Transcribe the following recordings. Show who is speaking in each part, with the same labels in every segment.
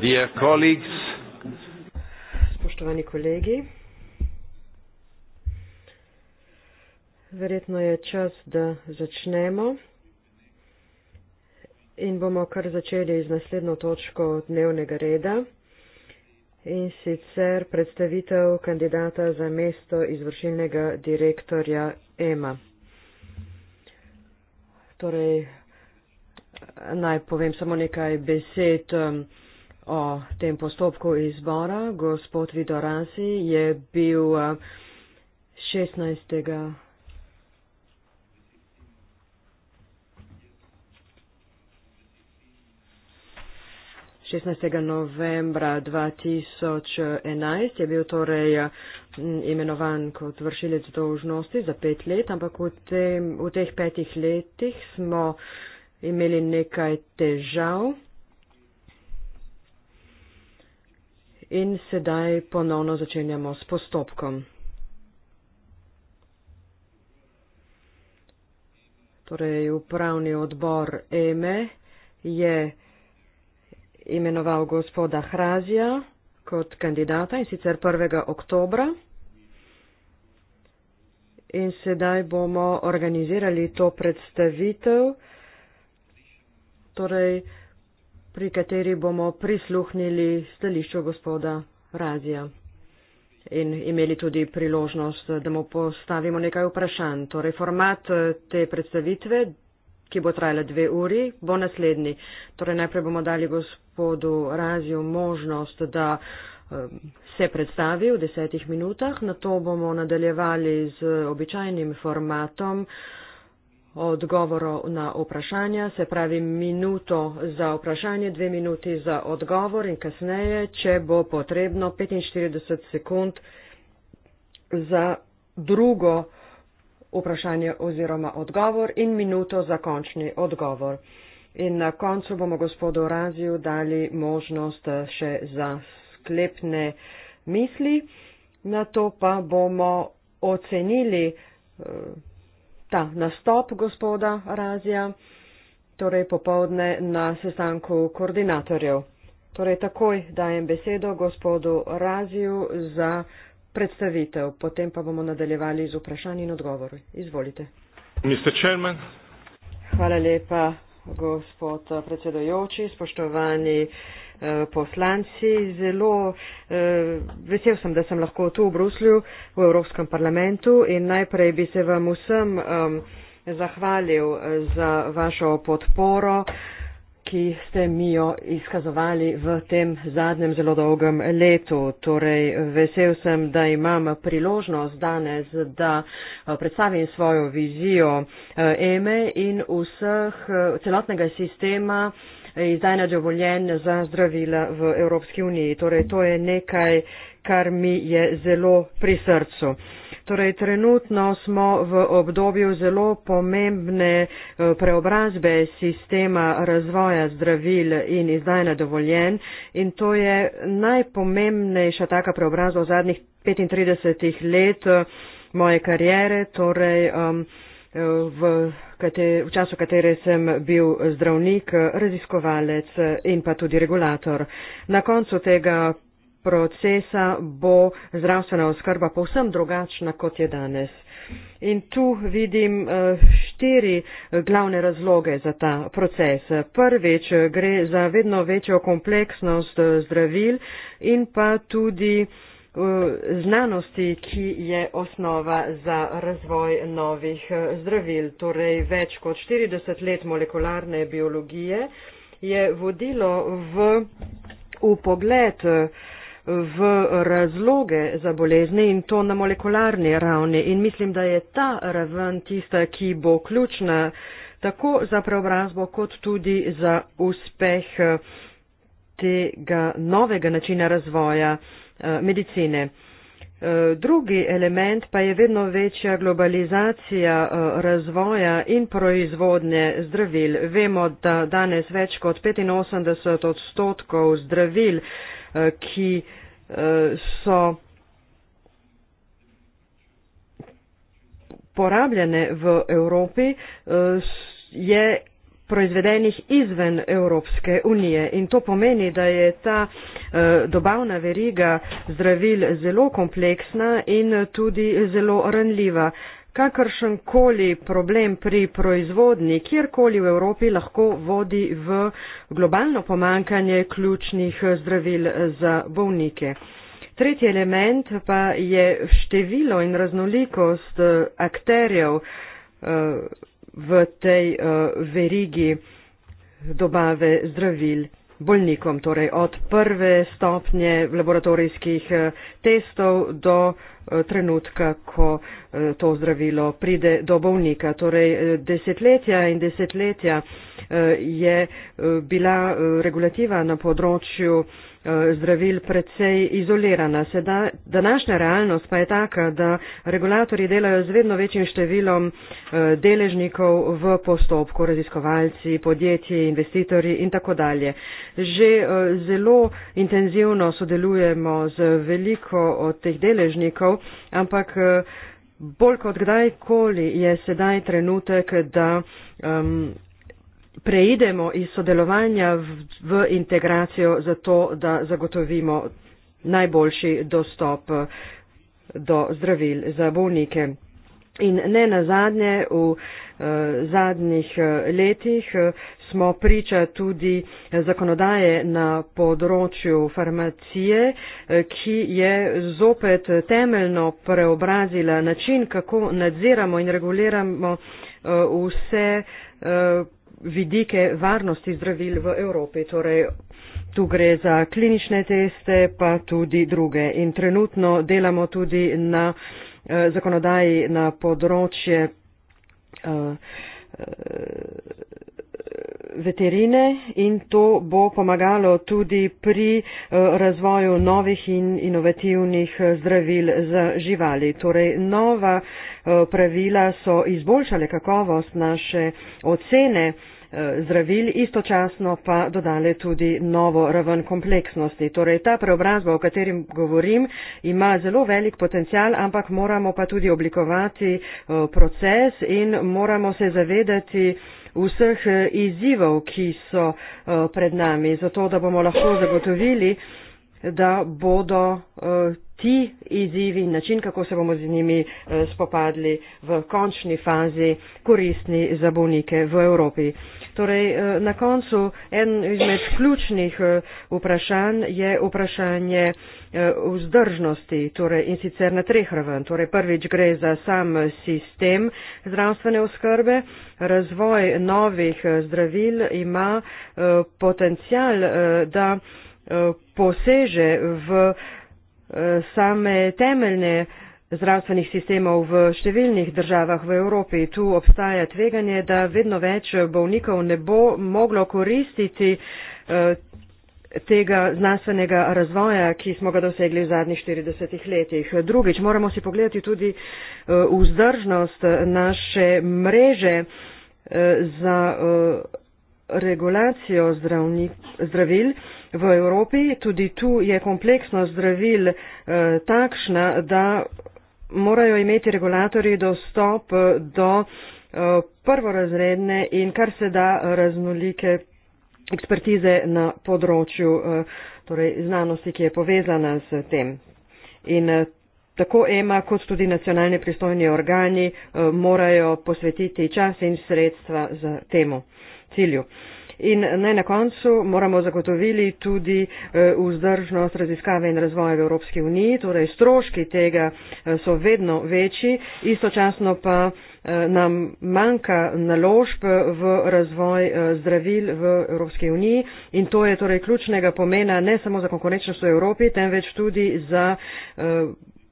Speaker 1: Dear colleagues,
Speaker 2: spoštovani kolegi, verjetno je čas, da začnemo in bomo kar začeli z naslednjo točko dnevnega reda in sicer predstavitev kandidata za mesto izvršilnega direktorja EMA. Torej, Naj povem samo nekaj besed um, o tem postopku izbora. Gospod Vidorasi je bil uh, 16. novembra 2011 je bil torej mm, imenovan kot vršilec dožnosti za pet let, ampak v, tem, v teh petih letih smo uh, imeli nekaj težav in sedaj ponovno začenjamo s postopkom. Torej, upravni odbor EME je imenoval gospoda Hrazija kot kandidata in sicer 1. oktobra. In sedaj bomo organizirali to predstavitev, torej pri kateri bomo prisluhnili stališču gospoda Razija in imeli tudi priložnost, da mu postavimo nekaj vprašanj. Torej, format eh, te predstavitve, ki bo trajala dve uri, bo naslednji. Torej, najprej bomo dali gospodu Raziju možnost, da eh, se predstavi v desetih minutah, na to bomo nadaljevali z običajnim formatom, odgovorov na vprašanja, se pravi minuto za vprašanje, dve minuti za odgovor in kasneje, če bo potrebno, 45 sekund za drugo vprašanje oziroma odgovor in minuto za končni odgovor. In na koncu bomo gospodu Raziju dali možnost še za sklepne misli, na to pa bomo ocenili eh, ta nastop gospoda Razija, torej popovdne na sestanku koordinatorjev. Torej takoj dajem besedo gospodu Raziju za predstavitev, potem pa bomo nadaljevali z vprašanji in odgovori. Izvolite. Hvala lepa, gospod predsedojoči, spoštovani. Uh, Eh, poslanci. Zelo eh, vesel sem, da sem lahko tu v Bruslju, v Evropskem parlamentu in najprej bi se vam vsem zahvalil eh, za vašo podporo, ki ste mi jo izkazovali v tem zadnjem zelo dolgem letu. Torej, vesel sem, da imam priložnost danes, da predstavim svojo vizijo EME in vseh celotnega sistema izdajanja dovoljenj za zdravila v Evropski uniji. Torej, to je nekaj, kar mi je zelo pri srcu. Torej, trenutno smo v obdobju zelo pomembne eh, preobrazbe sistema razvoja zdravil in izdajanja dovoljenj in to je najpomembnejša taka preobrazba v zadnjih 35 let eh, moje karijere, torej um, v v času katere sem bil zdravnik, raziskovalec in pa tudi regulator. Na koncu tega procesa bo zdravstvena oskrba povsem drugačna, kot je danes. In tu vidim eh, štiri glavne razloge za ta proces. Prvič gre za vedno večjo kompleksnost eh, zdravil in pa tudi znanosti, ki je osnova za razvoj novih eh, zdravil. Torej, več kot 40 let molekularne biologije je vodilo v, v pogled eh, v razloge za bolezni in to na molekularni ravni. In mislim, da je ta raven tista, ki bo ključna tako za preobrazbo, kot tudi za uspeh eh, tega novega načina razvoja Eh, medicine. Eh, drugi element pa je vedno večja globalizacija eh, razvoja in proizvodnje zdravil. Vemo, da danes več kot 85 odstotkov zdravil, ki so porabljene v Evropi, je proizvedenih izven Evropske unije. In to pomeni, da je ta eh, dobavna veriga zdravil zelo kompleksna in tudi zelo ranljiva. Kakršen koli problem pri proizvodni kjerkoli v Evropi lahko vodi v globalno pomankanje ključnih eh, zdravil eh, za bolnike. Tretji element pa je število in raznolikost akterjev v tej uh, verigi dobave zdravil bolnikom, torej od prve stopnje laboratorijskih eh, testov do eh, trenutka, ko to zdravilo pride do bolnika. Torej desetletja in desetletja je bila regulativa na področju Eh, zdravil precej izolirana. Sedaj, današnja realnost pa je taka, da regulatori delajo z vedno večjim številom eh, deležnikov v postopku, raziskovalci, podjetji, investitorji in tako dalje. Že eh, zelo intenzivno sodelujemo z veliko od teh deležnikov, ampak bolj kot kdajkoli je sedaj trenutek, da um, preidemo iz sodelovanja v, v integracijo zato, da zagotovimo najboljši dostop eh, do zdravil za bolnike. In ne na zadnje, v uh, zadnjih eh, letih smo priča tudi zakonodaje na področju farmacije, ki je zopet temeljno preobrazila način, kako nadziramo in reguliramo uh, vse uh, vidike varnosti zdravil v Evropi. Torej, tu gre za klinične teste, pa tudi druge. In trenutno delamo tudi na eh, zakonodaji na področje eh, eh veterine in to bo pomagalo tudi pri eh, razvoju novih in inovativnih eh, zdravil za živali. Torej, nova eh, pravila so izboljšale kakovost naše ocene. Eh, zdravil, istočasno pa dodale tudi novo raven kompleksnosti. Torej, ta preobrazba, o katerim govorim, ima zelo velik potencial, ampak moramo pa tudi oblikovati eh, proces in moramo se zavedati vseh eh, izzivov, ki so pred nami, zato da bomo lahko zagotovili, da bodo ti izzivi in način, kako se bomo z njimi spopadli v končni fazi, koristni za bolnike v Evropi. Torej, eh, na koncu en izmed ključnih eh, vprašanj je vprašanje eh, vzdržnosti, torej in sicer na treh raven. Torej, prvič gre za sam sistem zdravstvene oskrbe. Razvoj novih zdravil ima potencial, da poseže v same temeljne zdravstvenih sistemov v številnih državah v Evropi. Tu obstaja tveganje, da vedno več bolnikov ne bo moglo koristiti eh, tega znanstvenega razvoja, ki smo ga dosegli v zadnjih 40 letih. Drugič, moramo si pogledati tudi eh, vzdržnost naše mreže eh, za regulacijo zdravnik, zdravil v Evropi. Tudi tu je kompleksnost zdravil eh, takšna, da morajo imeti regulatorji dostop eh, do eh, prvorazredne in kar se da raznolike ekspertize na področju eh, torej znanosti, ki je povezana s tem. In tako EMA kot tudi nacionalni pristojni organi morajo posvetiti čas in sredstva za temu cilju in naj na koncu moramo zagotovili tudi eh, vzdržnost raziskave in razvoja v Evropski uniji, torej stroški tega eh, so vedno večji, istočasno pa eh, nam manjka naložb v razvoj zdravil v Evropski uniji in to je torej ključnega pomena ne samo za konkurenčnost v Evropi, temveč tudi za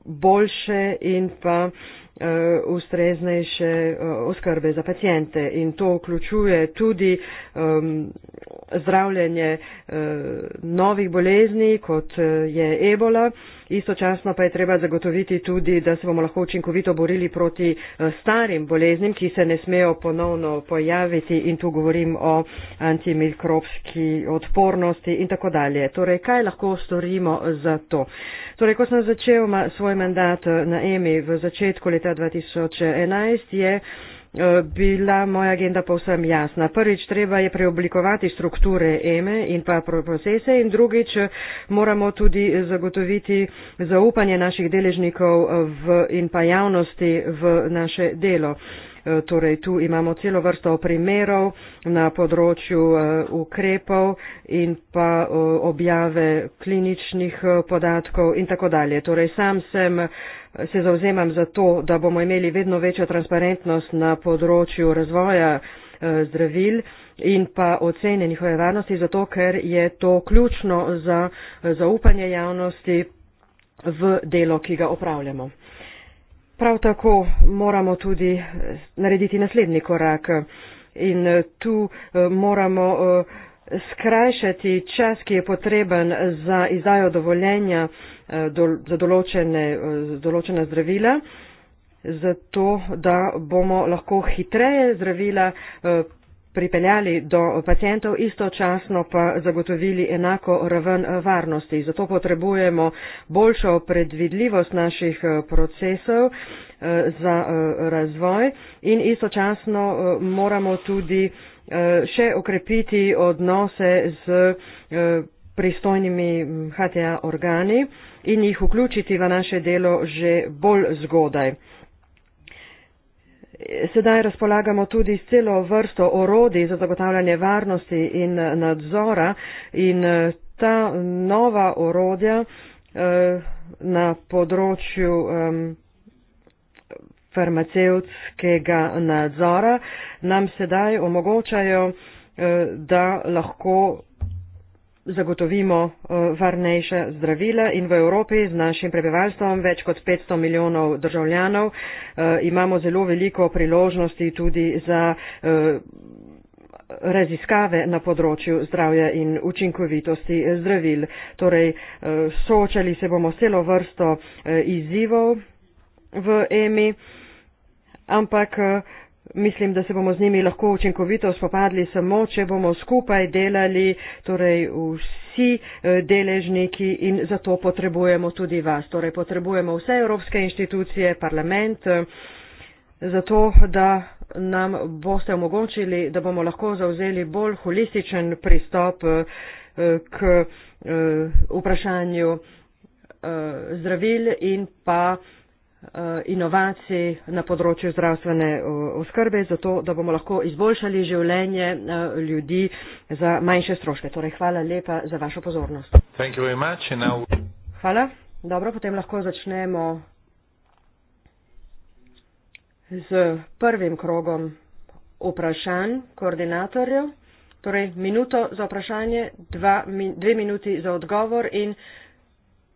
Speaker 2: boljše in pa uh, uh, ustreznejše uh, oskrbe za pacijente in to vključuje tudi um, ehm, zdravljanje uh, eh, novih bolezni, kot je ebola. Uh, istočasno pa je treba zagotoviti tudi, da se bomo lahko učinkovito borili proti eh, starim boleznim, ki se ne smejo ponovno pojaviti in tu govorim o antimikrobski odpornosti in tako dalje. Torej, kaj lahko storimo za to? Torej, ko sem začel svoj mandat eh, na EMI v začetku leta 2011, je Eh, bila moja agenda povsem jasna. Prvič, treba je preoblikovati strukture EME e in pa procese in drugič, moramo tudi zagotoviti zaupanje naših deležnikov eh, v, in pa javnosti v naše delo. Eh, torej, tu imamo celo vrsto primerov na področju ukrepov in pa objave kliničnih podatkov in tako dalje. Torej, sam sem uh, se zauzemam za to, da bomo imeli vedno večjo transparentnost na področju razvoja eh, zdravil in pa ocene njihove varnosti, zato ker je to ključno za eh, zaupanje javnosti v delo, ki ga opravljamo. Prav tako moramo tudi eh, narediti naslednji korak in tu moramo skrajšati čas, ki je potreben za izdajo dovoljenja eh, za določene, eh, določena zdravila, zato da bomo lahko hitreje zdravila eh, pripeljali do pacijentov, istočasno pa zagotovili enako raven varnosti. Zato potrebujemo boljšo predvidljivost naših procesov za razvoj in istočasno moramo tudi Eh, še okrepiti odnose z eh, pristojnimi mm, HTA organi in jih vključiti v naše delo že bolj zgodaj. Sedaj razpolagamo tudi s celo vrsto orodij za zagotavljanje varnosti in eh, nadzora in ta nova orodja na področju farmacevtskega nadzora nam sedaj omogočajo, eh, da lahko zagotovimo eh, varnejše zdravila in v Evropi z našim prebivalstvom, več kot 500 milijonov državljanov, eh, imamo zelo veliko priložnosti tudi za raziskave na področju zdravja in učinkovitosti zdravil. Torej, soočali se bomo celo vrsto izzivov v EMI ampak eh, mislim, da se bomo z njimi lahko učinkovito spopadli samo, če bomo skupaj delali, torej vsi eh, deležniki in zato potrebujemo tudi vas. Torej potrebujemo vse evropske inštitucije, parlament, eh, zato da nam boste omogočili, da bomo lahko zauzeli bolj holističen pristop k vprašanju zdravil in pa Eh, inovacij na področju zdravstvene eh, oskrbe, zato da bomo lahko izboljšali življenje eh, ljudi za manjše stroške. Torej, hvala lepa za vašo pozornost. Hvala. Dobro, potem lahko začnemo z prvim krogom vprašanj koordinatorjev. Torej, minuto za vprašanje, dva, dve minuti za odgovor in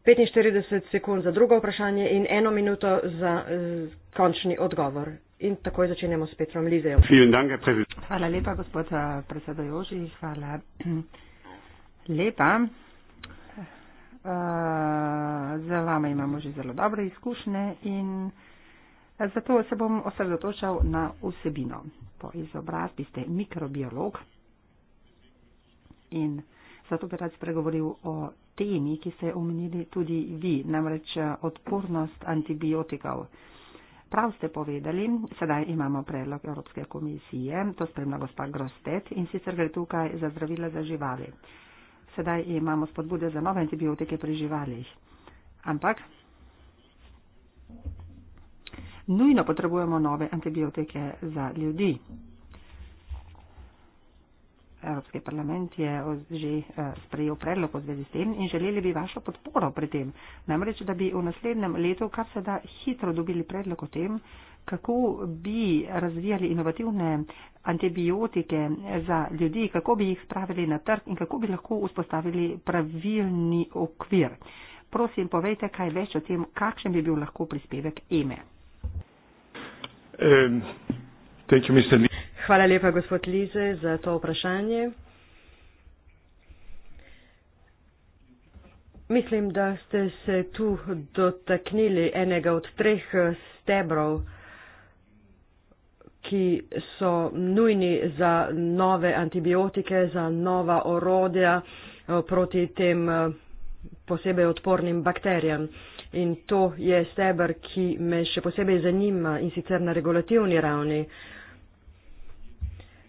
Speaker 2: 45 sekund za drugo vprašanje in eno minuto za eh, končni odgovor. In takoj začenjamo s Petrom Lizejem. Hvala lepa, gospod eh, predsedojoži. Hvala
Speaker 3: lepa. Uh, za vama imamo že zelo dobre izkušnje in zato se bom osredotočal na vsebino. Po izobrazbi ste mikrobiolog in zato bi rad spregovoril o temi, ki ste omenili tudi vi, namreč eh, odpornost antibiotikov. Prav ste povedali, sedaj imamo predlog Evropske komisije, to spremlja gospa Grostet in sicer gre tukaj za zdravila za živali. Sedaj imamo spodbude za nove antibiotike pri živalih. Ampak nujno potrebujemo nove antibiotike za ljudi. Evropski parlament je že eh, sprejel predlog v zvezi s tem in želeli bi vašo podporo pri tem. Namreč, da bi v naslednjem letu kar se da hitro dobili predlog o tem, kako bi razvijali inovativne antibiotike za ljudi, kako bi jih spravili na trg in kako bi lahko vzpostavili pravilni okvir. Prosim, povejte kaj več o
Speaker 2: tem, kakšen bi bil lahko prispevek EME. Um, Hvala lepa, gospod Lize, za to vprašanje. Mislim, da ste se tu dotaknili enega od treh stebrov, ki so nujni za nove antibiotike, za nova orodja eh, proti tem eh, posebej odpornim bakterijam. In to je stebr, ki me še posebej zanima in sicer na regulativni ravni. Uh,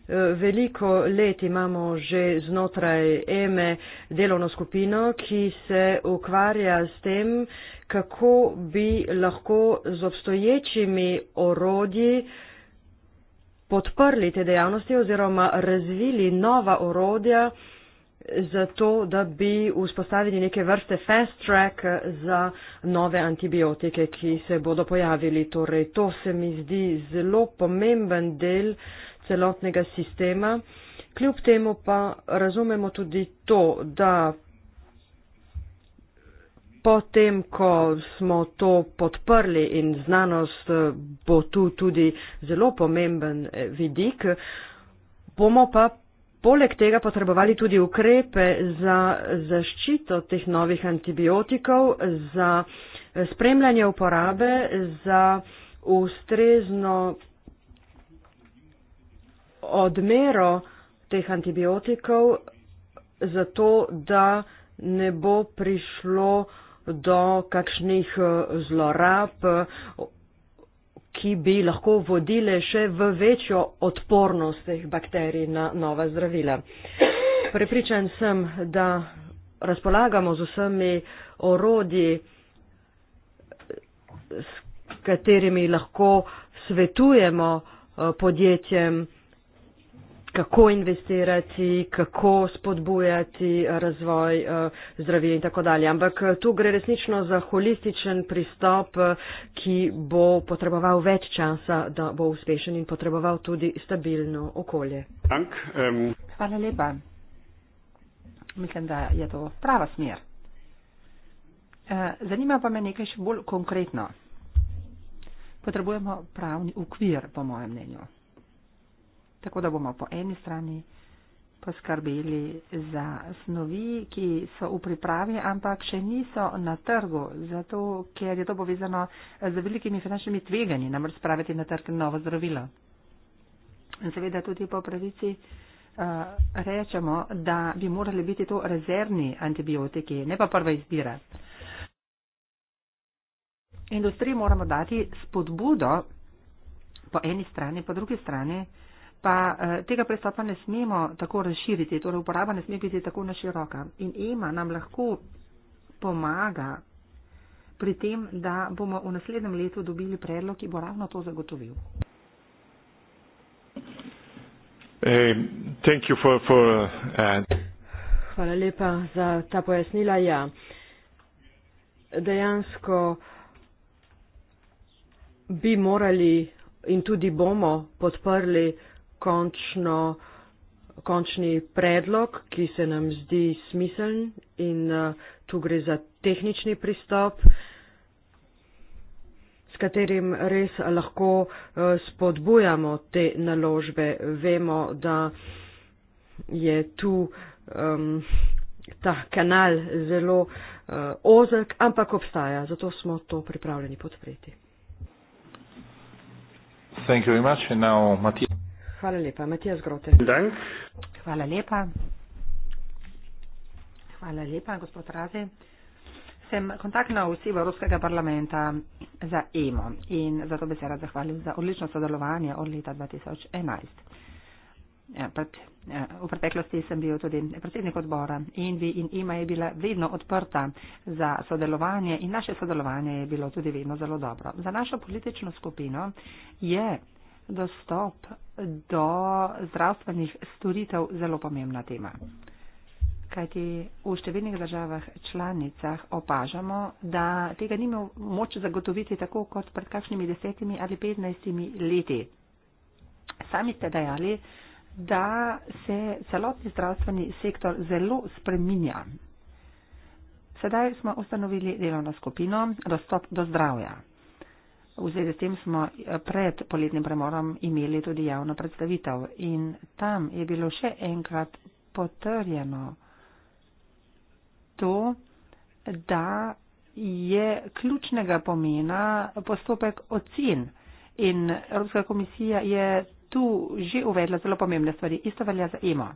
Speaker 2: Eh, veliko let imamo že znotraj EME delovno skupino, ki se ukvarja s tem, kako bi lahko z obstoječimi orodji podprli te dejavnosti oziroma razvili nova orodja za to, da bi vzpostavili neke vrste fast track za nove antibiotike, ki se bodo pojavili. Torej, to se mi zdi zelo pomemben del celotnega sistema. Kljub temu pa razumemo tudi to, da potem, ko smo to podprli in znanost eh, bo tu tudi zelo pomemben eh, vidik, bomo pa poleg tega potrebovali tudi ukrepe za zaščito teh novih antibiotikov, za eh, spremljanje uporabe, za ustrezno odmero teh antibiotikov, zato da ne bo prišlo do kakšnih eh, zlorab, ki bi lahko vodile še v večjo odpornost teh bakterij na nova zdravila. Prepričan sem, da razpolagamo z vsemi orodji, s katerimi lahko svetujemo eh, podjetjem, kako investirati, kako spodbujati eh, razvoj eh, zdravil in tako dalje. Ampak eh, tu gre resnično za holističen pristop, ki bo potreboval več časa, da bo uspešen in potreboval tudi stabilno okolje.
Speaker 1: Frank, um...
Speaker 2: Hvala lepa.
Speaker 3: Mislim, da je to prava smer. Zanima pa me nekaj še bolj konkretno. Potrebujemo pravni ukvir, po mojem mnenju tako da bomo po eni strani poskrbeli za snovi, ki so v pripravi, ampak še niso na trgu, zato ker je to povezano z velikimi finančnimi tveganji, namreč spraviti na trg novo zdravilo. In seveda tudi po pravici eh, rečemo, da bi morali biti to rezervni antibiotiki, ne pa prva izbira. Industriji moramo dati spodbudo po eni strani, po drugi strani pa eh, tega prestopa ne smemo tako razširiti, torej uporaba ne sme biti tako naširoka. In EMA nam lahko pomaga pri tem, da bomo v naslednjem letu dobili predlog, ki bo ravno to zagotovil.
Speaker 1: Hey, eh, for, for, uh...
Speaker 2: Hvala lepa za ta pojasnila. Ja, dejansko bi morali in tudi bomo podprli končno, končni predlog, ki se nam zdi smiseln in uh, tu gre za tehnični pristop, s katerim res lahko uh, spodbujamo te naložbe. Vemo, da je tu um, ta kanal zelo uh, ozek, ampak obstaja, zato smo to pripravljeni podpreti. Hvala lepa, Matija Zgrote. Hvala lepa.
Speaker 3: Hvala lepa, gospod Raze. Sem kontaktna oseba Evropskega parlamenta za EMO in zato bi se rad zahvalil za odlično sodelovanje od leta 2011. Ja, ja, v preteklosti sem bil tudi predsednik odbora in vi in ima je bila vedno odprta za sodelovanje in naše sodelovanje je bilo tudi vedno zelo dobro. Za našo politično skupino je dostop do zdravstvenih storitev zelo pomembna tema. Kajti v številnih državah članicah opažamo, da tega nimo moč zagotoviti tako kot pred kakšnimi desetimi ali petnajstimi leti. Sami ste dejali, da se celotni zdravstveni sektor zelo spreminja. Sedaj smo ustanovili delovno skupino Dostop do zdravja. V zvezi s tem smo eh, pred poletnim premorom imeli tudi javno predstavitev in tam je bilo še enkrat potrjeno to, da je ključnega pomena postopek ocen. In Evropska komisija je tu že uvedla zelo pomembne stvari. Isto velja za EMO.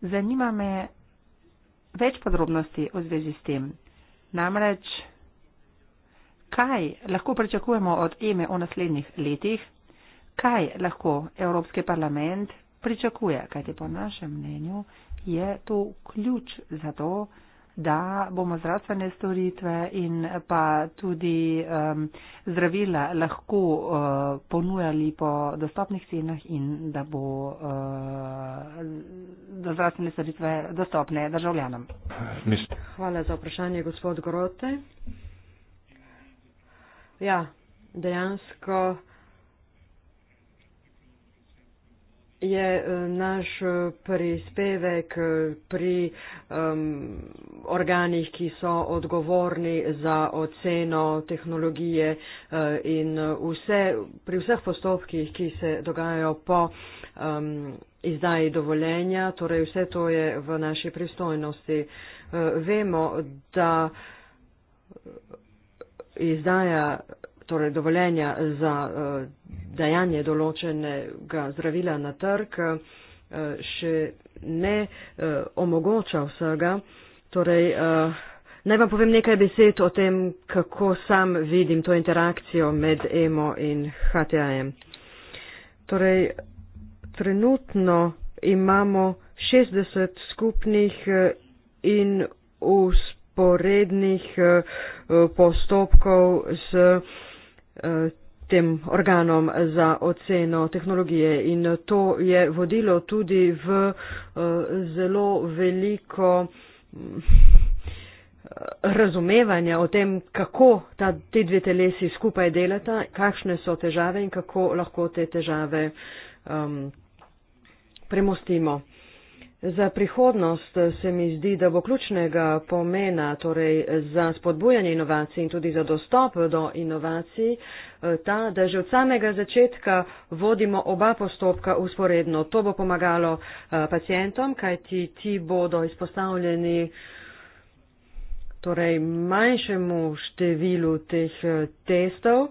Speaker 3: Zanima me več podrobnosti v zvezi s tem. Namreč kaj lahko pričakujemo od EME v naslednjih letih, kaj lahko Evropski parlament pričakuje, kajti po našem mnenju je to ključ za to, da bomo zdravstvene storitve in pa tudi um, zdravila lahko uh, ponujali po dostopnih cenah in da bo uh, do zdravstvene storitve
Speaker 2: dostopne državljanom. Mislim. Hvala za vprašanje, gospod Grote ja, dejansko je eh, naš eh, prispevek eh, pri um, organih, ki so odgovorni za oceno tehnologije uh, in vse, pri vseh postopkih, ki se dogajajo po um, izdaji dovoljenja, torej vse to je v naši pristojnosti. Uh, vemo, da izdaja torej dovoljenja za eh, dajanje določenega zdravila na trg, eh, še ne eh, omogoča vsega. Torej, naj vam povem nekaj besed o tem, kako sam vidim to interakcijo med EMO in HTA-jem. Torej, trenutno imamo 60 skupnih in us zaporednih eh, eh, postopkov s eh, tem organom za oceno tehnologije. In to je vodilo tudi v zelo veliko razumevanja o tem, kako ta, te dve telesi skupaj delata, kakšne so težave in kako lahko te težave um, premostimo. Za prihodnost se mi zdi, da bo ključnega pomena torej za spodbujanje inovacij in tudi za dostop do inovacij eh, ta, da že od samega začetka vodimo oba postopka usporedno. To bo pomagalo eh, pacijentom, kajti ti bodo izpostavljeni torej manjšemu številu teh eh, testov.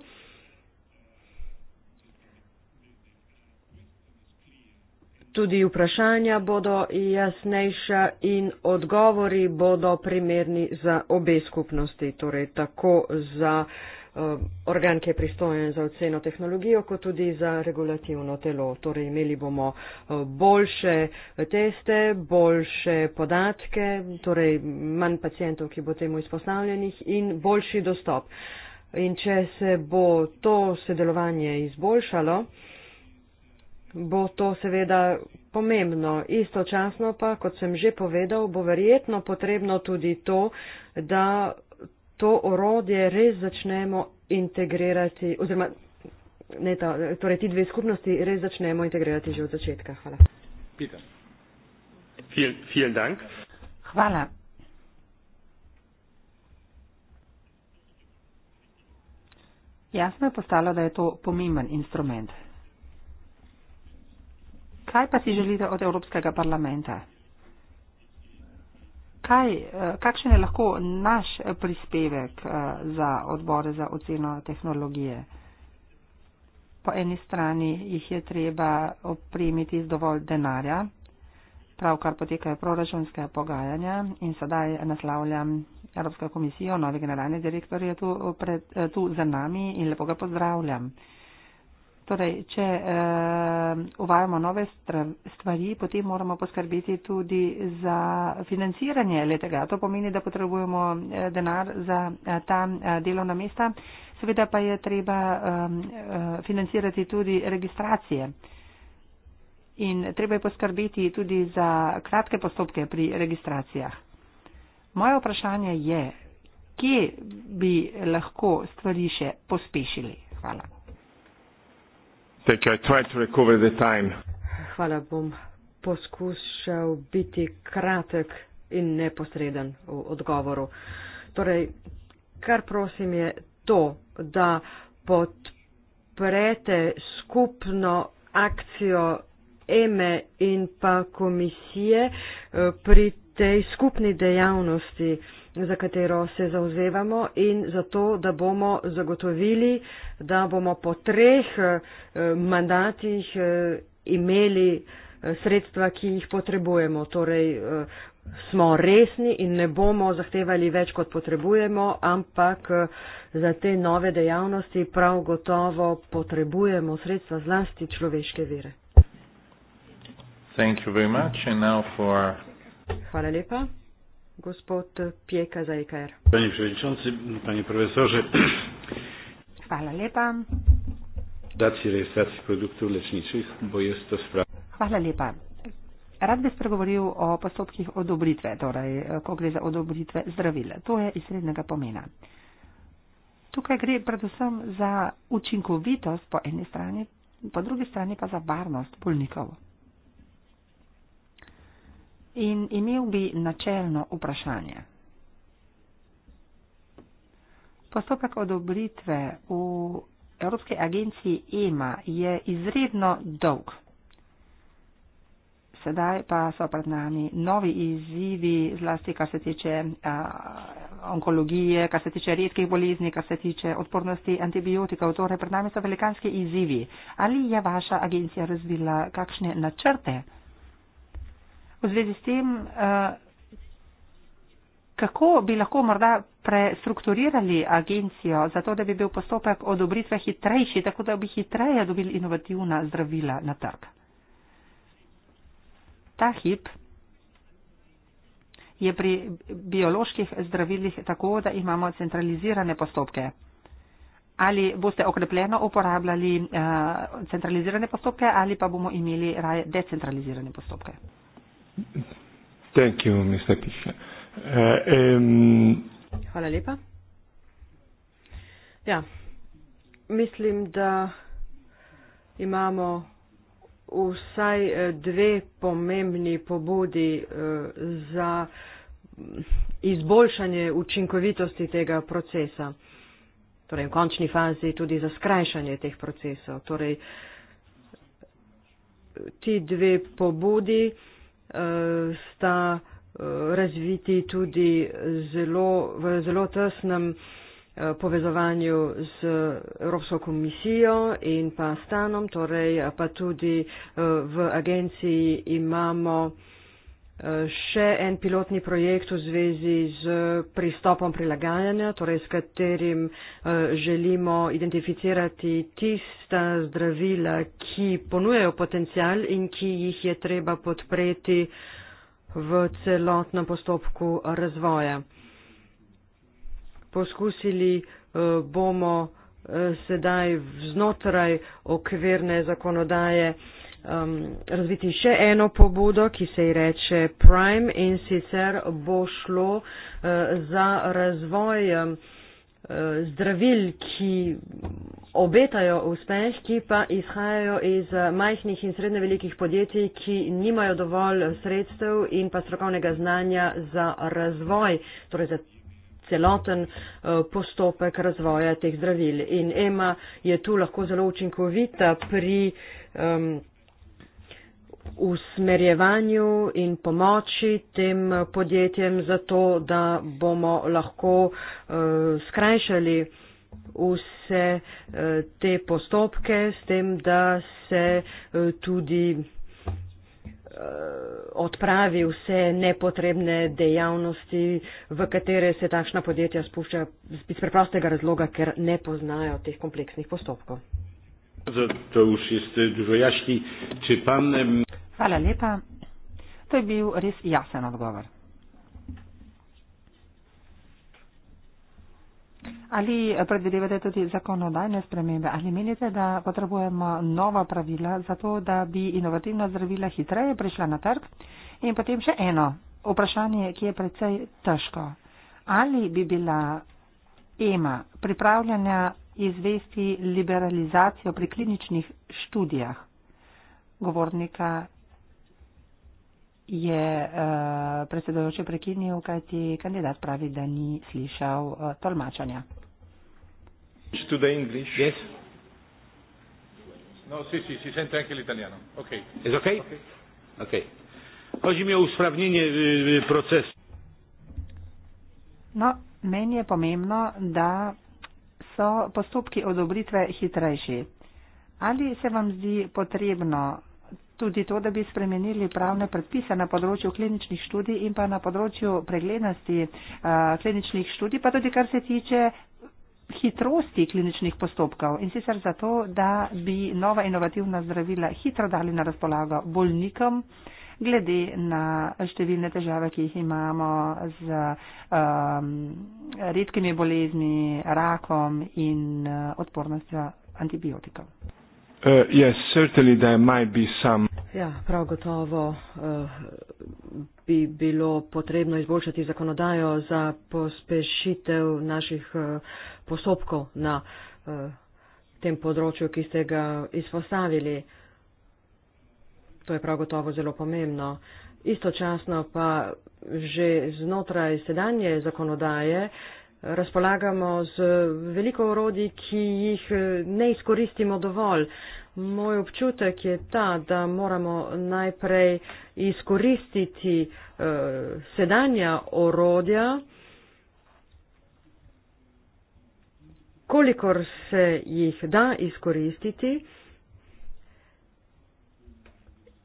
Speaker 2: Tudi vprašanja bodo jasnejša in odgovori bodo primerni za obe skupnosti, torej tako za eh, organ, ki je pristojen za oceno tehnologijo, kot tudi za regulativno telo. Torej imeli bomo eh, boljše teste, boljše podatke, torej manj pacijentov, ki bo temu izpostavljenih in boljši dostop. In če se bo to sodelovanje izboljšalo, bo to seveda pomembno. Istočasno pa, kot sem že povedal, bo verjetno potrebno tudi to, da to orodje res začnemo integrirati, oziroma ne, ta, torej ti dve skupnosti res začnemo integrirati že od začetka. Hvala.
Speaker 1: Viel, vielen Dank.
Speaker 2: Hvala.
Speaker 3: Jasno je postalo, da je to pomemben instrument. Kaj pa si želite od Evropskega parlamenta? Kaj, eh, kakšen je lahko naš prispevek eh, za odbore za oceno tehnologije? Po eni strani jih je treba opremiti z dovolj denarja, pravkar potekajo proračunske pogajanja in sedaj naslavljam Evropsko komisijo, novi generalni direktor je tu, pred, eh, tu za nami in lepo ga pozdravljam. Torej, če uh, uvajamo nove stvari, potem moramo poskrbeti tudi za financiranje letega. To pomeni, da potrebujemo eh, denar za eh, ta delovna mesta. Seveda pa je treba um, financirati tudi registracije. In treba je poskrbeti tudi za kratke postopke pri registracijah. Moje vprašanje je, kje bi
Speaker 2: lahko stvari še pospešili? Hvala.
Speaker 1: Thank you. I try to recover the time.
Speaker 2: Hvala, bom poskušal biti kratek in neposreden v odgovoru. Torej, kar prosim je to, da podprete skupno akcijo EME e in pa komisije eh, pri tej skupni dejavnosti za katero se zauzevamo in zato, da bomo zagotovili, da bomo po treh eh, mandatih eh, imeli eh, sredstva, ki jih potrebujemo. Torej, smo resni in ne bomo zahtevali več, kot potrebujemo, ampak za te nove dejavnosti prav gotovo potrebujemo sredstva zlasti človeške vire. Hvala lepa gospod Pieka Zajkajer.
Speaker 1: E panie Przewodniczący, Panie Profesorze.
Speaker 2: Hvala lepa.
Speaker 1: Daci registracji produktów leczniczych, bo jest to sprawa.
Speaker 3: Hvala lepa. Rad bi spregovoril o postopkih odobritve, torej ko gre za odobritve zdravil. To je izrednega pomena. Tukaj gre predvsem za učinkovitost po eni strani, po drugi strani pa za varnost bolnikov in imel bi načelno vprašanje. Postopek odobritve v Evropske agenciji EMA je izredno dolg. Sedaj pa so pred nami novi izzivi, zlasti kar se tiče uh, onkologije, kar se tiče redkih bolezni, kar se tiče odpornosti antibiotikov. Torej, pred nami so velikanski izzivi. Ali je vaša agencija razvila kakšne načrte v zvezi s tem, eh, kako bi lahko morda prestrukturirali agencijo, zato da bi bil postopek odobritve hitrejši, tako da bi hitreje dobili inovativna zdravila na trg. Ta hip je pri bioloških zdravilih tako, da imamo centralizirane postopke. Ali boste okrepljeno uporabljali uh, centralizirane postopke ali pa bomo imeli raje decentralizirane postopke.
Speaker 1: Thank you, Mr. Uh, um...
Speaker 2: Hvala lepa. Ja, mislim, da imamo vsaj eh, dve pomembni pobudi eh, za mm, izboljšanje učinkovitosti tega procesa. Torej, v končni fazi tudi za skrajšanje teh procesov. Torej, ti dve pobudi sta eh, razviti tudi zelo, v zelo tesnem eh, povezovanju z Evropsko komisijo in pa stanom, torej eh, pa tudi v agenciji imamo uh, še en pilotni projekt v zvezi z pristopom prilagajanja, torej s katerim eh, želimo identificirati tista zdravila, ki ponujejo potencial in ki jih je treba podpreti v celotnem postopku razvoja. Poskusili eh, bomo eh, sedaj znotraj okvirne zakonodaje, um, razviti še eno pobudo, ki se ji reče Prime in sicer bo šlo uh, za razvoj um, uh, zdravil, ki obetajo uspeh, ki pa izhajajo iz uh, majhnih in srednje velikih podjetij, ki nimajo dovolj sredstev in pa strokovnega znanja za razvoj, torej za celoten uh, postopek razvoja teh zdravil. In EMA je tu lahko zelo učinkovita pri. Um, usmerjevanju in pomoči tem podjetjem za to, da bomo lahko eh, skrajšali vse eh, te postopke s tem, da se eh, tudi odpravi vse nepotrebne dejavnosti, v katere se takšna podjetja spušča iz preprostega razloga, ker ne poznajo teh kompleksnih postopkov.
Speaker 1: To už je dużo jasniej. Czy pan...
Speaker 3: Hvala lepa. To je bil res jasen odgovor. Ali predvidevate tudi zakonodajne spremembe? Ali menite, da potrebujemo nova pravila za to, da bi inovativna zdravila hitreje prišla na trg? In potem še eno vprašanje, ki je predvsej težko. Ali bi bila EMA pripravljena izvesti liberalizacijo pri kliničnih študijah. Govornika je uh, eh, predsedojoče prekinil, kajti kandidat pravi, da ni slišal uh, tolmačanja. No, meni je pomembno, da so postopki odobritve hitrejši. Ali se vam zdi potrebno tudi to, da bi spremenili pravne predpise na področju kliničnih študij in pa na področju preglednosti eh, kliničnih študij, pa tudi kar se tiče hitrosti kliničnih postopkov in sicer zato, da bi nova inovativna zdravila hitro dali na razpolago bolnikom, glede na številne težave, ki jih imamo z um, redkimi boleznimi, rakom in uh, odpornostjo antibiotikov.
Speaker 1: Uh, yes, some...
Speaker 2: Ja, prav gotovo uh, bi bilo potrebno izboljšati zakonodajo za pospešitev naših uh, postopkov na uh, tem področju, ki ste ga izpostavili. Uh, To je prav gotovo zelo pomembno. Istočasno pa že znotraj sedanje zakonodaje eh, razpolagamo z veliko orodij, ki jih eh, ne izkoristimo dovolj. Moj občutek je ta, da moramo najprej izkoristiti uh, sedanja orodja, kolikor se jih da izkoristiti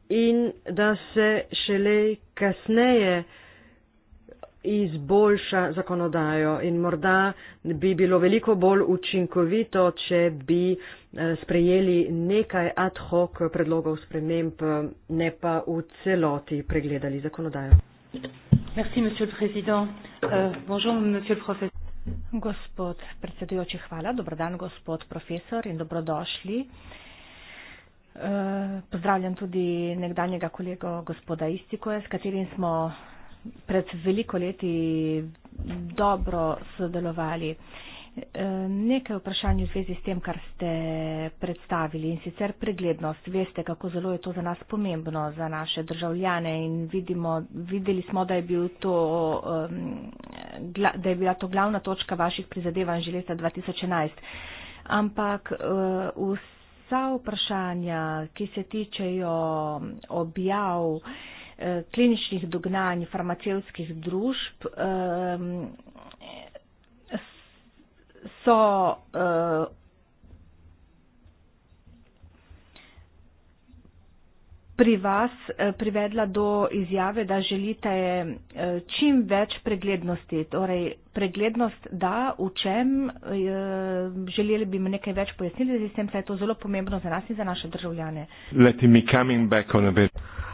Speaker 2: in da se šele kasneje izboljša zakonodajo in morda bi bilo veliko bolj učinkovito, če bi eh, sprejeli nekaj ad hoc predlogov sprememb, ne pa v celoti pregledali zakonodajo.
Speaker 3: Merci, euh, Gospod predsedujoči,
Speaker 4: hvala. Dobrodan, gospod profesor in dobrodošli. Uh, Eh, pozdravljam tudi nekdanjega kolego gospoda Istikoja, s katerim smo pred veliko leti dobro sodelovali. Eh, nekaj vprašanj v zvezi s tem, kar ste predstavili in sicer preglednost. Veste, kako zelo je to za nas pomembno, za naše državljane in vidimo, videli smo, da je, bil to, da je bila to glavna točka vaših prizadevanj že leta 2011. Ampak eh, vse vsa vprašanja, ki se tičejo objav eh, kliničnih dognanj farmacevskih družb, eh, so eh, pri vas eh, privedla do izjave, da želite eh, čim več preglednosti. Torej, preglednost, da v čem eh, želeli bi nekaj več pojasnili, da sem se je to zelo pomembno za nas in za naše državljane.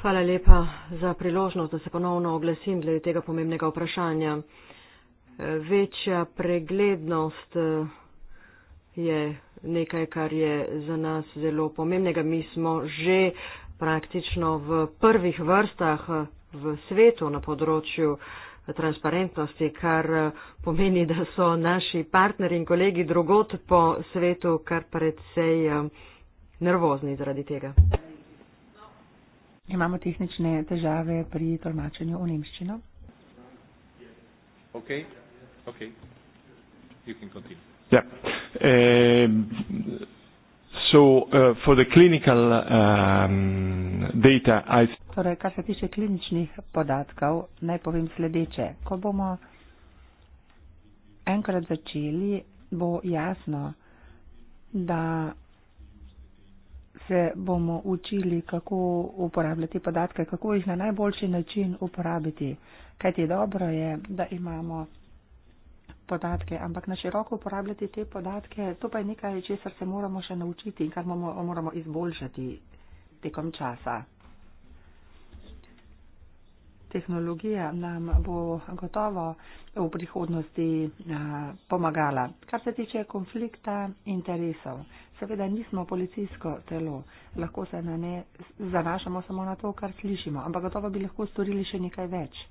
Speaker 2: Hvala lepa za priložnost, da se ponovno oglesim glede tega pomembnega vprašanja. Večja preglednost je nekaj, kar je za nas zelo pomembnega. Mi smo že praktično v prvih vrstah v svetu na področju transparentnosti, kar pomeni, da so naši partneri in kolegi drugot po svetu kar predvsej um, nervozni zaradi tega.
Speaker 3: Imamo tehnične težave pri tolmačenju v nemščino.
Speaker 1: Okay. Okay. Ja. Eh, eh, um,
Speaker 3: torej, kar se tiče kliničnih podatkov, naj povem sledeče. Ko bomo enkrat začeli, bo jasno, da se bomo učili, kako uporabljati podatke, kako jih na najboljši način uporabiti. Kajti dobro je, da imamo podatke, ampak na široko uporabljati te podatke, to pa je nekaj, česar se moramo še naučiti in kar moramo izboljšati tekom časa. Tehnologija nam bo gotovo v prihodnosti pomagala. Kar se tiče konflikta interesov, seveda nismo policijsko telo, lahko se na ne zanašamo samo na to, kar slišimo, ampak gotovo bi lahko storili še nekaj več.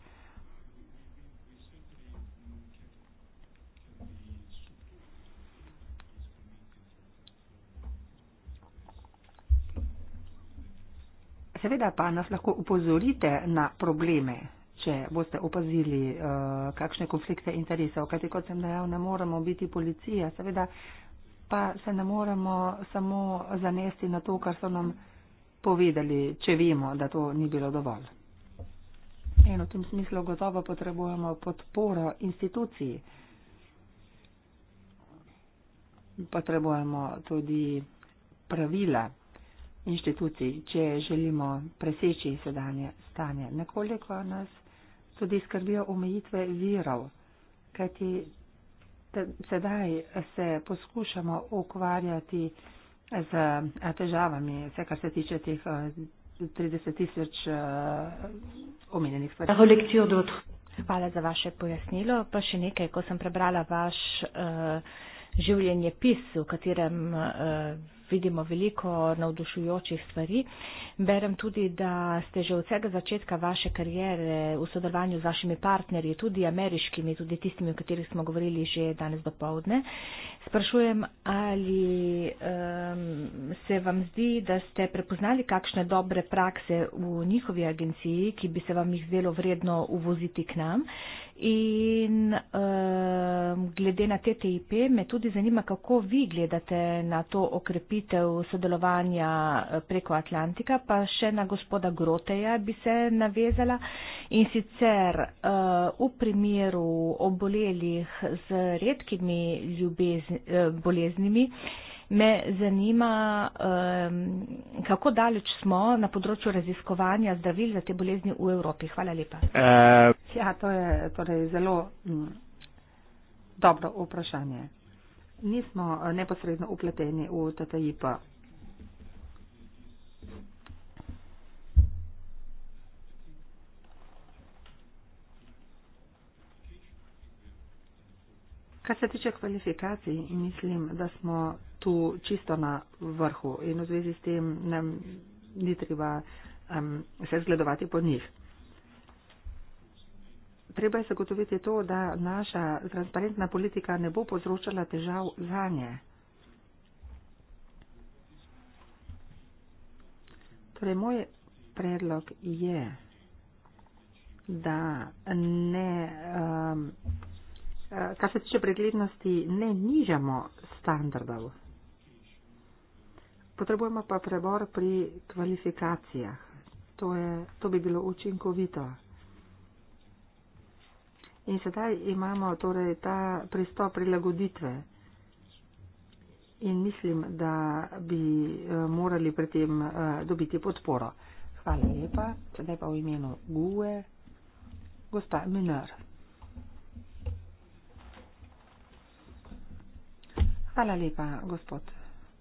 Speaker 3: Seveda pa nas lahko upozorite na probleme, če boste opazili uh, kakšne konflikte interesov, kajti kot sem dejal, ne moramo biti policija, seveda pa se ne moramo samo zanesti na to, kar so nam povedali, če vemo, da to ni bilo dovolj. In v tem smislu gotovo potrebujemo podporo instituciji. Potrebujemo tudi pravila inštitucij, če želimo preseči sedanje stanje. Nekoliko nas tudi skrbijo omejitve virov, kajti sedaj se poskušamo ukvarjati z eh, težavami, vse kar se tiče teh 30 eh, tisoč eh, omenjenih stvari.
Speaker 4: Hvala za vaše pojasnilo. Pa še nekaj, ko sem prebrala vaš uh, življenje pis, v katerem uh, vidimo veliko navdušujočih stvari. Berem tudi, da ste že od vsega začetka vaše karijere v sodelovanju z vašimi partnerji, tudi ameriškimi, tudi tistimi, o katerih smo govorili že danes do povdne. Sprašujem, ali um, se vam zdi, da ste prepoznali kakšne dobre prakse v njihovi agenciji, ki bi se vam jih zdelo vredno uvoziti k nam In uh, glede na TTIP me tudi zanima, kako vi gledate na to okrepitev sodelovanja eh, preko Atlantika, pa še na gospoda Groteja bi se navezala. In sicer uh, v primeru obolelih z redkimi ljubezni, uh, boleznimi, uh, me zanima, um, kako daleč smo na področju raziskovanja zdravil za te bolezni v Evropi. Hvala lepa. Uh, ja, to
Speaker 3: je torej zelo m, mm, dobro vprašanje. Nismo eh, neposredno upleteni v TTIP. Kar se tiče kvalifikacij, mislim, da smo tu čisto na vrhu in v zvezi s tem nam ni treba um, se zgledovati po njih. Treba je zagotoviti to, da naša transparentna politika ne bo povzročala težav za nje. Torej, moj predlog je, da ne, um, kar se tiče preglednosti, ne nižamo standardov. Potrebujemo pa prebor pri kvalifikacijah. To, je, to bi bilo učinkovito. In sedaj imamo torej ta pristop prilagoditve. In mislim, da bi eh, morali pri tem eh, dobiti podporo. Hvala lepa. Sedaj pa v imenu GUE. Gospa Miner. Hvala lepa, gospod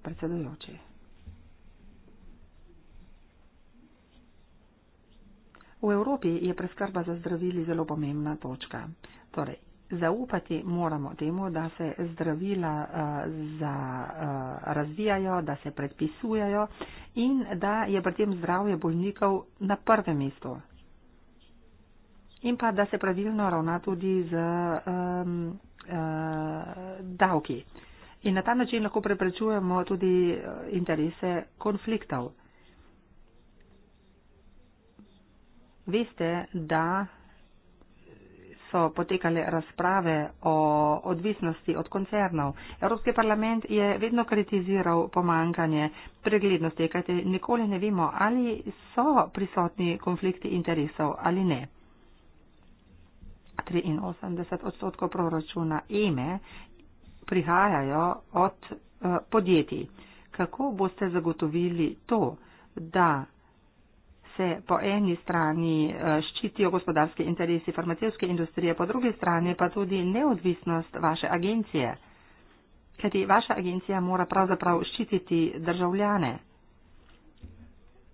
Speaker 3: predsedujoči. V Evropi je preskrba za zdravili zelo pomembna točka. Torej, zaupati moramo temu, da se zdravila uh, za, uh, razvijajo, da se predpisujajo in da je pri tem zdravje bolnikov na prvem mestu. In pa, da se pravilno ravna tudi z um, uh, davki. In na ta način lahko preprečujemo tudi interese konfliktov. Veste, da so potekale razprave o odvisnosti od koncernov. Evropski parlament je vedno kritiziral pomankanje preglednosti, kajte nikoli ne vemo, ali so prisotni konflikti interesov ali ne. 83 odstotkov proračuna EME e prihajajo od eh, podjetij. Kako boste zagotovili to, da se po eni strani eh, ščitijo gospodarske interesi farmacevske industrije, po drugi strani pa tudi neodvisnost vaše agencije, kajti vaša agencija mora pravzaprav ščititi državljane.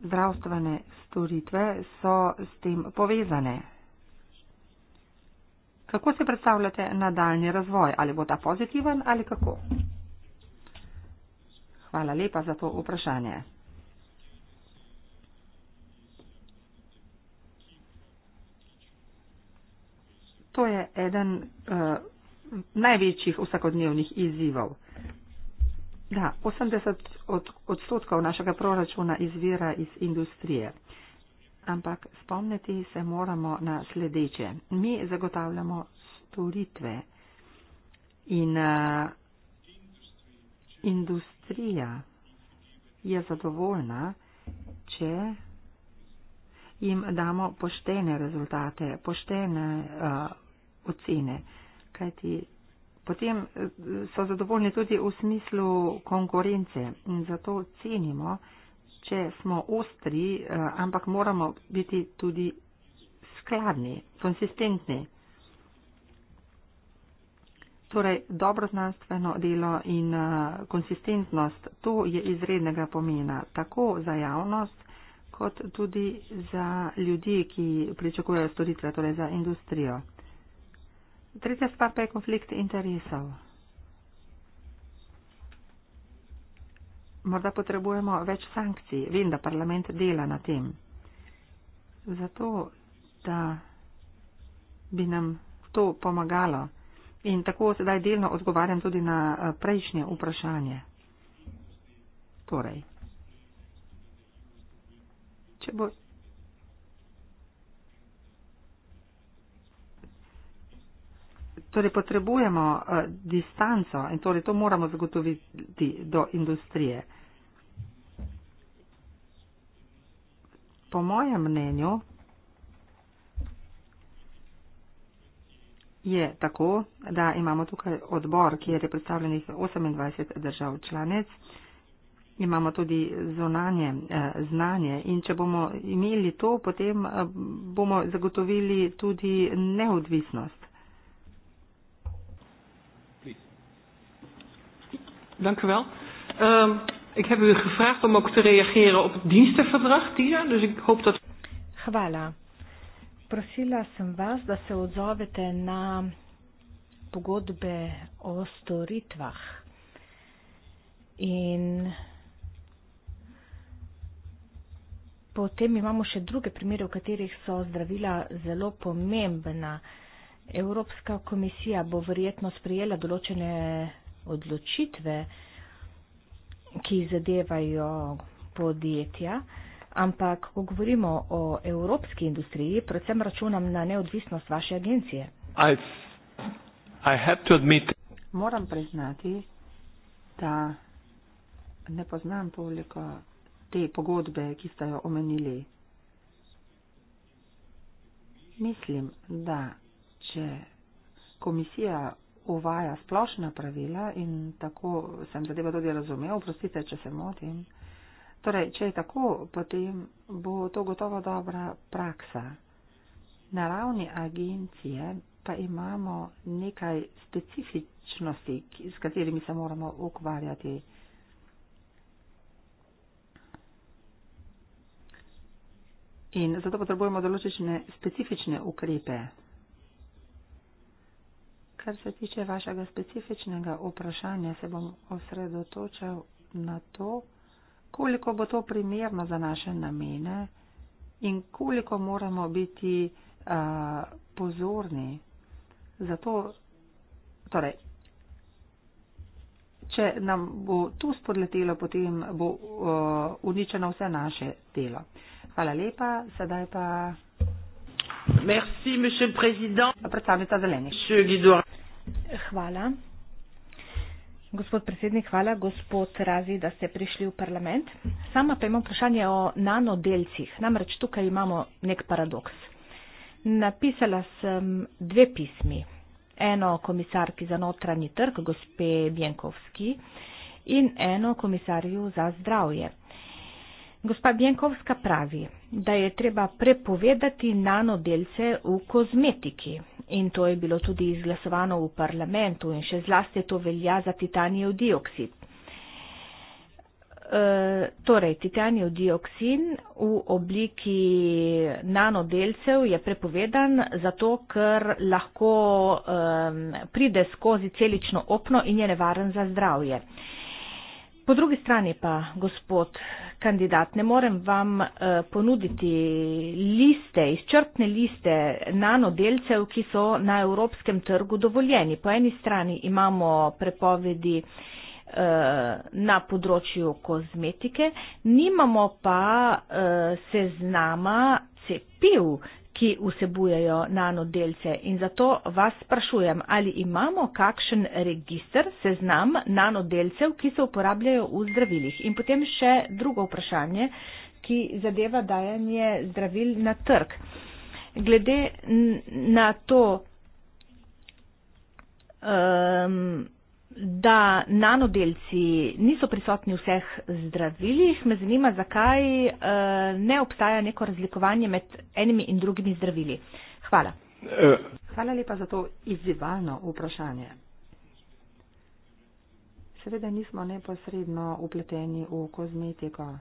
Speaker 3: Zdravstvene storitve so s tem povezane. Kako se predstavljate nadaljni razvoj? Ali bo ta pozitiven ali kako? Hvala lepa za to vprašanje. to je eden uh, največjih vsakodnevnih izzivov. Da, 80 od, odstotkov našega proračuna izvira iz industrije. Ampak spomniti se moramo na sledeče. Mi zagotavljamo storitve in uh, industrija je zadovoljna, če jim damo poštene rezultate, poštene. Uh, ocene. Kajti potem eh, so zadovoljni tudi v smislu konkurence in zato cenimo, če smo ostri, eh, ampak moramo biti tudi skladni, konsistentni. Torej, dobro znanstveno delo in eh, konsistentnost, to je izrednega pomena tako za javnost, kot tudi za ljudi, ki pričakujejo storitve, torej za industrijo. Tretja stvar pa je konflikt interesov. Morda potrebujemo več sankcij. Vem, da parlament dela na tem. Zato, da bi nam to pomagalo. In tako sedaj delno odgovarjam tudi na eh, prejšnje vprašanje. Torej, če bo Torej potrebujemo uh, distanco in torej to moramo zagotoviti do industrije. Po mojem mnenju je tako, da imamo tukaj odbor, ki je predstavljenih 28 držav članec. Imamo tudi zonanje eh, znanje in če bomo imeli to, potem eh, bomo zagotovili tudi neodvisnost. Dank u wel. Um, ik heb u gevraagd om ook te reageren op het dienstenverdrag, Tina. Dus ik hoop dat. Hvala.
Speaker 4: Prosila sem vas, da se odzovete na pogodbe o storitvah. In potem imamo še druge primere, v katerih so zdravila zelo pomembna. Evropska komisija bo verjetno sprijela določene odločitve, ki zadevajo podjetja, ampak ko govorimo o evropski industriji, predvsem računam na neodvisnost vaše agencije.
Speaker 1: I have to admit...
Speaker 3: Moram priznati, da ne poznam toliko te pogodbe, ki ste jo omenili. Mislim, da če komisija uvaja splošna pravila in tako sem zadeva tudi razumel, oprostite, če se motim. Torej, če je tako, potem bo to gotovo dobra praksa. Na ravni agencije pa imamo nekaj specifičnosti, s katerimi se moramo ukvarjati. In zato potrebujemo določene specifične ukrepe kar se tiče vašega specifičnega vprašanja, se bom osredotočal na to, koliko bo to primerno za naše namene in koliko moramo biti uh, pozorni. Zato, torej, če nam bo tu spodletelo, potem bo uh, uničeno vse naše delo. Hvala lepa, sedaj pa. Merci, monsieur le Président. Monsieur Guidoire. Hvala. Gospod predsednik,
Speaker 4: hvala, gospod Razi, da ste prišli v parlament. Sama pa imam vprašanje o nanodelcih. Namreč tukaj imamo nek paradoks. Napisala sem dve pismi. Eno komisarki za notranji trg, gospe Bjenkovski, in eno komisarju za zdravje. Gospa Bjenkovska pravi, da je treba prepovedati nanodelce v kozmetiki. In to je bilo tudi izglasovano v parlamentu in še zlasti to velja za titanijev dioksid. E, torej, titanijev dioksin v obliki nanodelcev je prepovedan zato, ker lahko e, pride skozi celično opno in je nevaren za zdravje. E, Po drugi strani pa, gospod kandidat, ne morem vam uh, ponuditi liste, izčrpne liste nanodelcev, ki so na evropskem trgu dovoljeni. Po eni strani imamo prepovedi eh, na področju kozmetike, nimamo pa eh, seznama cepiv, ki vsebujejo nanodelce. In zato vas sprašujem, ali imamo kakšen registr, seznam nanodelcev, ki se uporabljajo v zdravilih. In potem še drugo vprašanje, ki zadeva dajanje zdravil na trg. Glede na to, um, da nanodelci niso prisotni v vseh zdravilih. Me zanima, zakaj eh, ne obstaja neko razlikovanje med enimi in drugimi zdravili. Hvala. Eh. Hvala
Speaker 3: lepa za to izzivalno vprašanje. Seveda nismo neposredno upleteni v kozmetiko.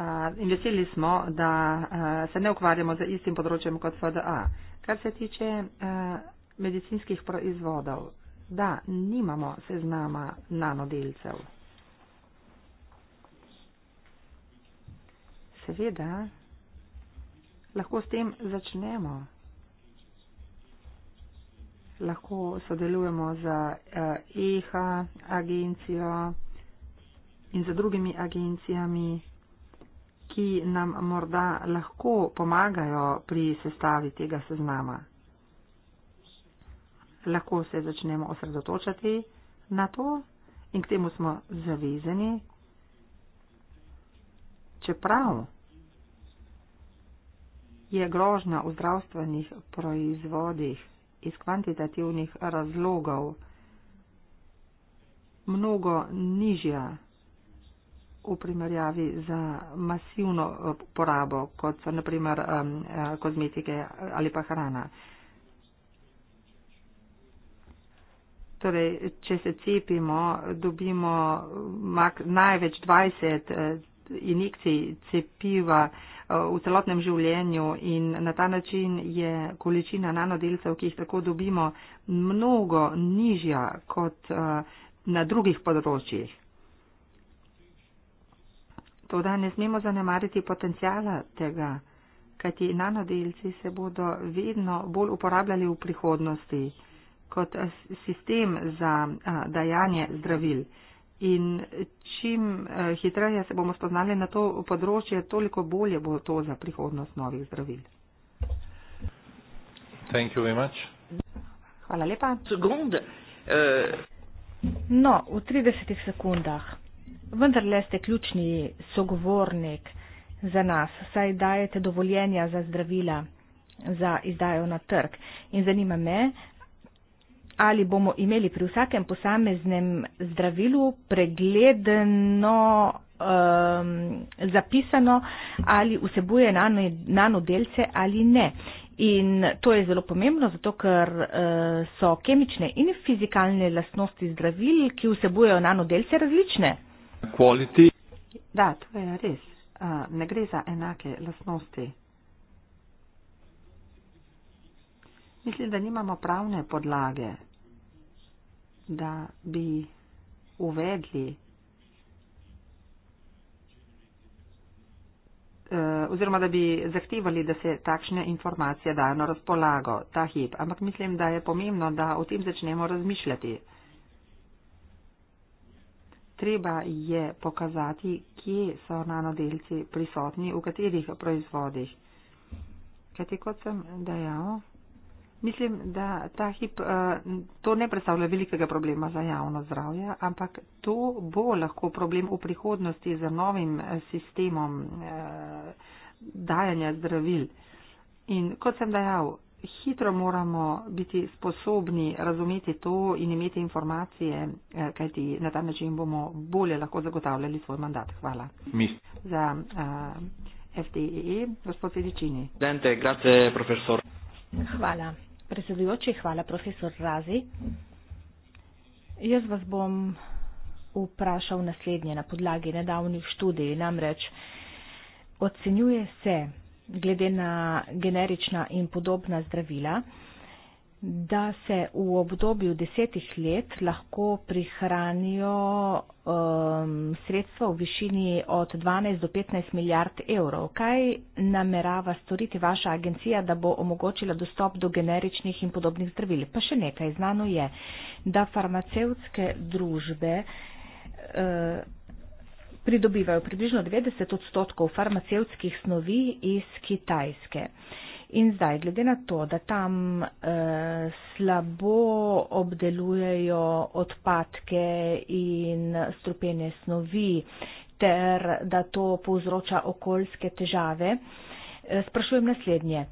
Speaker 3: Eh, in veseli smo, da se ne ukvarjamo z istim področjem kot FDA. Kar se tiče uh, medicinskih proizvodov, da nimamo seznama nanodelcev. Seveda, lahko s tem začnemo. Lahko sodelujemo z uh, eh, EHA agencijo in z drugimi agencijami ki nam morda lahko pomagajo pri sestavi tega seznama? Lahko se začnemo osredotočati na to in k temu smo zavezeni, čeprav je grožna v zdravstvenih proizvodih iz kvantitativnih razlogov mnogo nižja v primerjavi z masivno eh, porabo, kot so naprimer um, eh, kozmetike ali pa hrana. Torej, če se cepimo, dobimo mak, največ 20 eh, injekcij cepiva v celotnem življenju in na ta način je količina nanodelcev, ki jih tako dobimo, mnogo nižja kot na drugih področjih. Toda ne smemo zanemariti potencijala tega, kajti nanodelci se bodo vedno bolj uporabljali v prihodnosti kot sistem za dajanje zdravil. In čim hitreje se bomo spoznali na to področje, toliko bolje bo to za prihodnost novih zdravil. Hvala lepa.
Speaker 1: Eh.
Speaker 4: No, v 30 sekundah vendarle ste ključni sogovornik za nas, saj dajete dovoljenja za zdravila za izdajo na trg. In zanima me, ali bomo imeli pri vsakem posameznem zdravilu pregledno um, zapisano, ali vsebuje nanodelce ali ne. In to je zelo pomembno, zato ker uh, so kemične in fizikalne lastnosti zdravil, ki vsebujejo nanodelce, različne
Speaker 1: quality.
Speaker 3: Da, to je res. Uh, ne gre za enake lasnosti. Mislim, da nimamo pravne podlage, da bi uvedli. E, oziroma da bi zahtevali, da se takšne informacije dajo na razpolago ta hip. Ampak mislim, da je pomembno, da o tem začnemo razmišljati treba je pokazati, kje so nanodelci prisotni, v katerih proizvodih. Kajti kot sem dejal, mislim, da ta hip eh, to ne predstavlja velikega problema za javno zdravje, ampak to bo lahko problem v prihodnosti za novim eh, sistemom eh, dajanja zdravil. In kot sem dejal, hitro moramo biti sposobni razumeti to in imeti informacije, eh, kajti na ta način bomo bolje lahko zagotavljali svoj mandat. Hvala. Mi. Za uh, eh, FTEE, e, gospod Sedičini.
Speaker 4: Dente, grazie, profesor.
Speaker 3: Hvala. Predsedujoči, hvala, profesor Razi.
Speaker 4: Jaz vas bom vprašal naslednje na podlagi nedavnih študij. Namreč ocenjuje se, glede na generična in podobna zdravila, da se v obdobju desetih let lahko prihranijo um, sredstva v višini od 12 do 15 milijard evrov. Kaj namerava storiti vaša agencija, da bo omogočila dostop do generičnih in podobnih zdravil? Pa še nekaj, znano je, da farmacevtske družbe uh, pridobivajo približno 90 odstotkov farmacevskih snovi iz Kitajske. In zdaj, glede na to, da tam e, slabo obdelujejo odpadke in strupene snovi, ter da to povzroča okoljske težave, e, sprašujem naslednje.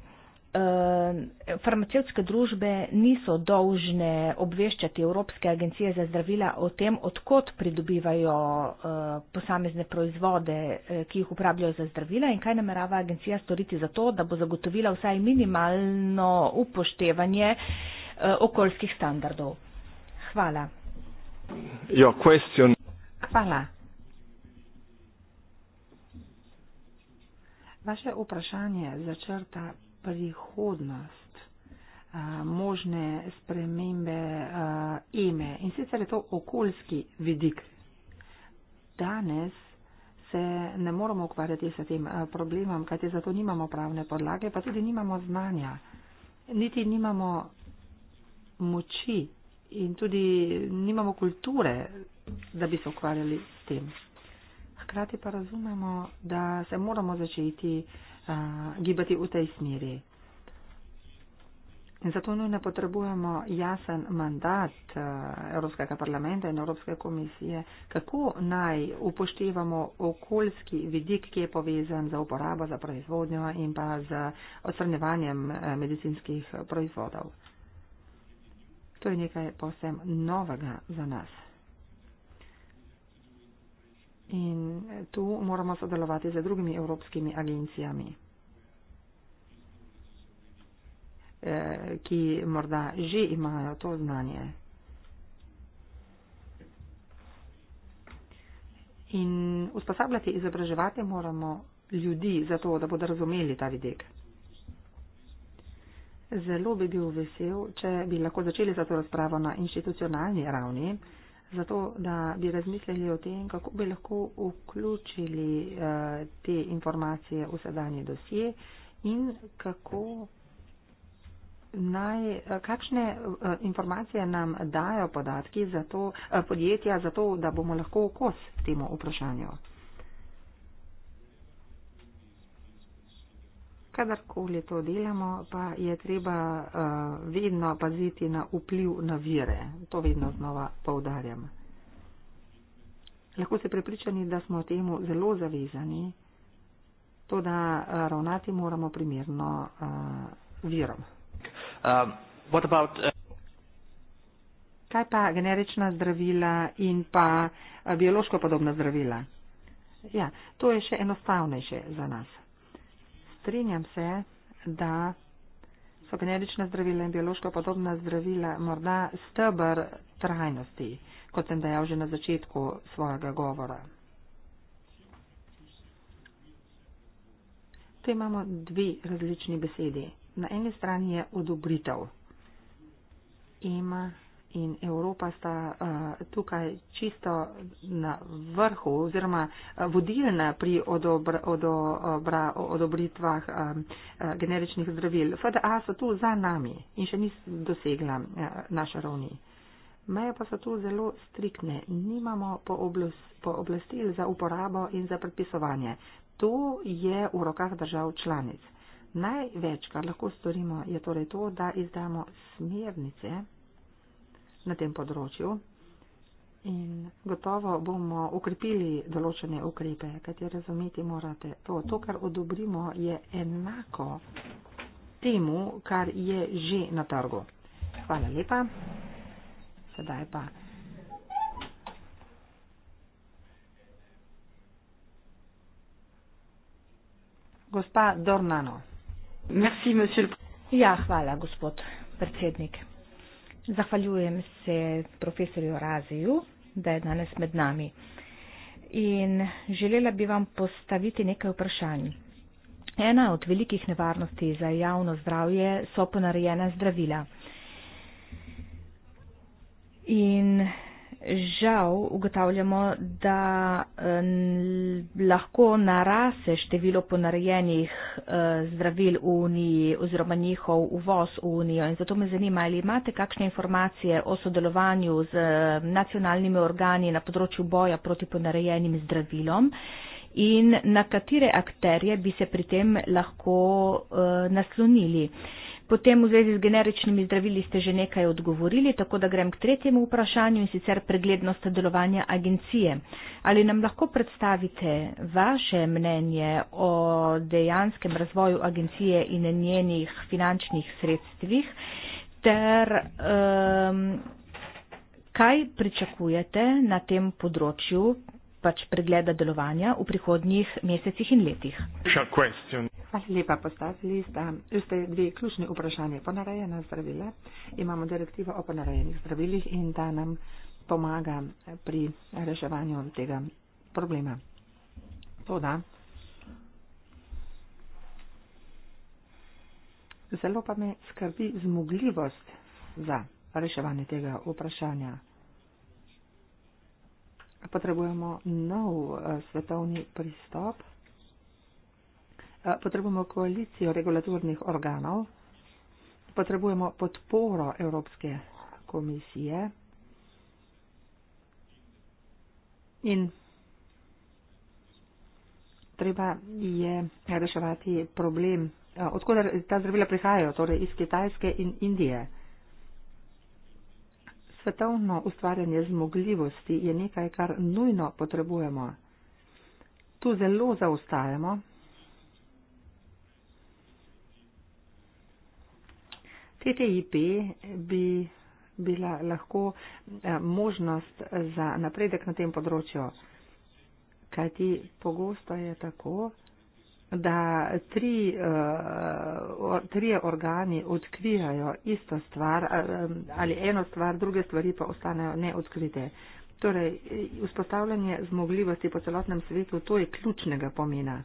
Speaker 4: Ehm, farmacevtske družbe niso dolžne obveščati Evropske agencije za zdravila o tem, odkot pridobivajo eh, posamezne proizvode, eh, ki jih uporabljajo za zdravila in kaj namerava agencija storiti za to, da bo zagotovila vsaj minimalno upoštevanje eh, okoljskih standardov.
Speaker 3: Hvala. Hvala. Vaše vprašanje začrta prihodnost, možne spremembe ime in sicer je to okoljski vidik. Danes se ne moramo ukvarjati s tem problemom, kajti zato nimamo pravne podlage, pa tudi nimamo znanja, niti nimamo moči in tudi nimamo kulture, da bi se ukvarjali s tem. Hkrati pa razumemo, da se moramo začeti uh, gibati v tej smeri. In zato nujno potrebujemo jasen mandat Evropskega parlamenta in Evropske komisije, kako naj upoštevamo okoljski vidik, ki je povezan za uporabo, za proizvodnjo in pa z odstranjevanjem medicinskih proizvodov. To je nekaj posebno novega za nas in tu moramo sodelovati z drugimi evropskimi agencijami, eh, ki morda že imajo to znanje. In usposabljati, izobraževati moramo ljudi za to, da bodo razumeli ta vidik. Zelo bi bil vesel, če bi lahko začeli za to razpravo na institucionalni ravni zato da bi razmislili o tem, kako bi lahko vključili eh, te informacije v sedanje dosje in kako naj, eh, kakšne eh, informacije nam dajo podatki za to, podjetja za to, da bomo lahko kos temu vprašanju. kadarkoli to delamo, pa je treba uh, vedno paziti na vpliv na vire. To vedno znova povdarjam. Lahko se prepričani, da smo temu zelo zavezani, to da eh, ravnati moramo primerno uh, virom. Um, what about, uh... Kaj pa generična zdravila in pa biološko podobna zdravila? Ja, to je še enostavnejše za nas strinjam se, da so generična zdravila in biološko podobna zdravila morda stebr trajnosti, kot sem dejal že na začetku svojega govora. Tu imamo dve različni besedi. Na eni strani je odobritev. Ima in Evropa sta uh, tukaj čisto na vrhu oziroma eh, vodilna pri odobra, odobra, odobritvah uh, generičnih zdravil. FDA so tu za nami in še nis dosegla uh, naša ravni. Meje pa so tu zelo striktne. Nimamo pooblastil za uporabo in za predpisovanje. To je v rokah držav članic. Največ, kar lahko storimo, je torej to, da izdamo smernice na tem področju. In gotovo bomo ukrepili določene ukrepe, kajti razumeti morate to. To, kar odobrimo, je enako temu, kar je že na trgu. Hvala lepa. Sedaj pa. Gospa Dornano.
Speaker 2: Merci, monsieur.
Speaker 4: Ja, hvala, gospod predsednik. Zahvaljujem se profesorju Razeju, da je danes med nami. In želela bi vam postaviti nekaj vprašanj. Ena od velikih nevarnosti za javno zdravje so ponarejena zdravila. In žal ugotavljamo, da eh, lahko narase število ponarejenih eh, zdravil v Uniji oziroma njihov uvoz v Unijo. In zato me zanima, ali imate kakšne informacije o sodelovanju z eh, nacionalnimi organi na področju boja proti ponarejenim zdravilom in na katere akterje bi se pri tem lahko naslonili. Potem v zvezi z generičnimi zdravili ste že nekaj odgovorili, tako da grem k tretjemu vprašanju in sicer preglednost delovanja agencije. Ali nam lahko predstavite vaše mnenje o dejanskem razvoju agencije in njenih finančnih sredstvih ter um, kaj pričakujete na tem področju pač pregleda delovanja
Speaker 3: v prihodnjih mesecih in letih.
Speaker 1: Hvala
Speaker 3: lepa, postavili ste. Veste, dve ključni vprašanje. Ponarejena zdravila. Imamo direktivo o ponarejenih zdravilih in da nam pomaga pri reševanju tega problema. To da. Zelo pa me skrbi zmogljivost za reševanje tega vprašanja potrebujemo nov eh, svetovni pristop, eh, potrebujemo koalicijo regulatornih organov, potrebujemo podporo Evropske komisije in treba je reševati problem, eh, odkud ta zdravila prihajajo, torej iz Kitajske in Indije svetovno ustvarjanje zmogljivosti je nekaj, kar nujno potrebujemo. Tu zelo zaostajamo. TTIP bi bila lahko eh, možnost za napredek na tem področju, kajti pogosto je tako, da tri, eh, tri organi odkrivajo isto stvar eh, ali eno stvar, druge stvari pa ostanejo neodkrite. Torej, vzpostavljanje zmogljivosti po celotnem svetu, to je ključnega pomena,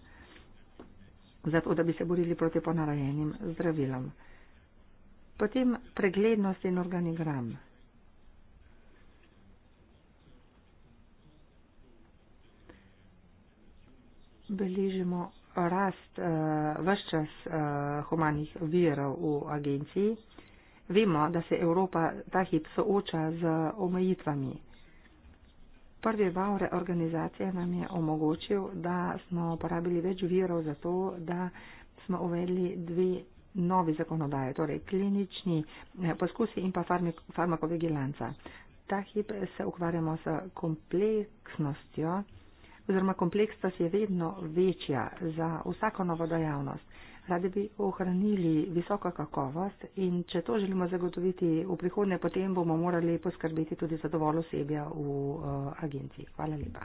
Speaker 3: zato da bi se borili proti ponarajenim zdravilom. Potem preglednost in organigram. Beležimo rast uh, eh, vse čas uh, humanih virov v agenciji, vemo, da se Evropa ta hip sooča z omejitvami. Prvi val reorganizacije nam je omogočil, da smo uporabili več virov za to, da smo uvedli dve novi zakonodaje, torej klinični eh, poskusi in pa farmakovigilanca. Ta hip se ukvarjamo s kompleksnostjo oziroma kompleksnost je vedno večja za vsako novo dejavnost. Radi bi ohranili visoko kakovost in če to želimo zagotoviti v prihodnje, potem bomo morali poskrbeti tudi za dovolj osebja v uh, agenciji. Hvala lepa.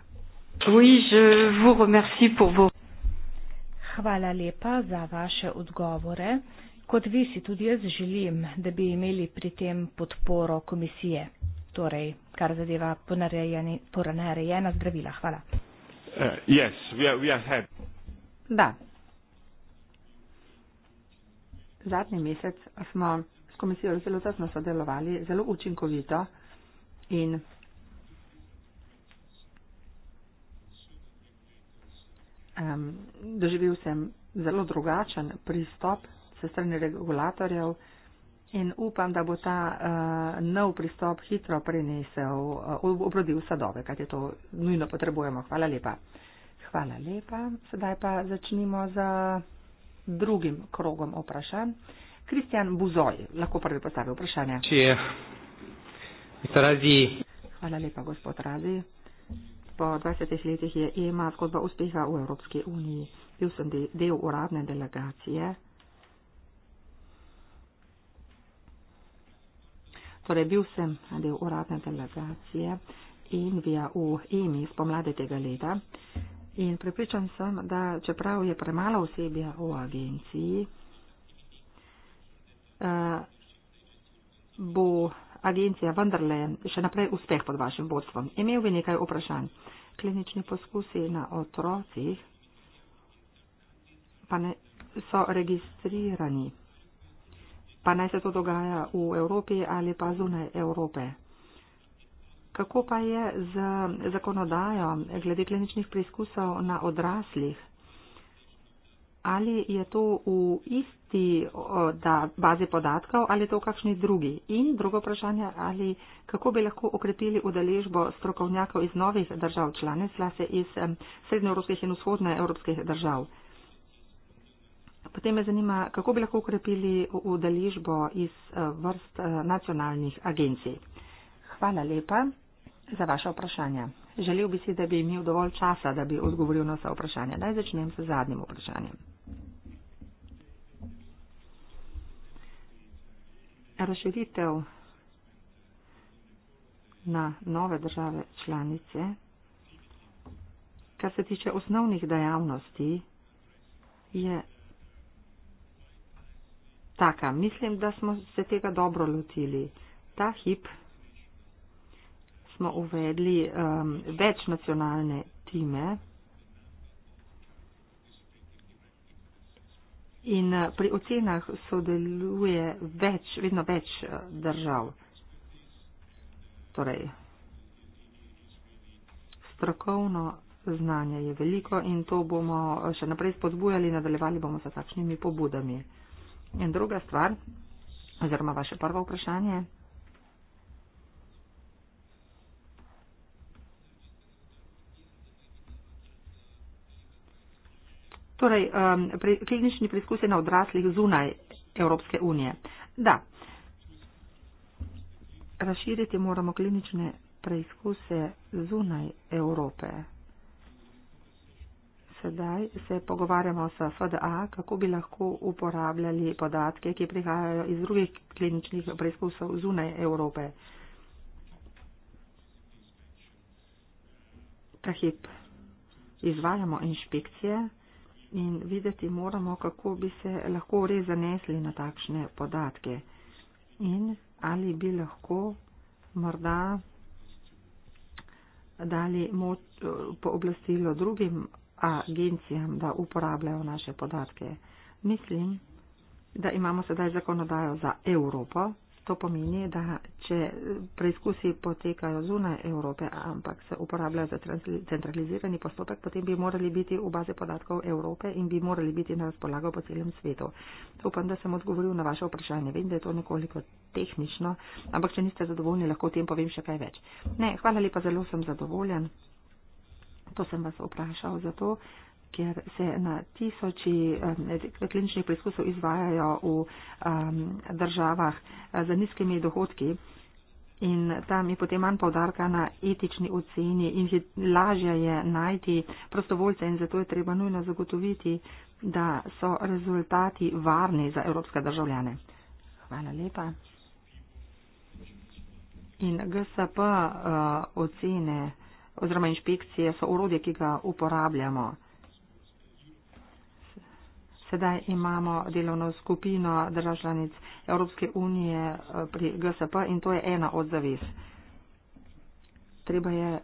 Speaker 2: Oui,
Speaker 4: Hvala lepa za vaše odgovore. Kot vi si tudi jaz želim, da bi imeli pri tem podporo komisije, torej kar zadeva ponarejena zdravila. Hvala.
Speaker 1: Uh, yes, we are, we are happy.
Speaker 3: Da. Zadnji mesec smo s komisijo zelo tesno sodelovali, zelo učinkovito in um, doživel sem zelo drugačen pristop se strani regulatorjev. In upam, da bo ta uh, nov pristop hitro prenesel, uh, eh, obrodil sadove, kajte to nujno potrebujemo. Hvala lepa. Hvala lepa. Sedaj pa začnimo z drugim krogom vprašanj. Kristjan Buzoj, lahko prvi postavi vprašanje. Hvala lepa, gospod Razi. Po 20 letih je EMA zgodba uspeha v Evropski uniji. Bil sem del uradne delegacije. Torej, bil sem del uradne delegacije in via v e imi spomladi tega leta. In pripričan sem, da čeprav je premalo osebja v agenciji, eh, bo agencija vendarle še naprej uspeh pod vašim vodstvom. Imel bi nekaj vprašanj. Klinični poskusi na otrocih pa ne, so registrirani pa naj se to dogaja v Evropi ali pa zunaj Evrope. Kako pa je z zakonodajo glede kliničnih preizkusov na odraslih? Ali je to v isti da, bazi podatkov ali je to v kakšni drugi? In drugo vprašanje, ali kako bi lahko okrepili udeležbo strokovnjakov iz novih držav članic, lase iz srednjeevropskih in vzhodnjeevropskih držav? Potem me zanima, kako bi lahko ukrepili udeležbo iz eh, vrst eh, nacionalnih agencij. Hvala lepa za vaše vprašanje. Želel bi si, da bi imel dovolj časa, da bi odgovoril na vsa vprašanja. Naj začnem s zadnjim vprašanjem. Razširitev na nove države članice, kar se tiče osnovnih dejavnosti, je Taka, mislim, da smo se tega dobro lotili. Ta hip smo uvedli um, večnacionalne time in uh, pri ocenah sodeluje več, vedno več uh, držav. Torej, strokovno znanje je veliko in to bomo uh, še naprej spodbujali, nadaljevali bomo s takšnimi pobudami. In druga stvar, oziroma vaše prvo vprašanje. Torej, um, pri, klinični preizkusi na odraslih zunaj Evropske unije. Da, razširiti moramo klinične preizkuse zunaj Evrope sedaj se pogovarjamo s FDA, kako bi lahko uporabljali podatke, ki prihajajo iz drugih kliničnih preizkusov zunaj Evrope. Ta hip izvajamo inšpekcije in videti moramo, kako bi se lahko res zanesli na takšne podatke in ali bi lahko morda dali moč, eh, pooblastilo drugim agencijam, da uporabljajo naše podatke. Mislim, da imamo sedaj zakonodajo za Evropo. To pomeni, da če preizkusi potekajo zunaj Evrope, ampak se uporabljajo za centralizirani postopek, potem bi morali biti v baze podatkov Evrope in bi morali biti na razpolago po celem svetu. Upam, da sem odgovoril na vaše vprašanje. Vem, da je to nekoliko tehnično, ampak če niste zadovoljni, lahko o tem povem še kaj več. Ne, hvala lepa, zelo sem zadovoljen. To sem vas vprašal zato, ker se na tisoči kliničnih preizkusov izvajajo v državah eh, z nizkimi dohodki. In tam je potem manj povdarka na etični oceni in je lažje je najti prostovoljce in zato je treba nujno zagotoviti, da so rezultati varni za evropske državljane. Hvala lepa. In GSP uh, eh, ocene oziroma inšpekcije so urodje, ki ga uporabljamo. Sedaj imamo delovno skupino državljanic Evropske unije eh, pri GSP in to je ena od zavez. Treba je eh,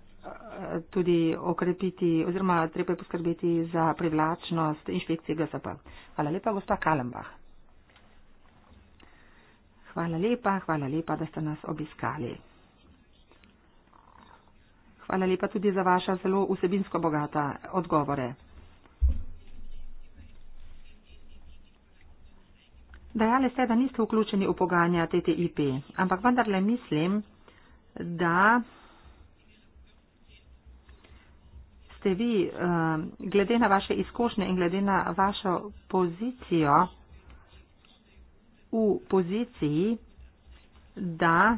Speaker 3: tudi okrepiti oziroma treba je poskrbeti za privlačnost inšpekcije GSP. Hvala lepa, gospa Kalembah. Hvala lepa, hvala lepa, da ste nas obiskali. Hvala lepa tudi za vaša zelo vsebinsko bogata odgovore. Dajali ste, da niste vključeni v pogajanja TTIP, ampak vendarle mislim, da ste vi, eh, glede na vaše izkušnje in glede na vašo pozicijo, v poziciji, da.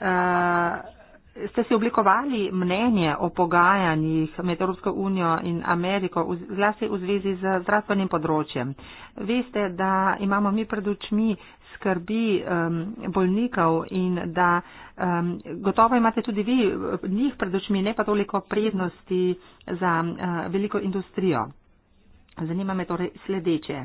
Speaker 3: Uh, ste si oblikovali mnenje o pogajanjih med Evropsko unijo in Ameriko, zlasti v zvezi z zdravstvenim področjem. Veste, da imamo mi pred očmi skrbi um, bolnikov in da um, gotovo imate tudi vi eh, njih pred očmi, ne pa toliko prednosti za uh, veliko industrijo. Zanima me torej sledeče.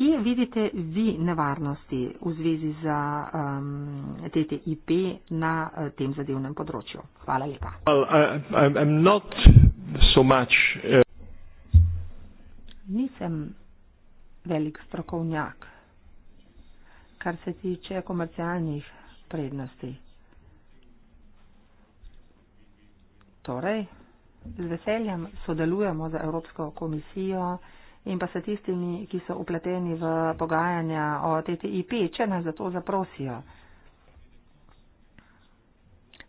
Speaker 3: Kje vidite vi nevarnosti v zvezi z um, TTIP na uh, tem zadevnem področju? Hvala lepa.
Speaker 1: Well, I, I'm, I'm so much, uh...
Speaker 3: Nisem velik strokovnjak, kar se tiče komercialnih prednosti. Torej, z veseljem sodelujemo z Evropsko komisijo in pa s tistimi, ki so upleteni v pogajanja o TTIP, če nas za to zaprosijo.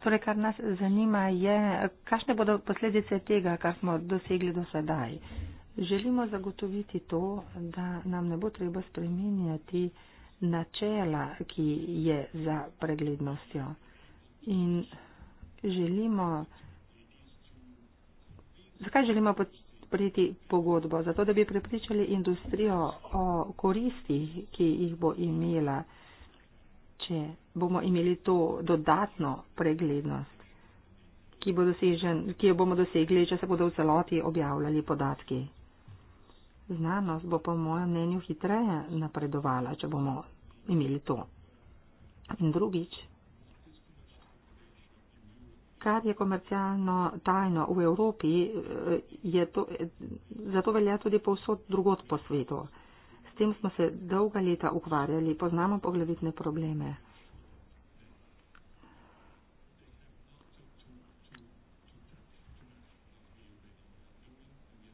Speaker 3: Torej, kar nas zanima je, kakšne bodo posledice tega, kar smo dosegli do sedaj. Želimo zagotoviti to, da nam ne bo treba spreminjati načela, ki je za preglednostjo. In želimo, zakaj želimo podpreti pogodbo, zato da bi prepričali industrijo o koristi, ki jih bo imela, če bomo imeli to dodatno preglednost, ki, bo dosežen, ki jo bomo dosegli, če se bodo v celoti objavljali podatki. Znanost bo po mojem mnenju hitreje napredovala, če bomo imeli to. In drugič, kar je komercialno tajno v Evropi, eh, je to, zato velja tudi povsod drugot po svetu. S tem smo se dolga leta ukvarjali, poznamo poglavitne probleme.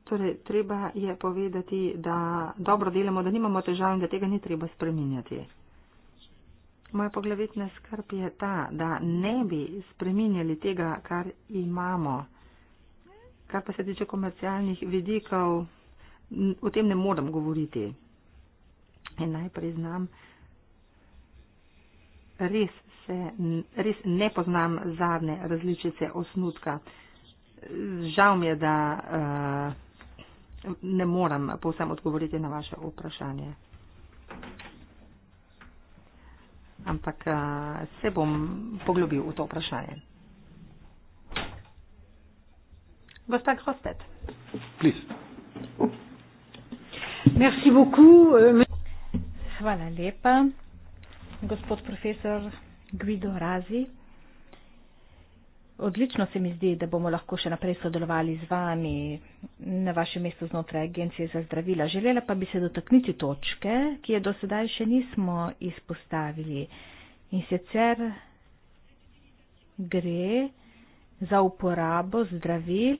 Speaker 3: Torej, treba je povedati, da dobro delamo, da nimamo težav in da tega ni treba spreminjati. Moja poglavitna skrb je ta, da ne bi spreminjali tega, kar imamo. Kar pa se tiče komercialnih vidikov, o tem ne moram govoriti. In najprej znam, res, se, res ne poznam zadnje različice osnutka. Žal mi je, da uh, ne moram povsem odgovoriti na vaše vprašanje. ampak uh, se bom poglobil v to vprašanje. Gospa Krostet. Merci beaucoup. Euh,
Speaker 4: Hvala lepa, gospod profesor Guido Razi. Odlično se mi zdi, da bomo lahko še naprej sodelovali z vami na vašem mestu znotraj Agencije za zdravila. Želela pa bi se dotakniti točke, ki je do sedaj še nismo izpostavili. In sicer gre za uporabo zdravil.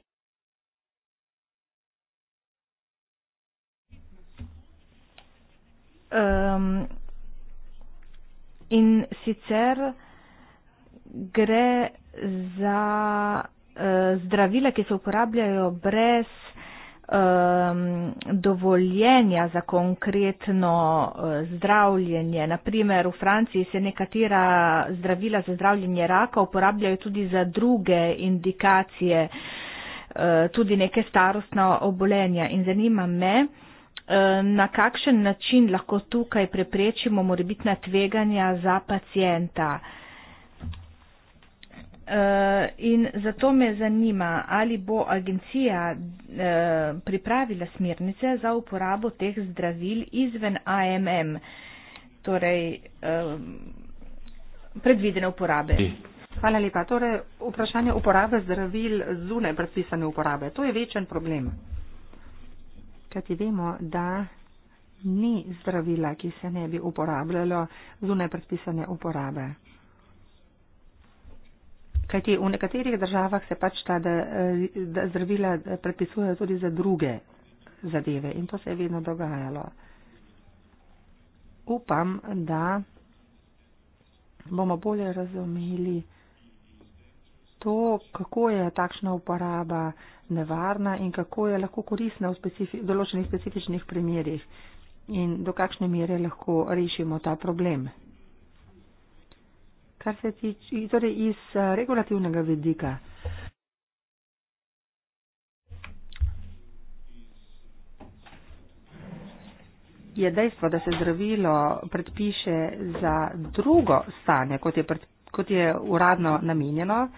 Speaker 4: Um, in sicer gre za uh, zdravila, ki se uporabljajo brez um, dovoljenja za konkretno uh, zdravljenje. Naprimer, v Franciji se nekatera zdravila za zdravljenje raka uporabljajo tudi za druge indikacije, uh, tudi neke starostna obolenja. In zanima me, Na kakšen način lahko tukaj preprečimo morebitna tveganja za pacijenta? Uh, Eh, in zato me zanima, ali bo agencija uh, pripravila smernice za uporabo teh zdravil izven AMM,
Speaker 3: torej um, predvidene uporabe. Hvala lepa. Torej, vprašanje uporabe zdravil zunaj predpisane uporabe. To je večen problem. Kaj ti vemo, da ni zdravila, ki se ne bi uporabljalo zunaj predpisane uporabe. Kajti v nekaterih državah se pač ta da, da zdravila eh, predpisujejo tudi za druge zadeve in to se je vedno dogajalo. Upam, da bomo bolje razumeli to, kako je takšna uporaba nevarna in kako je lahko koristna v specifi, določenih specifičnih primerjih in do kakšne mere lahko rešimo ta problem kar se tiče, torej iz eh, regulativnega vidika. Je dejstvo, da se zdravilo predpiše za drugo stanje, kot je, pred, kot je uradno namenjeno,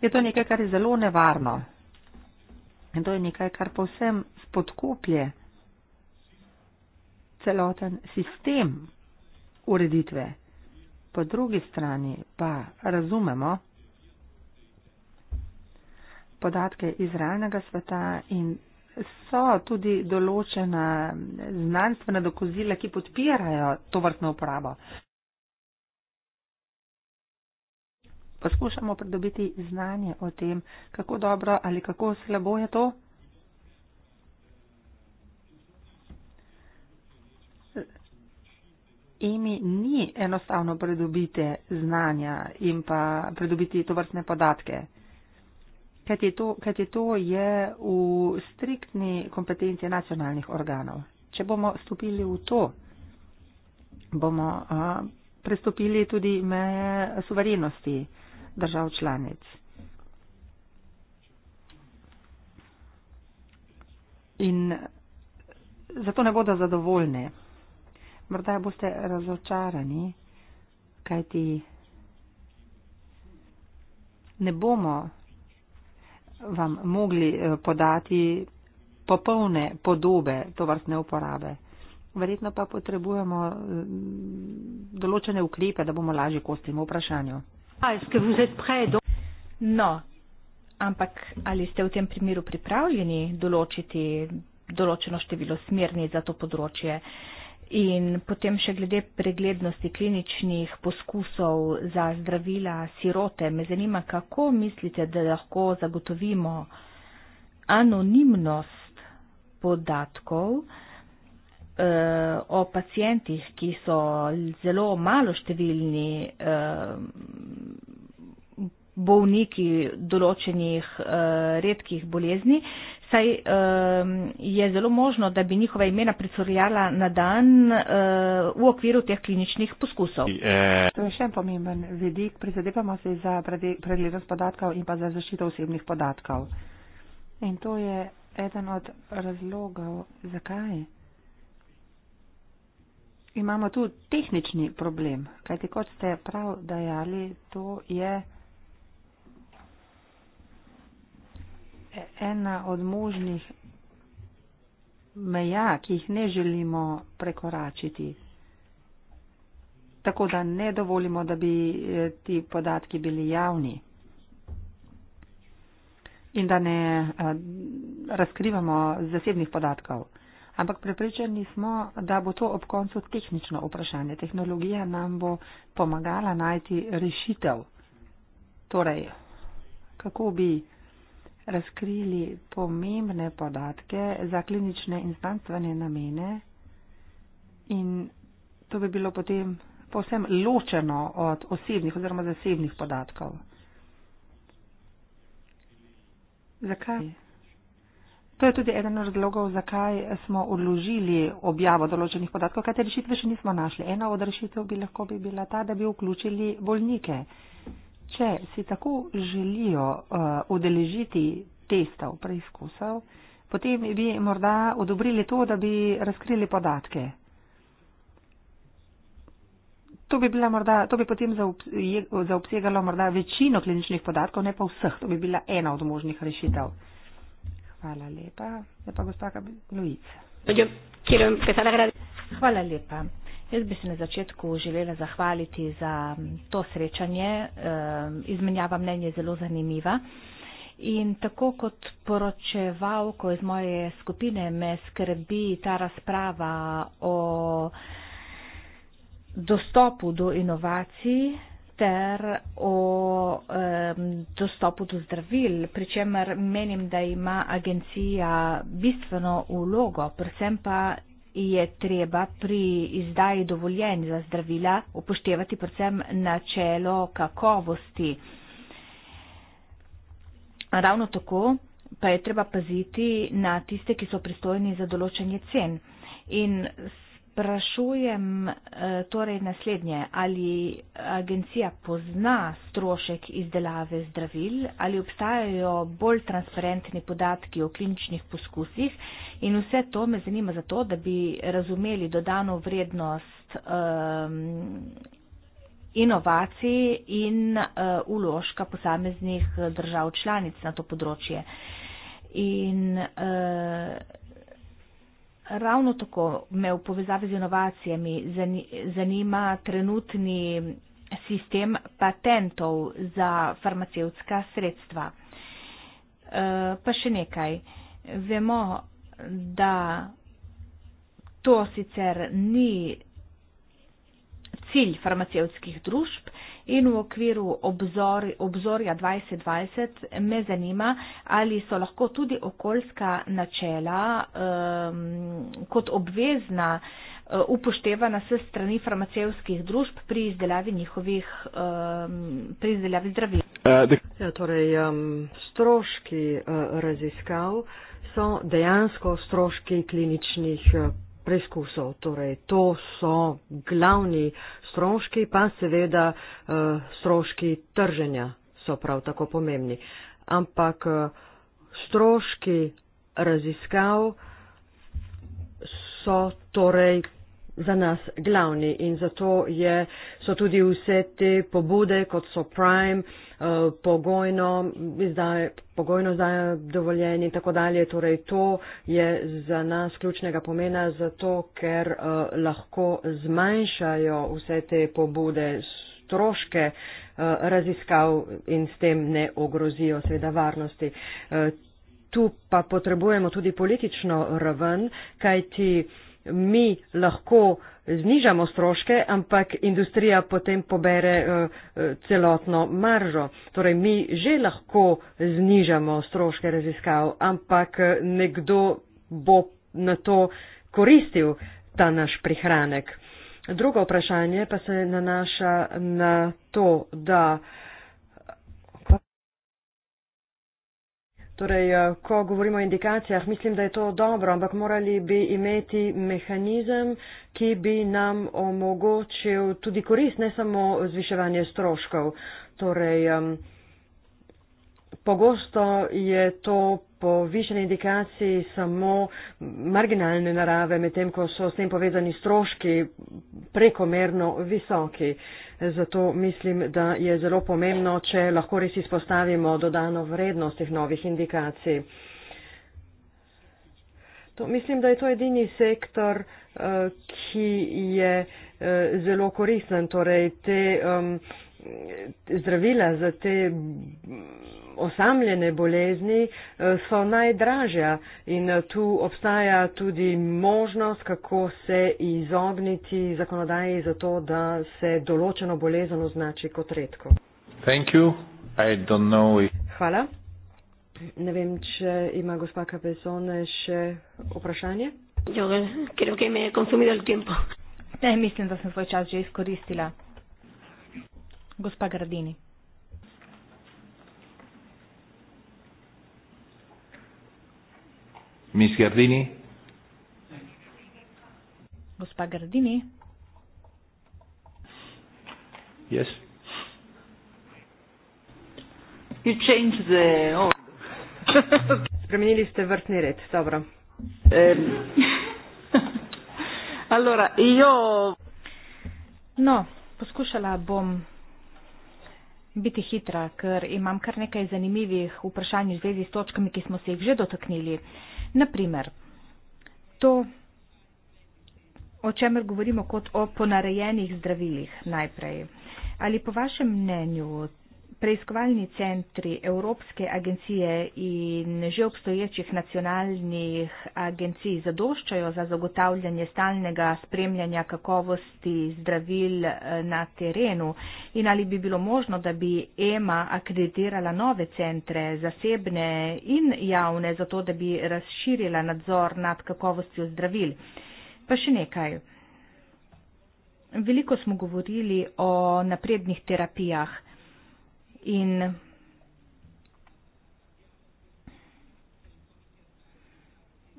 Speaker 3: je to nekaj, kar je zelo nevarno. In to je nekaj, kar povsem spodkoplje celoten sistem ureditve po drugi strani pa razumemo podatke iz realnega sveta in so tudi določena znanstvena dokazila, ki podpirajo to vrtno uporabo. Poskušamo pridobiti znanje o tem, kako dobro ali kako slabo je to. imi ni enostavno pridobiti znanja in pa pridobiti to vrstne podatke. Ker je to je v striktni kompetenci nacionalnih organov. Če bomo stopili v to, bomo a, prestopili tudi meje suverenosti držav članic. In zato ne bodo zadovoljni morda boste razočarani, kajti ne bomo vam mogli eh, podati popolne podobe tovrstne uporabe. Verjetno pa potrebujemo mm, določene ukrepe, da bomo lažje kost temu vprašanju. No,
Speaker 4: ampak ali ste v tem primeru pripravljeni določiti določeno število smernic za to področje? Uh, In potem še glede preglednosti kliničnih poskusov za zdravila sirote. Me zanima, kako mislite, da lahko zagotovimo anonimnost podatkov eh, o pacijentih, ki so zelo maloštevilni eh, bolniki določenih eh, redkih bolezni, saj um, je zelo možno, da bi njihova imena pricurjala na dan uh, v
Speaker 3: okviru teh kliničnih poskusov. E,
Speaker 1: eh. To
Speaker 3: je še en pomemben vidik. Prizadevamo se za preglednost podatkov in pa za zaščito osebnih podatkov. In to je eden od razlogov, zakaj. Imamo tu tehnični problem, kajti kot ste prav dajali, to je. ena od možnih meja, ki jih ne želimo prekoračiti. Tako da ne dovolimo, da bi eh, ti podatki bili javni in da ne eh, razkrivamo zasebnih podatkov. Ampak prepričani smo, da bo to ob koncu tehnično vprašanje. Tehnologija nam bo pomagala najti rešitev. Torej, kako bi razkrili pomembne podatke za klinične in znanstvene namene in to bi bilo potem povsem ločeno od osebnih oziroma zasebnih podatkov. Zakaj? To je tudi eden od razlogov, zakaj smo odložili objavo določenih podatkov, kateri rešitve še nismo našli. Ena od rešitev bi lahko bi bila ta, da bi vključili bolnike če si tako želijo uh, udeležiti testov, preizkusov, potem bi morda odobrili to, da bi razkrili podatke. To bi, morda, to bi potem zaobsegalo morda večino kliničnih podatkov, ne pa vseh. To bi bila ena od možnih rešitev. Hvala lepa. Je pa gospa Luiz. Hvala lepa. Jaz
Speaker 4: bi se na začetku želela zahvaliti za to srečanje. Ehm, izmenjava mnenje je zelo zanimiva. In tako kot poročevalko iz moje skupine me skrbi ta razprava o dostopu do inovacij ter o um, dostopu do zdravil, pri čemer menim, da ima agencija bistveno ulogo, predvsem pa je treba pri izdaji dovoljenj za zdravila upoštevati predvsem načelo kakovosti. Ravno tako pa je treba paziti na tiste, ki so pristojni za določanje cen. In sprašujem eh, torej naslednje, ali agencija pozna strošek izdelave zdravil, ali obstajajo bolj transparentni podatki o kliničnih poskusih in vse to me zanima zato, da bi razumeli dodano vrednost ehm, inovacij in eh, uložka posameznih eh, držav članic na to področje. In Ravno tako me v povezavi z inovacijami zanima trenutni sistem patentov za farmacevtska sredstva. E, pa še nekaj. Vemo, da to sicer ni cilj farmacevtskih družb, in v okviru obzor, obzorja 2020 me zanima, ali so lahko tudi okoljska načela um, kot obvezna eh, upoštevana se strani farmacevskih družb pri izdelavi njihovih, ehm, pri izdelavi zdravil.
Speaker 1: Eh,
Speaker 2: ja, torej, ehm, stroški eh, raziskav so dejansko stroški kliničnih preizkusov. Torej, to so glavni stroški, pa seveda eh, stroški trženja so prav tako pomembni. Ampak eh, stroški raziskav so torej za nas glavni in zato je, so tudi vse te pobude, kot so Prime, uh, Eh, pogojno, izdaje, pogojno izdaje dovoljenje in tako dalje. Torej, to je za nas ključnega pomena, zato ker eh, lahko zmanjšajo vse te pobude, stroške eh, raziskav in s tem ne ogrozijo seveda varnosti. Tu pa potrebujemo tudi politično raven, kajti mi lahko znižamo stroške, ampak industrija potem pobere eh, eh, celotno maržo. Torej, mi že lahko znižamo stroške raziskav, ampak eh, nekdo bo na to koristil ta naš prihranek. Drugo vprašanje pa se nanaša na to, da uh, Torej, eh, ko govorimo o indikacijah, mislim, da je to dobro, ampak morali bi imeti mehanizem, ki bi nam omogočil tudi korist, ne samo zviševanje stroškov. Torej, um, Pogosto je to po višeni indikaciji samo marginalne narave, medtem ko so s tem povezani stroški prekomerno visoki. Zato mislim, da je zelo pomembno, če lahko res izpostavimo dodano vrednost teh novih indikacij. To, mislim, da je to edini sektor, eh, ki je eh, zelo koristen. Torej, te, um, zdravila za te osamljene bolezni eh, so najdražja in eh, tu obstaja tudi možnost, kako se izogniti zakonodaji za to, da se določeno bolezen označi kot redko. Hvala. Ne vem, če ima gospa Kapesone še vprašanje. Jo, creo que me he consumido el tiempo. Ne, mislim, da
Speaker 4: sem svoj čas že izkoristila gospa Gradini.
Speaker 1: Miss Gardini.
Speaker 4: Gospa Gardini.
Speaker 1: Yes.
Speaker 2: You changed the order. Spremenili ste vrstni red, dobro. Um. allora, io...
Speaker 4: No, poskušala bom biti hitra, ker imam kar nekaj zanimivih vprašanj v zvezi s točkami, ki smo se jih že dotaknili. Naprimer, to, o čemer govorimo kot o ponarejenih zdravilih najprej. Ali po vašem mnenju preiskovalni centri Evropske agencije in že obstoječih nacionalnih agencij zadoščajo za zagotavljanje stalnega spremljanja kakovosti zdravil eh, na terenu in ali bi bilo možno, da bi EMA akreditirala nove centre, zasebne in javne, zato da bi razširila nadzor nad kakovostjo zdravil. Pa še nekaj. Veliko smo govorili o naprednih terapijah in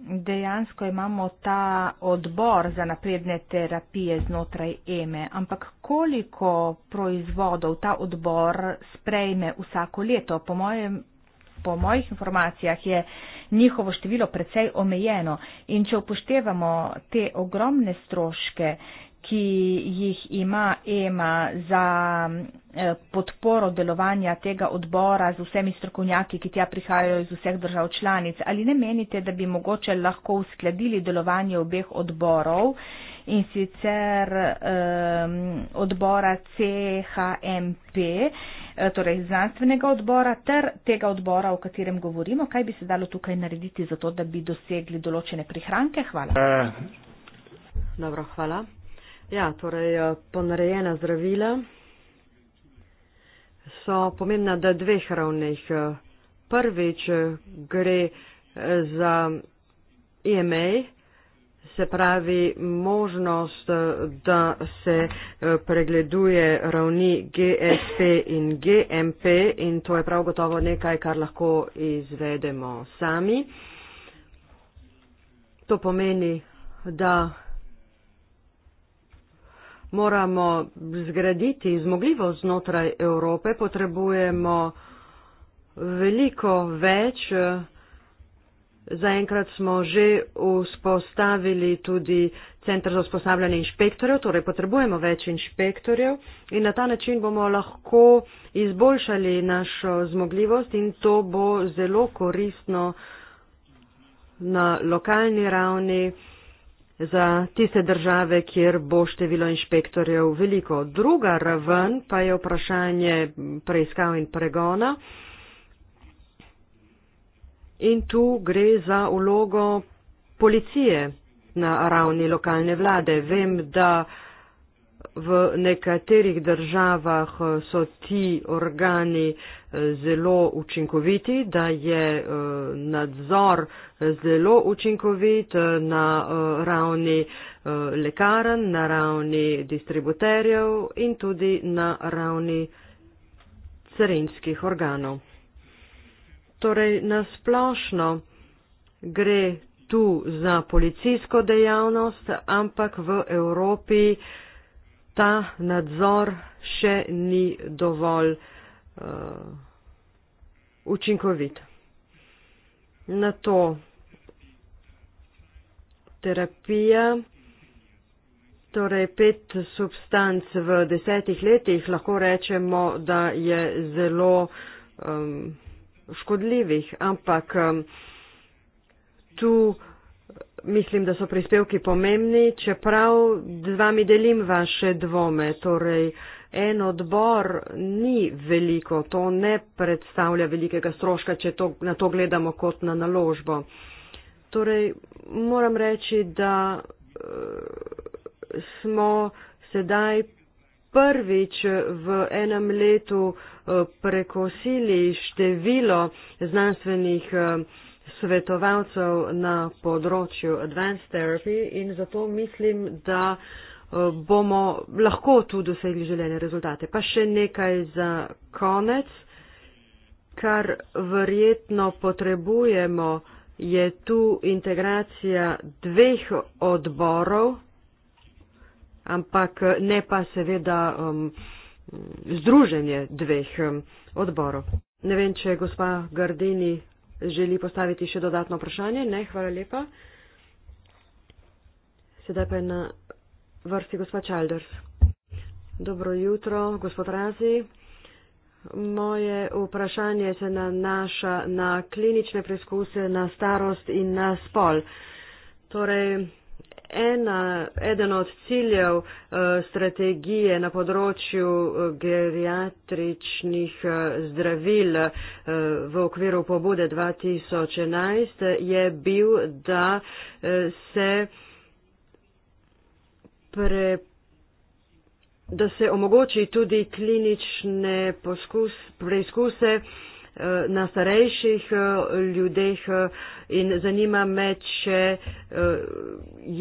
Speaker 4: dejansko imamo ta odbor za napredne terapije znotraj EME, ampak koliko proizvodov ta odbor sprejme vsako leto? Po, mojem, po mojih informacijah je njihovo število precej omejeno in če upoštevamo te ogromne stroške, ki jih ima EMA za eh, podporo delovanja tega odbora z vsemi strokovnjaki, ki tja prihajajo iz vseh držav članic. Ali ne menite, da bi mogoče lahko uskladili delovanje obeh odborov in sicer um, odbora CHMP, eh, torej znanstvenega odbora, ter tega odbora, o katerem govorimo? Kaj bi se dalo tukaj narediti za to, da bi dosegli
Speaker 2: določene prihranke? Hvala.
Speaker 1: Uh.
Speaker 2: Dobro, hvala. Ja, torej eh, ponarejena zdravila so pomembna na dveh ravneh. Prvič eh, gre eh, za EMA, se pravi možnost, da se pregleduje ravni GSP in GMP in to je prav gotovo nekaj, kar lahko izvedemo sami. To pomeni, da moramo zgraditi zmogljivost znotraj Evrope, potrebujemo veliko več. Zaenkrat smo že vzpostavili tudi centr za usposabljanje inšpektorjev, torej potrebujemo več inšpektorjev in na ta način bomo lahko izboljšali našo zmogljivost in to bo zelo koristno na lokalni ravni za tiste države, kjer bo število inšpektorjev veliko. Druga raven pa je vprašanje preiskav in pregona. In tu gre za ulogo policije na ravni lokalne vlade. Vem, da uh, v nekaterih državah eh, so ti organi eh, zelo učinkoviti, da je eh, nadzor zelo učinkovit na ravni lekaren, na ravni distributerjev in tudi na ravni carinskih organov. Torej, nasplošno gre tu za policijsko dejavnost, ampak v Evropi uh, ta nadzor še ni dovolj uh, učinkovit. Na to terapija, torej pet substanc v desetih letih, lahko rečemo, da je zelo um, škodljivih, ampak um, tu Mislim, da so prispevki pomembni, čeprav z vami delim vaše dvome. Torej, en odbor ni veliko, to ne predstavlja velikega stroška, če to, na to gledamo kot na naložbo. Torej, moram reči, da uh, smo sedaj prvič v enem letu uh, prekosili število znanstvenih. Uh, svetovalcev na področju advanced therapy in zato mislim, da eh, bomo lahko tu dosegli željene rezultate. Pa še nekaj za konec, kar verjetno potrebujemo, je tu integracija dveh odborov, ampak eh, ne pa seveda um, združenje dveh um, odborov. Ne vem, če je gospa Gardini želi postaviti še dodatno vprašanje? Ne, hvala lepa. Sedaj pa je na vrsti gospod Čalders. Dobro jutro, gospod Razi. Moje vprašanje se nanaša na klinične preizkuse, na starost in na spol. Torej, ena, eden od ciljev uh, strategije na področju eh, geriatričnih uh, zdravil uh, v okviru pobude 2011 je bil, da uh, se pre da se omogoči tudi klinične poskus, preizkuse uh, Eh, na starejših eh, ljudeh eh, in zanima me, če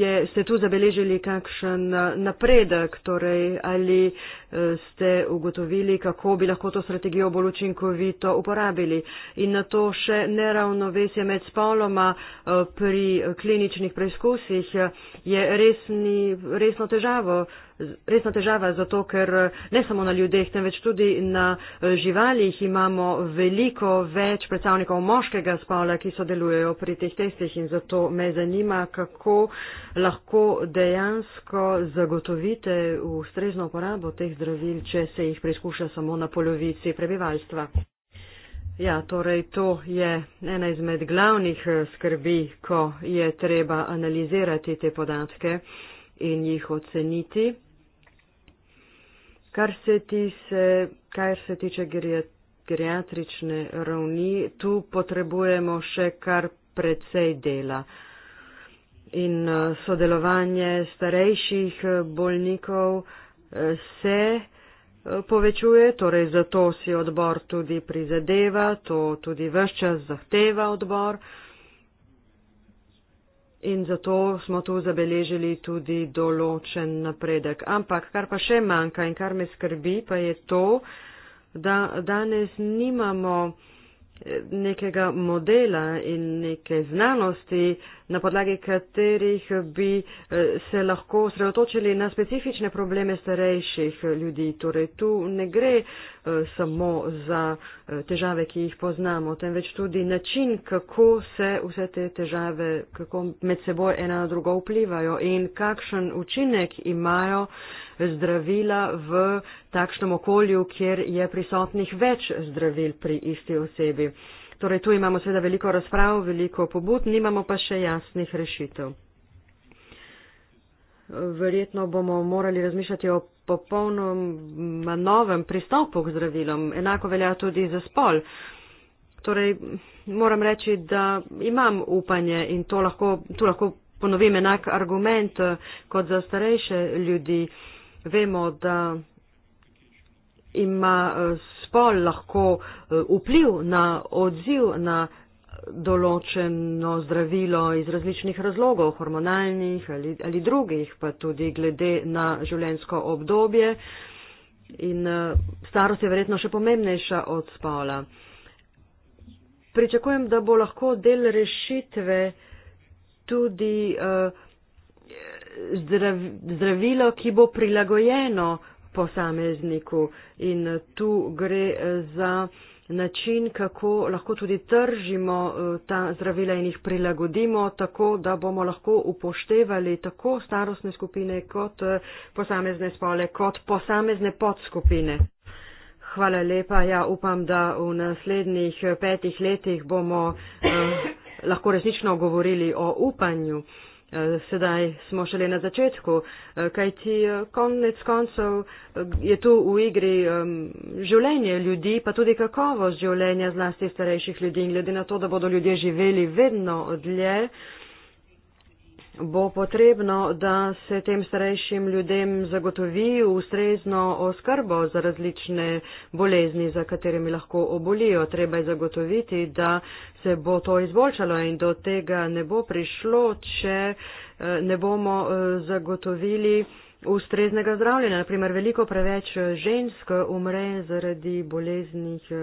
Speaker 2: je, ste tu zabeležili kakšen napredek, torej ali uh, ste ugotovili, kako bi lahko to strategijo bolj učinkovito uporabili. In na to še neravnovesje med spoloma eh, pri kliničnih preizkusih eh, je resni, resno težavo. Resna težava je zato, ker eh, ne samo na ljudeh, temveč tudi na živalih imamo veliko več predstavnikov moškega spola, ki sodelujejo pri teh testih in zato me zanima, kako lahko dejansko zagotovite ustrezno uporabo teh zdravil, če se jih preizkuša samo na polovici prebivalstva. Ja, torej to je ena izmed glavnih eh, skrbi, ko je treba analizirati te podatke in jih oceniti. Kar se, tise, kar se tiče geriatrične ravni, tu potrebujemo še kar precej dela. In eh, sodelovanje starejših eh, bolnikov, se eh, povečuje, torej zato si odbor tudi prizadeva, to tudi vse čas zahteva odbor. In zato smo tu zabeležili tudi določen napredek. Ampak kar pa še manjka in kar me skrbi, pa je to, da danes nimamo eh, nekega modela in neke znanosti, eh, na podlagi katerih bi eh, se lahko sredotočili na specifične probleme starejših ljudi. Torej, tu ne gre eh, samo za eh, težave, ki jih poznamo, temveč tudi način, kako se vse te težave, kako med seboj ena na drugo vplivajo in kakšen učinek imajo zdravila v takšnem okolju, kjer je prisotnih več zdravil pri isti osebi. Torej, tu imamo seveda veliko razprav, veliko pobud, nimamo pa še jasnih rešitev. Verjetno bomo morali razmišljati o popolnom novem pristopu k zdravilom. Enako velja tudi za spol. Torej, moram reči, da imam upanje in to lahko, tu lahko ponovim enak argument eh, kot za starejše ljudi. Vemo, da ima eh, spol lahko eh, vpliv na odziv na določeno zdravilo iz različnih razlogov, hormonalnih ali, ali drugih, pa tudi glede na življensko obdobje. In eh, starost je verjetno še pomembnejša od spola. Pričakujem, da bo lahko del rešitve tudi uh, zdrav, zdravilo, ki bo prilagojeno posamezniku in eh, tu gre eh, za način, kako lahko tudi tržimo eh, ta zdravila in jih prilagodimo tako, da bomo lahko upoštevali tako starostne skupine kot posamezne spole, kot posamezne podskupine. Hvala lepa. Ja, upam, da v naslednjih petih letih bomo eh, lahko resnično govorili o upanju. Eh, sedaj smo šele na začetku, eh, kajti eh, konec koncev je tu v igri življenje ljudi, pa tudi kakovost življenja zlasti starejših ljudi in glede na to, da bodo ljudje živeli vedno dlje bo potrebno, da se tem starejšim ljudem zagotovi ustrezno oskrbo za različne bolezni, za katerimi lahko obolijo. Treba je zagotoviti, da se bo to izboljšalo in do tega ne bo prišlo, če eh, ne bomo eh, zagotovili ustreznega zdravljenja. Naprimer, veliko preveč žensk umre zaradi bolezni eh,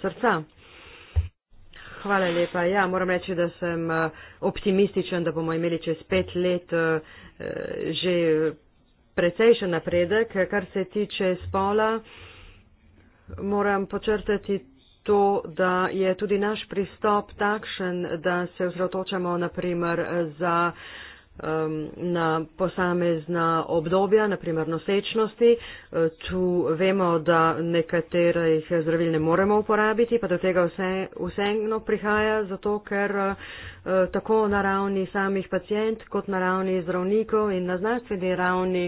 Speaker 2: srca hvala lepa. Ja, moram reči, da sem eh, optimističen, da bomo imeli čez pet let eh, že precejšen napredek. Kar se tiče spola, moram počrtati to, da je tudi naš pristop takšen, da se osredotočamo naprimer za Um, na posamezna obdobja, naprimer nosečnosti. Uh, tu vemo, da nekaterih zdravil ne moremo uporabiti, pa do tega vse, vseeno prihaja, zato ker uh, uh, tako na ravni samih pacijent kot na ravni zdravnikov in na znanstveni ravni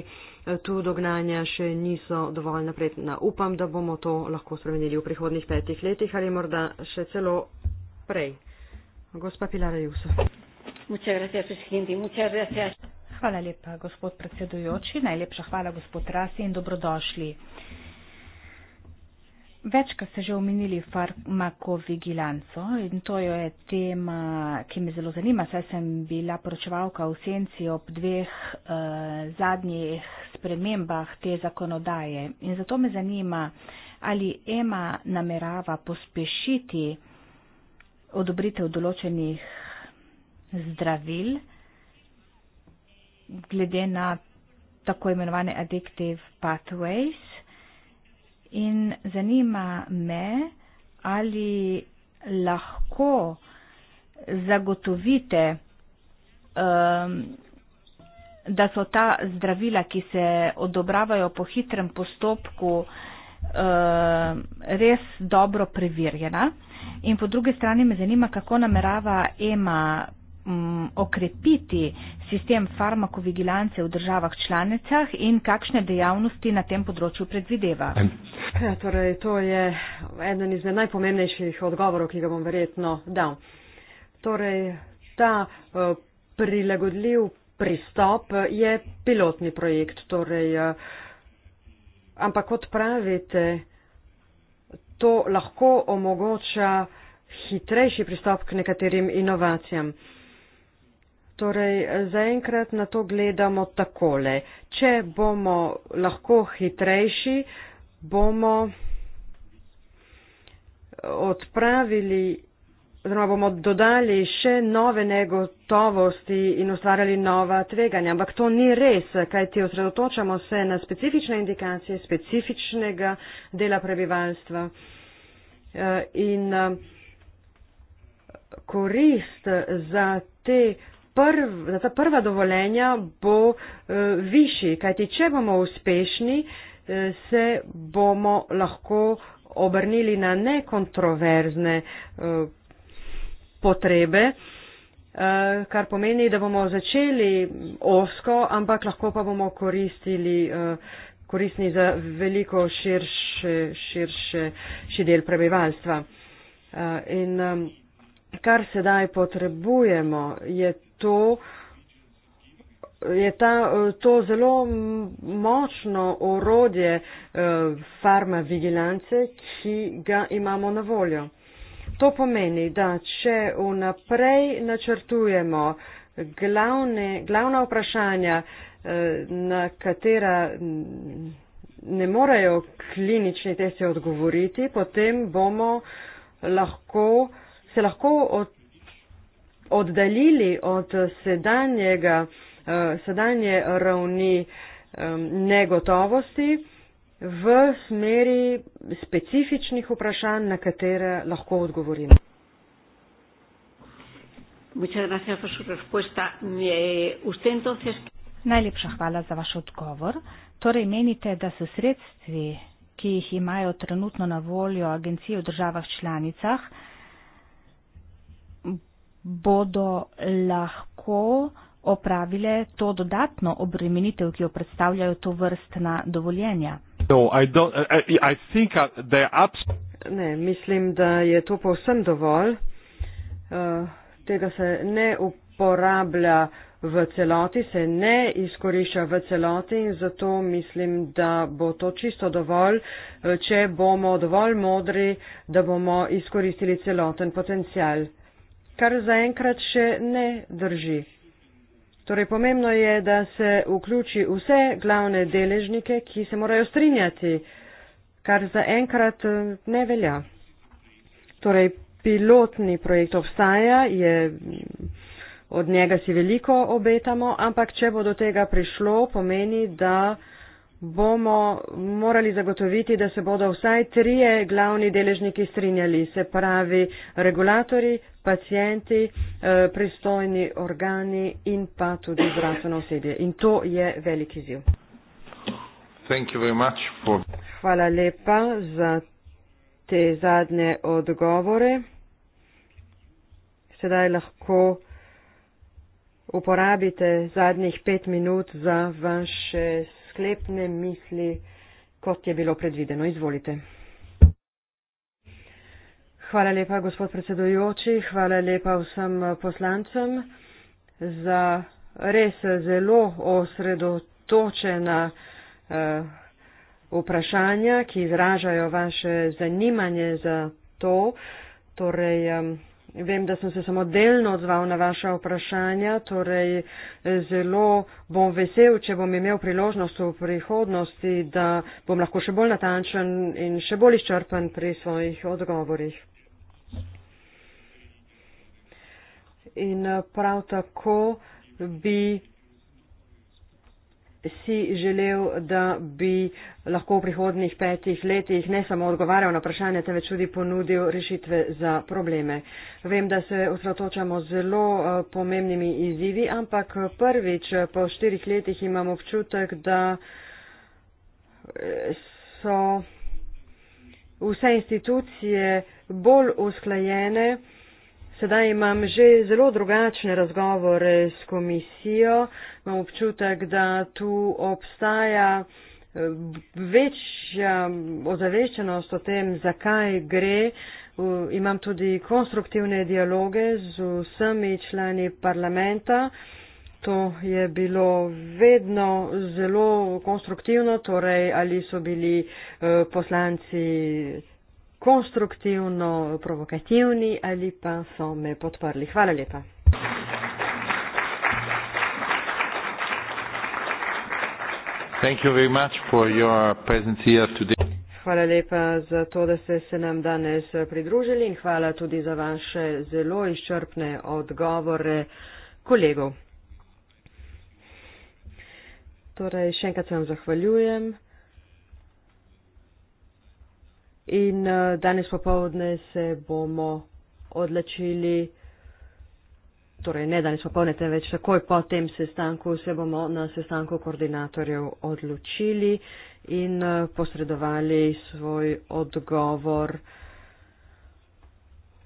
Speaker 2: tu dognanja še niso dovolj napredna. Upam, da bomo to lahko spremenili v prihodnih petih letih ali morda še celo prej. Gospa Pilar Jusov.
Speaker 3: Muchas gracias,
Speaker 4: presidente. Muchas gracias. Hvala lepa, gospod predsedujoči. Najlepša hvala, gospod Rasi in dobrodošli. Večkrat ste že omenili farmakovigilanco in to je tema, ki me zelo zanima. Saj sem bila poročevalka v senci ob dveh uh, zadnjih spremembah te zakonodaje. In zato me zanima, ali EMA namerava pospešiti odobritev določenih uh, zdravil, glede na tako imenovane addictive pathways. In zanima me, ali lahko zagotovite, um, da so ta zdravila, ki se odobravajo po hitrem postopku, um, res dobro preverjena. In po drugi strani me zanima, kako namerava EMA m, mm, okrepiti sistem farmakovigilance v državah članicah in kakšne dejavnosti na
Speaker 2: tem področju predvideva? Ja, torej, to je eden izmed najpomembnejših odgovorov, ki ga bom verjetno dal. Torej, ta uh, prilagodljiv pristop eh, je pilotni projekt. Torej, uh, ampak kot pravite, to lahko omogoča hitrejši pristop k nekaterim inovacijam. Uh, Torej, zaenkrat na to gledamo takole. Če bomo lahko hitrejši, bomo odpravili, oziroma bomo dodali še nove negotovosti in ustvarjali nova tveganja. Ampak to ni res, kajti osredotočamo se na specifične indikacije specifičnega dela prebivalstva. Eh, in eh, korist za te prv, za ta prva dovoljenja bo eh, višji, kajti če bomo uspešni, eh, se bomo lahko obrnili na nekontroverzne eh, potrebe, eh, kar pomeni, da bomo začeli osko, ampak lahko pa bomo koristili. Eh, koristni za veliko širše, širše ši del prebivalstva. Eh, in eh, kar sedaj potrebujemo, je to, je ta, to zelo močno orodje farmavigilance, eh, ki ga imamo na voljo. To pomeni, da če vnaprej načrtujemo glavne, glavna vprašanja, eh, na katera ne morejo klinični testi odgovoriti, potem bomo lahko, se lahko od oddaljili od sedanjega, eh, sedanje ravni negotovosti v smeri specifičnih vprašanj, na katere lahko odgovorimo. Eh,
Speaker 4: Najlepša hvala za vaš odgovor. Torej menite, da so sredstvi, ki jih imajo trenutno na voljo agencije v državah članicah, bodo lahko opravile to dodatno obremenitev, ki jo predstavljajo to vrstna dovoljenja.
Speaker 1: No, I I, I think
Speaker 2: ne, mislim, da je to povsem dovolj. Uh, tega se ne uporablja v celoti, se ne izkorišča v celoti in zato mislim, da bo to čisto dovolj, eh, če bomo dovolj modri, da bomo izkoristili celoten potencial kar zaenkrat še ne drži. Torej, pomembno je, da se vključi vse glavne deležnike, ki se morajo strinjati, kar zaenkrat eh, ne velja. Torej, pilotni projekt obstaja, je, od njega si veliko obetamo, ampak če bo do tega prišlo, pomeni, da bomo morali zagotoviti, da se bodo vsaj trije glavni deležniki strinjali, se pravi regulatori, pacijenti, eh, pristojni organi in pa tudi zdravstveno osebje. In to je velik izziv. For... Hvala lepa za te zadnje odgovore. Sedaj lahko uporabite zadnjih pet minut za vaše sklepne misli, kot je bilo predvideno. Izvolite. Hvala lepa, gospod predsedujoči, hvala lepa vsem poslancem za res zelo osredotočena eh, vprašanja, ki izražajo vaše zanimanje za to. Torej, vem, da sem se samo delno odzval na vaša vprašanja, torej zelo bom vesel, če bom imel priložnost v prihodnosti, da bom lahko še bolj natančen in še bolj izčrpen pri svojih odgovorih. In prav tako bi si želel, da bi lahko v prihodnih petih letih ne samo odgovarjal na vprašanje, temveč tudi ponudil rešitve za probleme. Vem, da se osredotočamo zelo eh, pomembnimi izzivi, ampak eh, prvič eh, po štirih letih imam občutek, da so vse institucije bolj usklajene. Sedaj imam že zelo drugačne razgovore s komisijo. Imam občutek, da tu obstaja eh, večja ozaveščenost o tem, zakaj gre. Imam tudi konstruktivne dialoge z vsemi člani parlamenta. To je bilo vedno zelo konstruktivno, torej ali so bili eh, poslanci konstruktivno provokativni ali pa so me podprli. Hvala lepa. Hvala lepa za to, da ste se nam danes eh, pridružili in hvala tudi za vaše zelo izčrpne odgovore kolegov. Torej, še enkrat se vam zahvaljujem. In uh, danes popovdne se bomo odločili, torej ne danes popovdne, temveč takoj po tem sestanku se bomo na sestanku koordinatorjev odločili in uh, posredovali svoj odgovor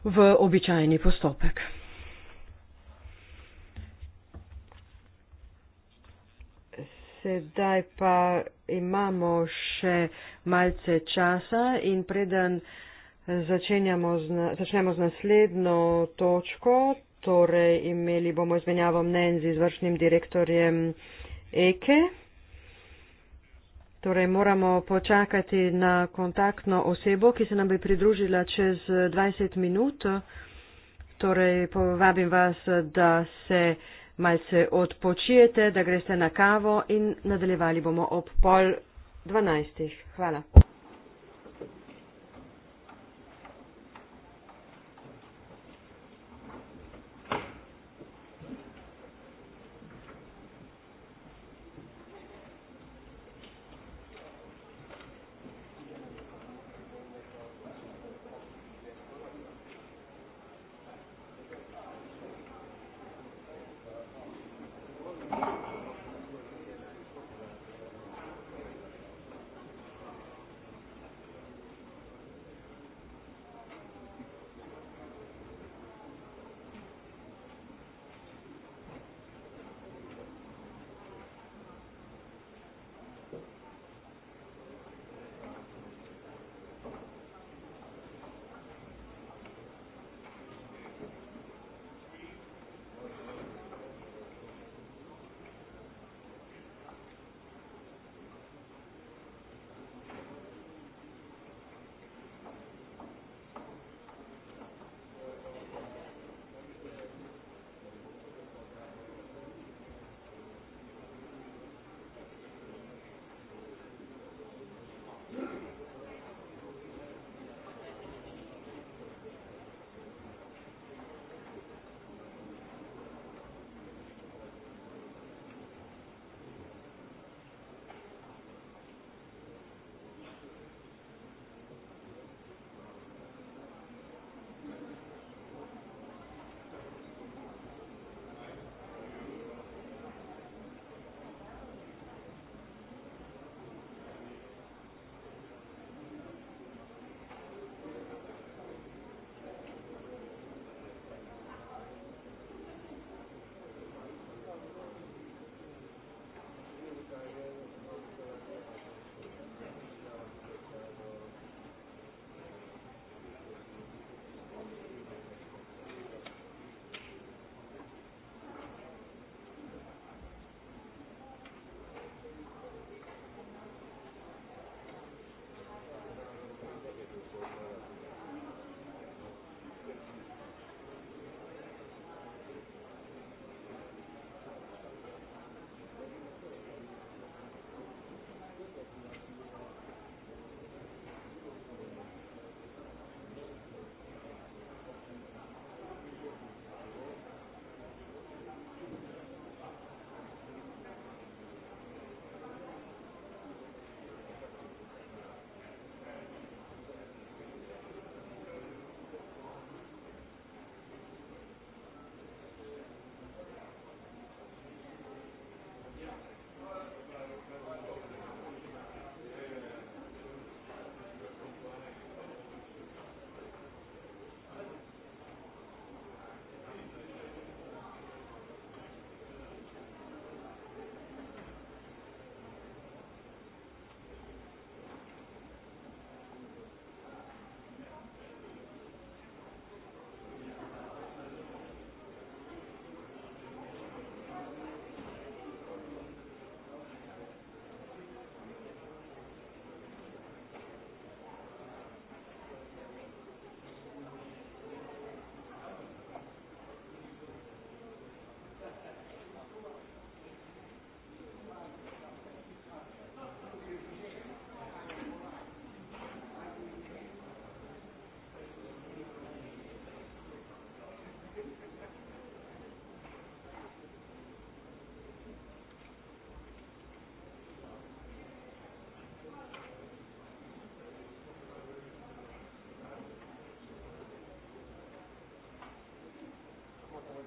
Speaker 2: v običajni postopek. Sedaj pa imamo še malce časa in preden začenjamo z, začnemo z naslednjo točko, torej imeli bomo izmenjavo mnen z izvršnim direktorjem Eke. Torej moramo počakati na kontaktno osebo, ki se nam bi pridružila čez 20 minut. Torej povabim vas, da se malce odpočijete, da greste na kavo in nadaljevali bomo ob pol dvanajstih. Hvala.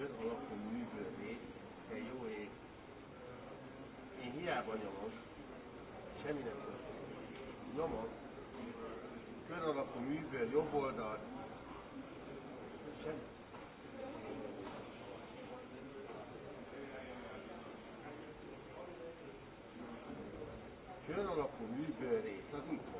Speaker 1: 觉得我很愚蠢的，还有为一年也不让我前面的事，要么觉得我很愚蠢，要不的前。觉得我很愚蠢的，这种话。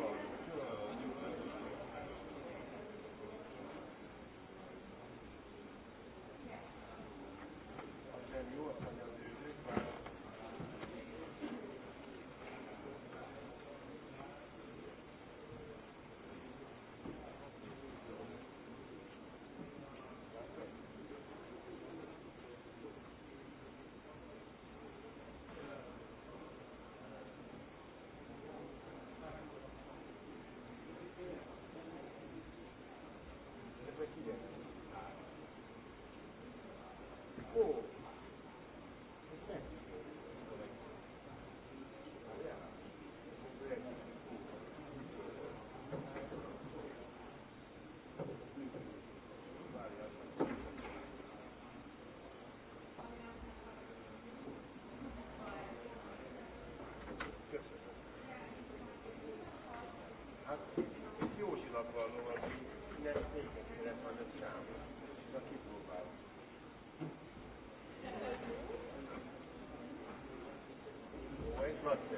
Speaker 1: Jó, hogy a valóban mindent végig nem van a számára. Thank you.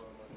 Speaker 1: Hvala.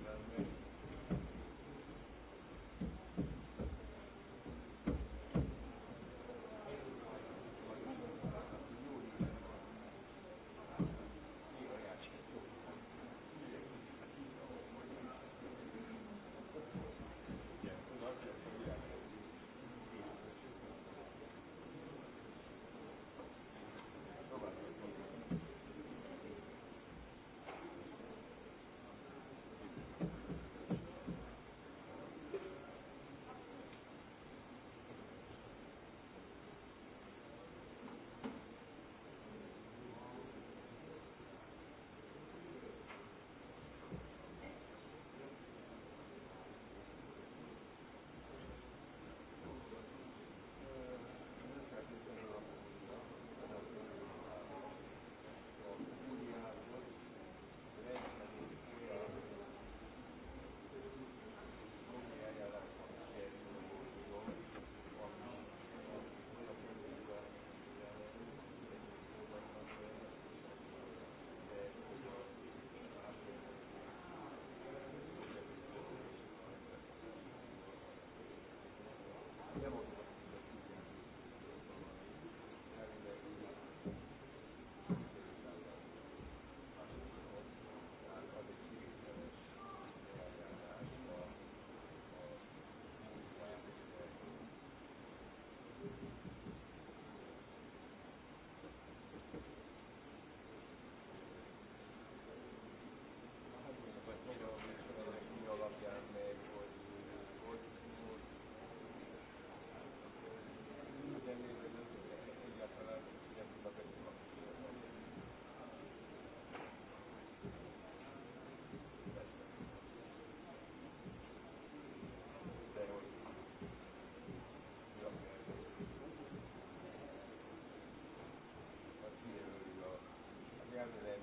Speaker 1: Obrigado, Leve.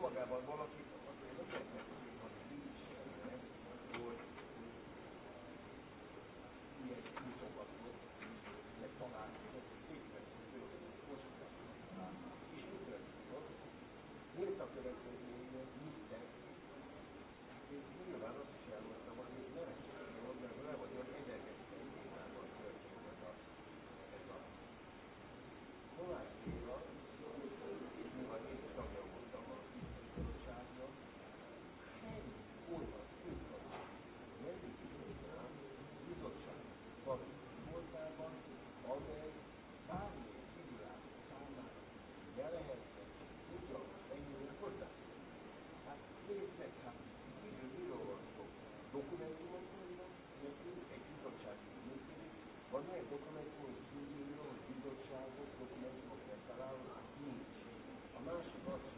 Speaker 1: magában valaki come puoi studiare, ti bocciavo, come ti ho preparato, a 15. A me si può studiare.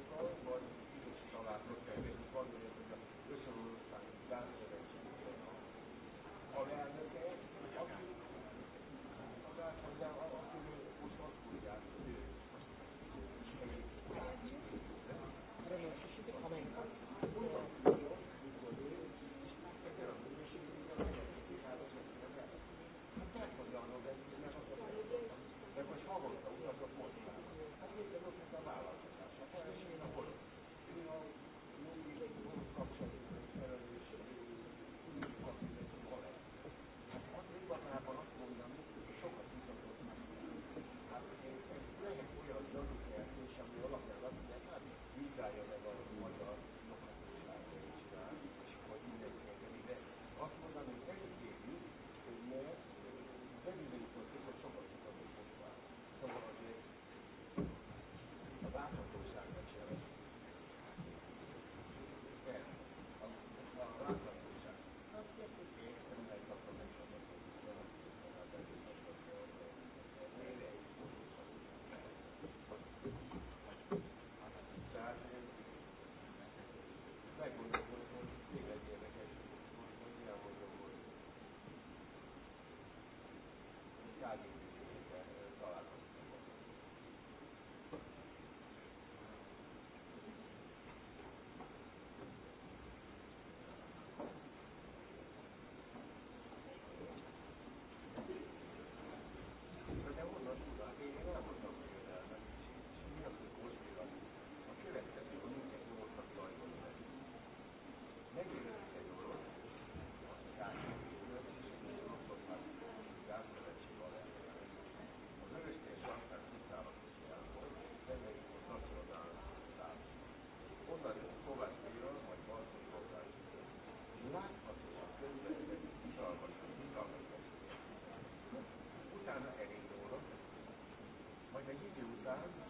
Speaker 1: Obrigado.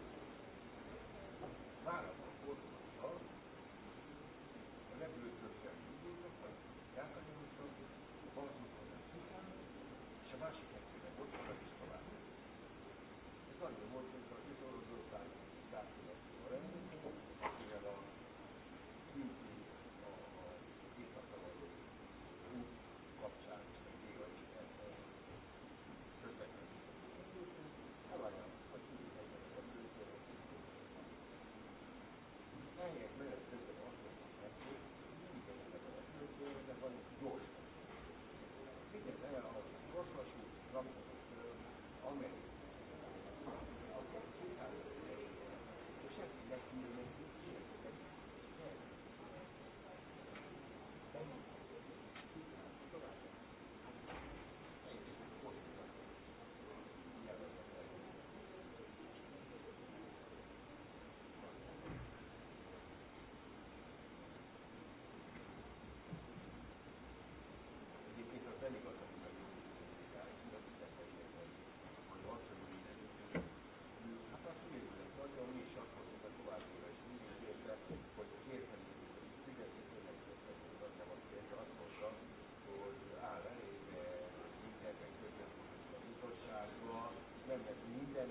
Speaker 1: minden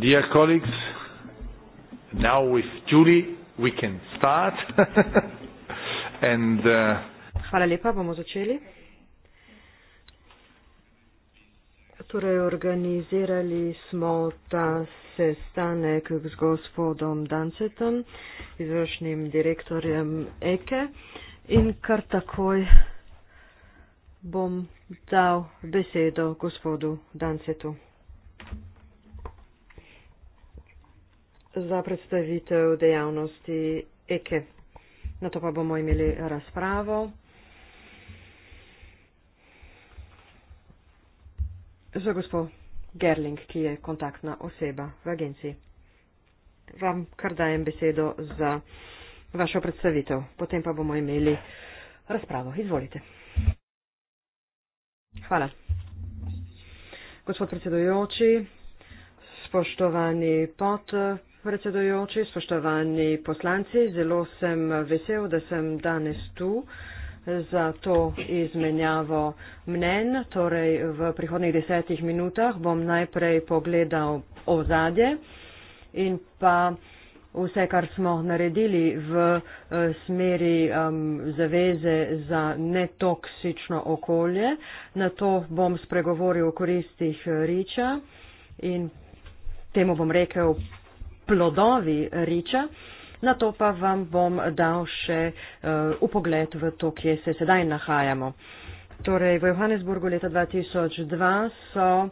Speaker 1: Dear colleagues, now with Julie we can start. and,
Speaker 2: uh, Hvala lepa, bomo začeli. Torej, organizirali smo ta sestanek z gospodom Dancetom, izvršnim direktorjem Eke. In kar takoj bom dal besedo gospodu Dancetu. za predstavitev dejavnosti EKE. Na to pa bomo imeli razpravo. Za gospo Gerling, ki je kontaktna oseba v agenciji. Vam kar dajem besedo za vašo predstavitev, potem pa bomo imeli razpravo. Izvolite. Hvala. Gospod predsedujoči, spoštovani pot, Predsedujoči, spoštovani poslanci, zelo sem vesel, da sem danes tu za to izmenjavo mnen. Torej, v prihodnih desetih minutah bom najprej pogledal ozadje in pa vse, kar smo naredili v eh, smeri um, zaveze za netoksično okolje. Na to bom spregovoril o koristih eh, Riča in temu bom rekel plodovi riča. Na to pa vam bom dal še uh, upogled v to, kje se sedaj nahajamo. Torej, v Johannesburgu leta 2002 so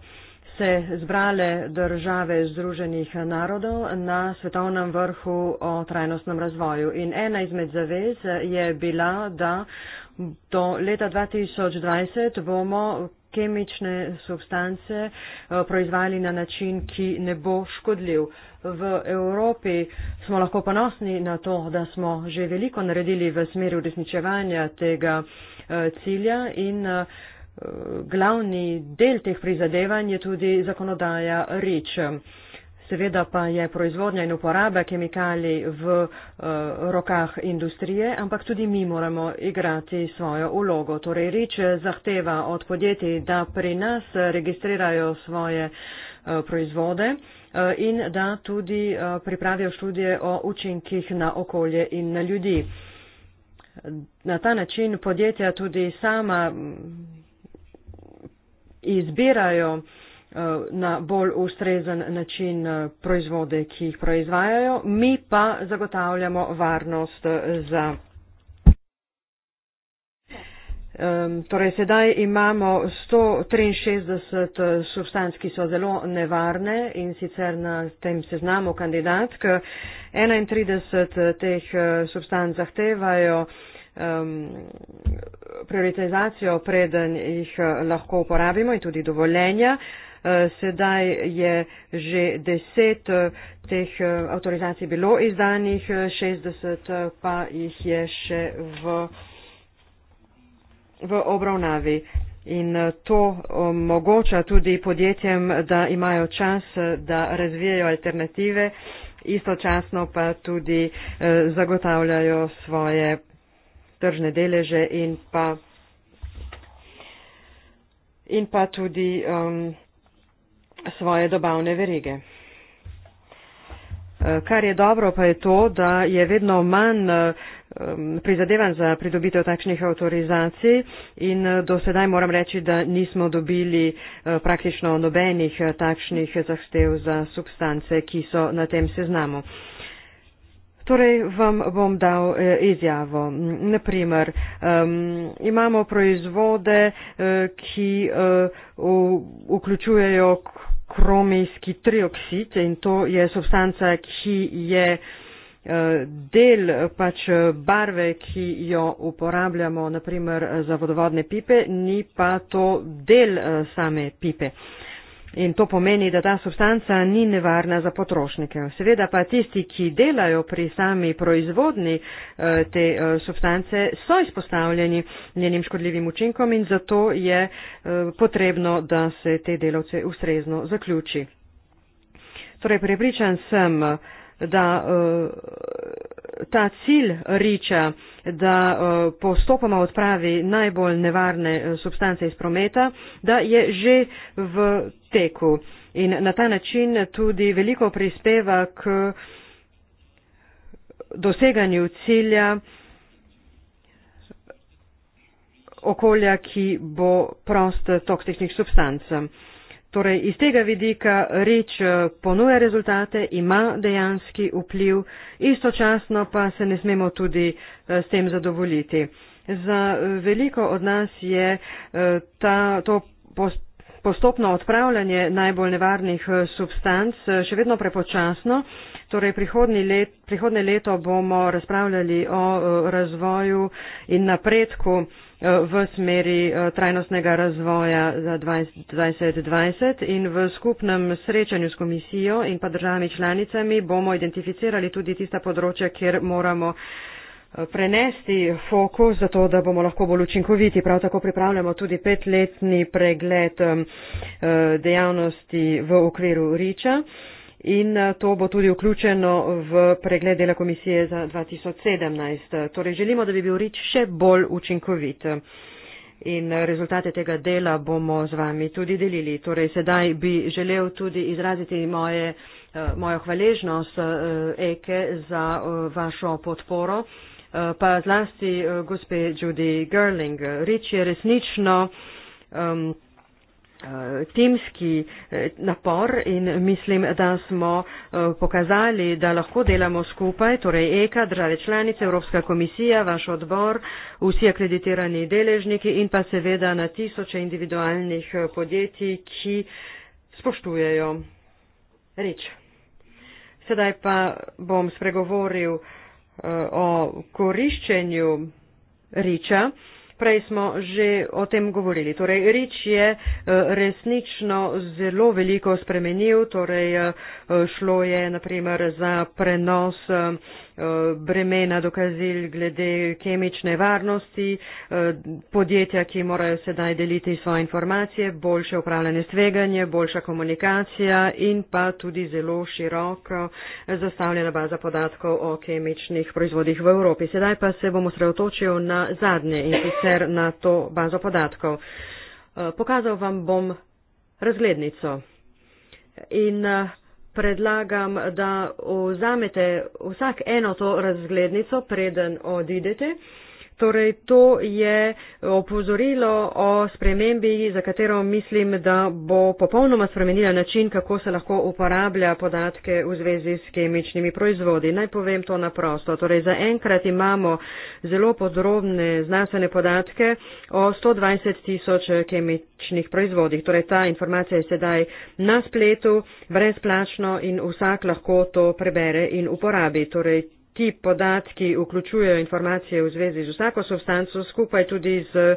Speaker 2: se zbrale države Združenih narodov na svetovnem vrhu o trajnostnem razvoju. In ena izmed zavez je bila, da do leta 2020 bomo kemične substance eh, proizvali na način, ki ne bo škodljiv. V Evropi smo lahko ponosni na to, da smo že veliko naredili v smeri uresničevanja tega eh, cilja in eh, glavni del teh prizadevanj je tudi zakonodaja REACH. Seveda pa je proizvodnja in uporaba kemikalij v uh, rokah industrije, ampak tudi mi moramo igrati svojo ulogo. Torej, REACH zahteva od podjetij, da pri nas registrirajo svoje uh, proizvode eh, in da tudi pripravijo študije o učinkih na okolje in na ljudi. Na ta način podjetja tudi sama mm, izbirajo Eh, na bolj ustrezen način eh, proizvode, ki jih proizvajajo, mi pa zagotavljamo varnost eh, za. Torej, sedaj imamo 163 substanc, ki so zelo nevarne in sicer na tem seznamu kandidatk. 31 teh substanc zahtevajo um, prioritizacijo, preden jih lahko uporabimo in tudi dovoljenja. Uh, Eh, sedaj je že deset eh, teh eh, avtorizacij bilo izdanih, 60 pa jih je še v, v obravnavi. In to omogoča tudi podjetjem, da imajo čas, da razvijajo alternative, istočasno pa tudi zagotavljajo svoje tržne deleže in pa, in pa tudi um, svoje dobavne verige. Eh, kar je dobro, pa je to, da je vedno manj eh, prizadevan za pridobitev takšnih avtorizacij in eh, do sedaj moram reči, da nismo dobili praktično nobenih takšnih zahtev za substance, ki so na tem seznamu. Torej vam bom dal izjavo. Mm, Naprimer, um, imamo proizvode, ki uh, vključujejo kromijski trioksid in to je substanca, ki je eh, del pač barve, ki jo uporabljamo naprimer za vodovodne pipe, ni pa to del eh, same pipe. Uh, In to pomeni, da ta substanca ni nevarna za potrošnike. Seveda pa tisti, ki delajo pri sami proizvodni eh, te eh, substance, so izpostavljeni njenim škodljivim učinkom in zato je eh, potrebno, da se te delavce ustrezno zaključi. Torej, prepričan sem, da ta cilj riča da eh, postopoma odpravi najbolj nevarne eh, substance iz prometa, da je že v teku in na ta način tudi veliko prispeva k doseganju cilja okolja, ki bo prost toksičnih substancem torej iz tega vidika REČ eh, ponuja rezultate, ima dejanski vpliv, istočasno pa se ne smemo tudi eh, s tem zadovoljiti. Za veliko od nas je eh, ta, to postopno odpravljanje najbolj nevarnih substanc še vedno prepočasno. Torej, let, prihodne leto bomo razpravljali o razvoju in napredku Eh, v smeri eh, trajnostnega razvoja za 2020 in v skupnem srečanju s komisijo in pa državami članicami bomo identificirali tudi tista področja, kjer moramo eh, prenesti fokus, zato da bomo lahko bolj učinkoviti. Prav tako pripravljamo tudi petletni pregled dejavnosti v okviru Riča in eh, to bo tudi vključeno v pregled dela komisije za 2017. Torej želimo, da bi bil REACH še bolj učinkovit. In eh, rezultate tega dela bomo z vami tudi delili. Torej, sedaj bi želel tudi izraziti moje, eh, mojo hvaležnost Eke za vašo podporo, pa zlasti gospe Judy Gerling. Rič je resnično. Um, Eh, timski eh, napor in mislim, da smo eh, pokazali, da lahko delamo skupaj, torej EKA, države članice, Evropska komisija, vaš odbor, vsi akreditirani deležniki in pa seveda na tisoče individualnih podjetij, ki spoštujejo reč. Sedaj pa bom spregovoril o koriščenju reča prej smo že o tem govorili. Torej, Rič je eh, resnično zelo veliko spremenil, torej eh, eh, šlo je naprimer za prenos Eh, bremena dokazil glede kemične varnosti, eh, podjetja, ki morajo sedaj deliti svoje informacije, boljše upravljanje sveganje, boljša komunikacija in pa tudi zelo široko zastavljena baza podatkov o kemičnih proizvodih v Evropi. Sedaj pa se bomo sredotočili na zadnje in sicer na to bazo podatkov. Eh, pokazal vam bom razglednico. In uh, predlagam, da vzamete vsak eno to razglednico, preden odidete. Torej, to je opozorilo o spremembi, za katero mislim, da bo popolnoma spremenila način, kako se lahko uporablja podatke v zvezi s kemičnimi proizvodi. Naj povem to naprosto. Torej, za enkrat imamo zelo podrobne znanstvene podatke o 120 tisoč kemičnih proizvodih. Torej, ta informacija je sedaj na spletu, brezplačno in vsak lahko to prebere in uporabi. Torej, Ti podatki vključujejo informacije v zvezi z vsako substanco, skupaj tudi z eh,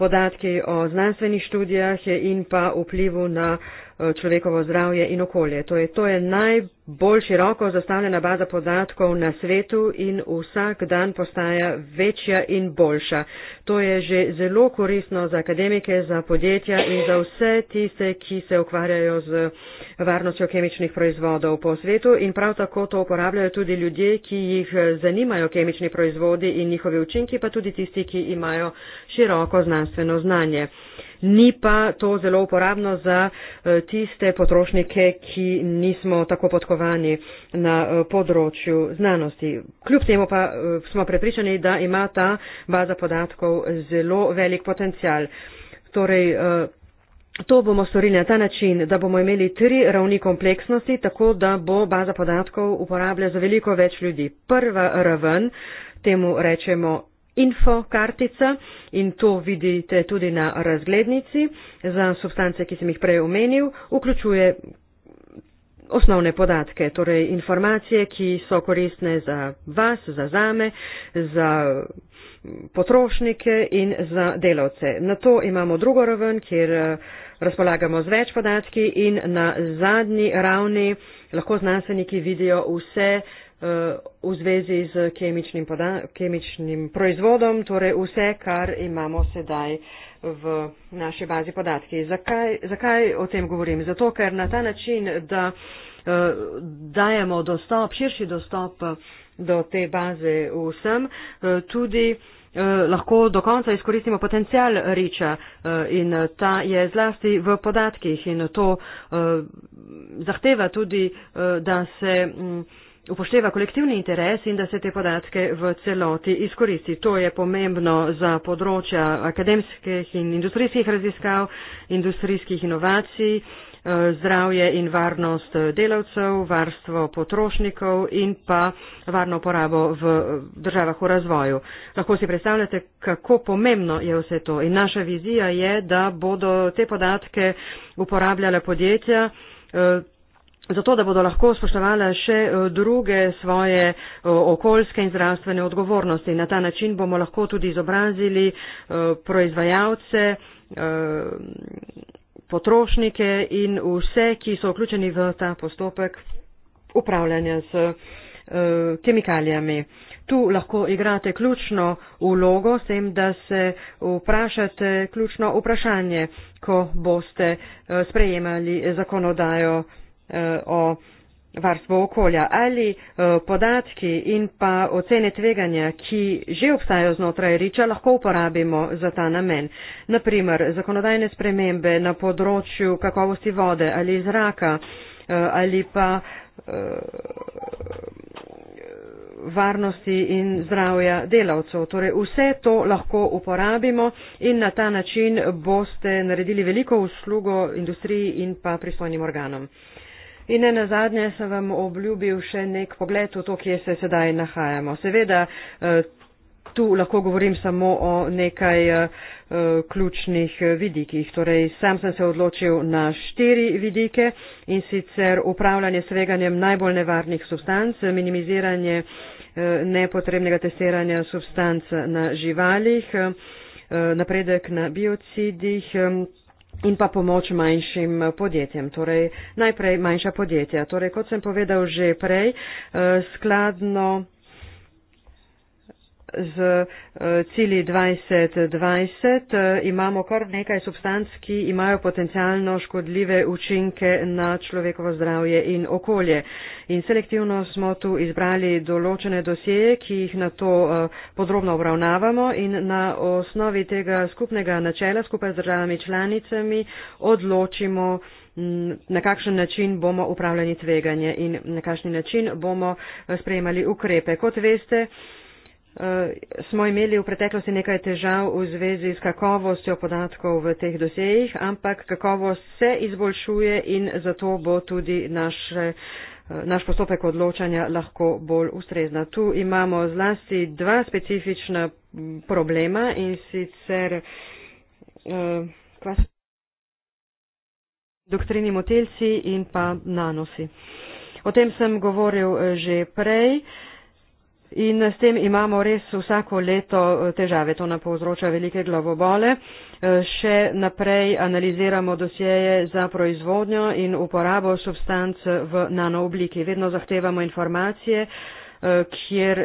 Speaker 2: podatki o znanstvenih študijah in pa vplivu na Eh, človekovo zdravje in okolje. To je, to je najbolj široko zastavljena baza podatkov na svetu in vsak dan postaja večja in boljša. To je že zelo koristno za akademike, za podjetja in za vse tiste, ki se ukvarjajo z varnostjo kemičnih proizvodov po svetu in prav tako to uporabljajo tudi ljudje, ki jih eh, zanimajo kemični proizvodi in njihovi učinki, pa tudi tisti, ki imajo široko znanstveno znanje ni pa to zelo uporabno za eh, tiste potrošnike, ki nismo tako podkovani na eh, področju znanosti. Kljub temu pa eh, smo prepričani, da ima ta baza podatkov zelo velik potencial. Torej, To bomo storili na ta način, da bomo imeli tri ravni kompleksnosti, tako da bo baza podatkov uporabljala za veliko več ljudi. Prva raven, temu rečemo info kartica in to vidite tudi na razglednici za substance, ki sem jih prej omenil, vključuje osnovne podatke, torej informacije, ki so koristne za vas, za zame, za potrošnike in za delavce. Na to imamo drugo raven, kjer eh, razpolagamo z več podatki in na zadnji ravni lahko znanstveniki vidijo vse uh, v zvezi z kemičnim, kemičnim proizvodom, torej vse, kar imamo sedaj v naši bazi podatki. Zakaj, zakaj o tem govorim? Zato, ker na ta način, da eh, dajemo dostop, širši dostop eh, do te baze vsem, eh, tudi lahko do konca izkoristimo potencial riča in ta je zlasti v podatkih in to zahteva tudi, da se mm, upošteva kolektivni interes in da se te podatke v celoti izkoristi. To je pomembno za področja akademskih in industrijskih raziskav, industrijskih inovacij, eh, zdravje in varnost delavcev, varstvo potrošnikov in pa varno porabo v državah v razvoju. Lahko si predstavljate, kako pomembno je vse to. In naša vizija je, da bodo te podatke uporabljale podjetja eh, zato da bodo lahko spoštovala še eh, druge svoje eh, okoljske in zdravstvene odgovornosti. Na ta način bomo lahko tudi izobrazili eh, proizvajalce, potrošnike in vse, ki so vključeni v ta postopek upravljanja s kemikalijami. Tu lahko igrate ključno vlogo s tem, da se vprašate ključno vprašanje, ko boste sprejemali zakonodajo o varstvo okolja ali podatki in pa ocene tveganja, ki že obstajajo znotraj riča, lahko uporabimo za ta namen. Naprimer, zakonodajne spremembe na področju kakovosti vode ali zraka ali pa varnosti in zdravja delavcev. Torej, vse to lahko uporabimo in na ta način boste naredili veliko uslugo industriji in pa pristojnim organom. In ne nazadnje sem vam obljubil še nek pogled v to, kje se sedaj nahajamo. Seveda, eh, tu lahko govorim samo o nekaj eh, eh, ključnih vidikih. Torej, sam sem se odločil na štiri vidike in sicer upravljanje s veganjem najbolj nevarnih substanc, minimiziranje nepotrebnega testiranja substanc na živalih, napredek na biocidih In pa pomoč manjšim eh, podjetjem, torej najprej manjša podjetja. Torej, kot sem povedal že prej, eh, skladno z eh, cilji 2020 eh, imamo kar nekaj substanc, ki imajo potencialno škodljive učinke na človekovo zdravje in okolje. In selektivno smo tu izbrali določene dosjeje, ki jih na to eh, podrobno obravnavamo in na osnovi tega skupnega načela skupaj z državami članicami odločimo mm, na kakšen način bomo upravljali tveganje in na kakšen način bomo sprejemali ukrepe. Kot veste, Uh, smo imeli v preteklosti nekaj težav v zvezi s kakovostjo podatkov v teh dosejih, ampak kakovost se izboljšuje in zato bo tudi naš, uh, eh, naš postopek odločanja lahko bolj ustrezna. Tu imamo zlasti dva specifična problema in sicer uh, eh, klas... doktrini motelci in pa nanosi. O tem sem govoril že prej. Uh, In s tem imamo res vsako leto eh, težave, to nam povzroča velike glavobole. Eh, še naprej analiziramo dosjeje za proizvodnjo in uporabo substanc eh, v nanoobliki. Vedno zahtevamo informacije, kjer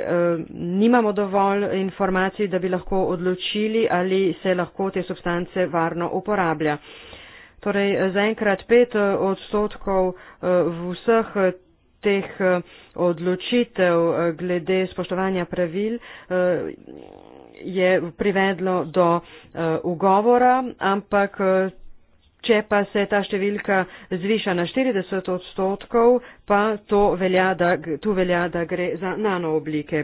Speaker 2: nimamo dovolj informacij, da bi lahko odločili, ali se lahko te substance varno uporablja. Torej, zaenkrat pet odstotkov vseh teh eh, odločitev eh, glede spoštovanja pravil eh, je privedlo do ugovora, ampak če pa se ta številka zviša na 40 odstotkov, pa velja, da, tu velja, da gre za nano oblike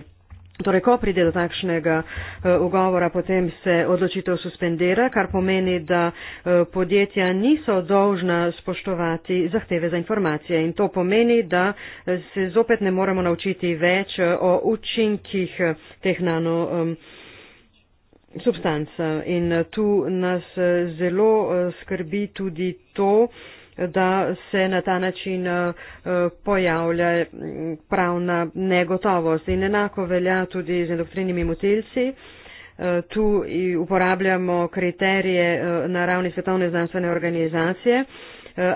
Speaker 2: Torej, ko pride do takšnega eh, ugovora, potem se odločitev suspendira, kar pomeni, da eh, podjetja niso dolžna spoštovati zahteve za informacije. In to pomeni, da eh, se zopet ne moremo naučiti več o učinkih teh nano substanc. In tu nas zelo skrbi tudi to, da se na ta način eh, pojavlja mm, pravna negotovost. In enako velja tudi z endokrinimi motilci. Eh, tu uporabljamo kriterije eh, na ravni svetovne znanstvene organizacije,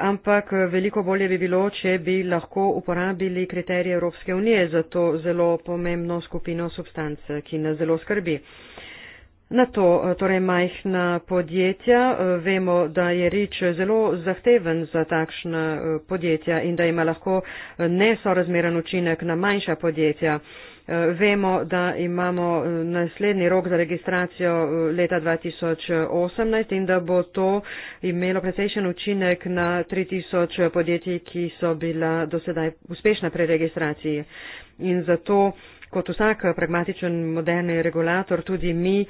Speaker 2: ampak veliko bolje bi bilo, če bi lahko uporabili kriterije Evropske unije za to zelo pomembno skupino substance, ki nas zelo skrbi. Na to, eh, torej majhna podjetja, eh, vemo, da je rič zelo zahteven za takšna eh, podjetja in da ima lahko nesorazmeren učinek na manjša podjetja. Vemo, da imamo naslednji rok za registracijo leta 2018 in da bo to imelo precejšen učinek na 3000 podjetij, ki so bila do sedaj uspešna pri registraciji. In zato kot vsak pragmatičen moderni regulator tudi mi eh,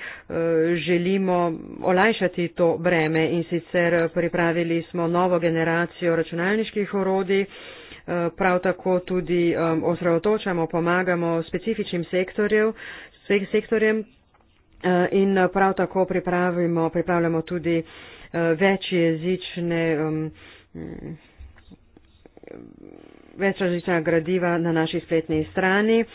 Speaker 2: želimo olajšati to breme in sicer pripravili smo novo generacijo računalniških orodij. Eh, prav tako tudi eh, osredotočamo, pomagamo specifičnim sektorjem in prav tako pripravljamo tudi večjezične večjezična gradiva na naši spletni strani. Uh,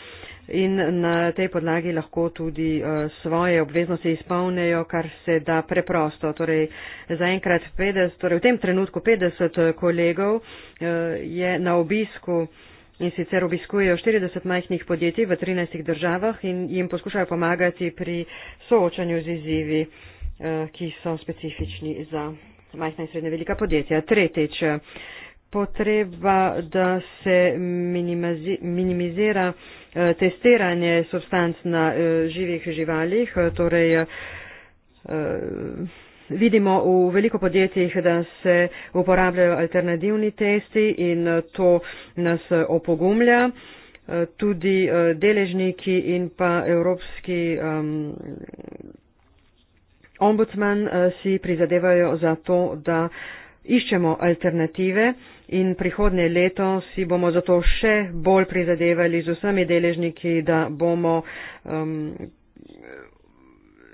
Speaker 2: in na tej podlagi lahko tudi uh, svoje obveznosti izpolnejo, kar se da preprosto. Torej, zaenkrat torej v tem trenutku 50 eh, kolegov uh, je na obisku in sicer obiskujejo 40 majhnih podjetij v 13 državah in jim poskušajo pomagati pri soočanju z izzivi, uh, ki so specifični za majhna in srednje velika podjetja. Tretjič, potreba, da se minimizira Eh, testiranje substanc na eh, živih živalih. Eh, torej, vidimo v veliko podjetjih, da se uporabljajo alternativni testi in to nas opogumlja. Tudi deležniki in pa evropski ombudsman si prizadevajo za to, da iščemo alternative in prihodnje leto si bomo zato še bolj prizadevali z vsemi deležniki, da bomo, um,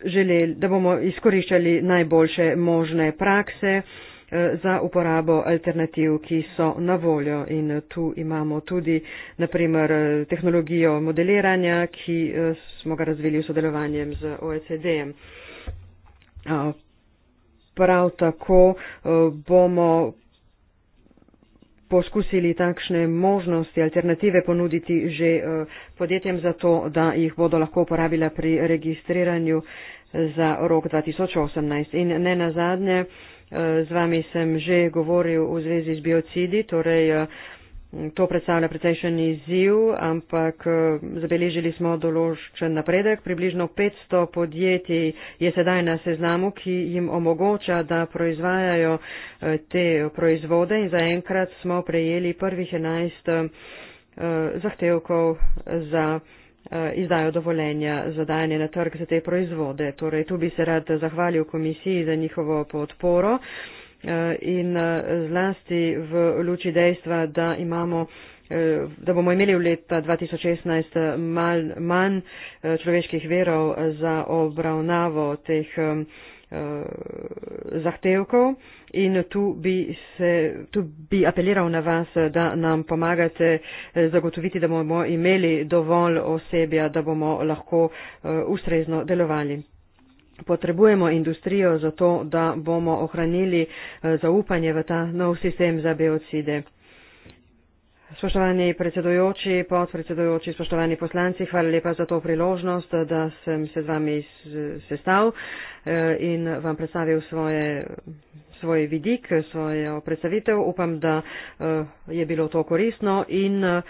Speaker 2: želeli, da bomo izkoriščali najboljše možne prakse eh, za uporabo alternativ, ki so na voljo. In eh, tu imamo tudi, naprimer, eh, tehnologijo modeliranja, ki smo ga razvili v sodelovanjem z OECD. -em. Prav tako eh, bomo poskusili takšne možnosti, alternative ponuditi že eh, podjetjem za to, da jih bodo lahko uporabila pri registriranju za rok 2018. In ne nazadnje, eh, z vami sem že govoril v zvezi z biocidi, torej To predstavlja precejšen izziv, ampak eh, zabeležili smo določen napredek. Približno 500 podjetij je sedaj na seznamu, ki jim omogoča, da proizvajajo eh, te proizvode in zaenkrat smo prejeli prvih 11 eh, zahtevkov za izdajo dovoljenja za dajanje na trg za te proizvode. Torej, tu bi se rad zahvalil komisiji za njihovo podporo. Eh, in eh, zlasti v luči dejstva, da imamo eh, da bomo imeli v leta 2016 mal, manj človeških verov za obravnavo teh uh, zahtevkov in tu bi, se, tu bi apeliral na vas, da nam pomagate zagotoviti, da bomo imeli dovolj osebja, da bomo lahko uh, ustrezno delovali potrebujemo industrijo za to, da bomo ohranili eh, zaupanje v ta nov sistem za biocide. Spoštovani predsedojoči, podpredsedojoči, spoštovani poslanci, hvala lepa za to priložnost, da sem se z vami sestal eh, in vam predstavil svoje svoj vidik, svojo predstavitev. Upam, da eh, je bilo to koristno in eh,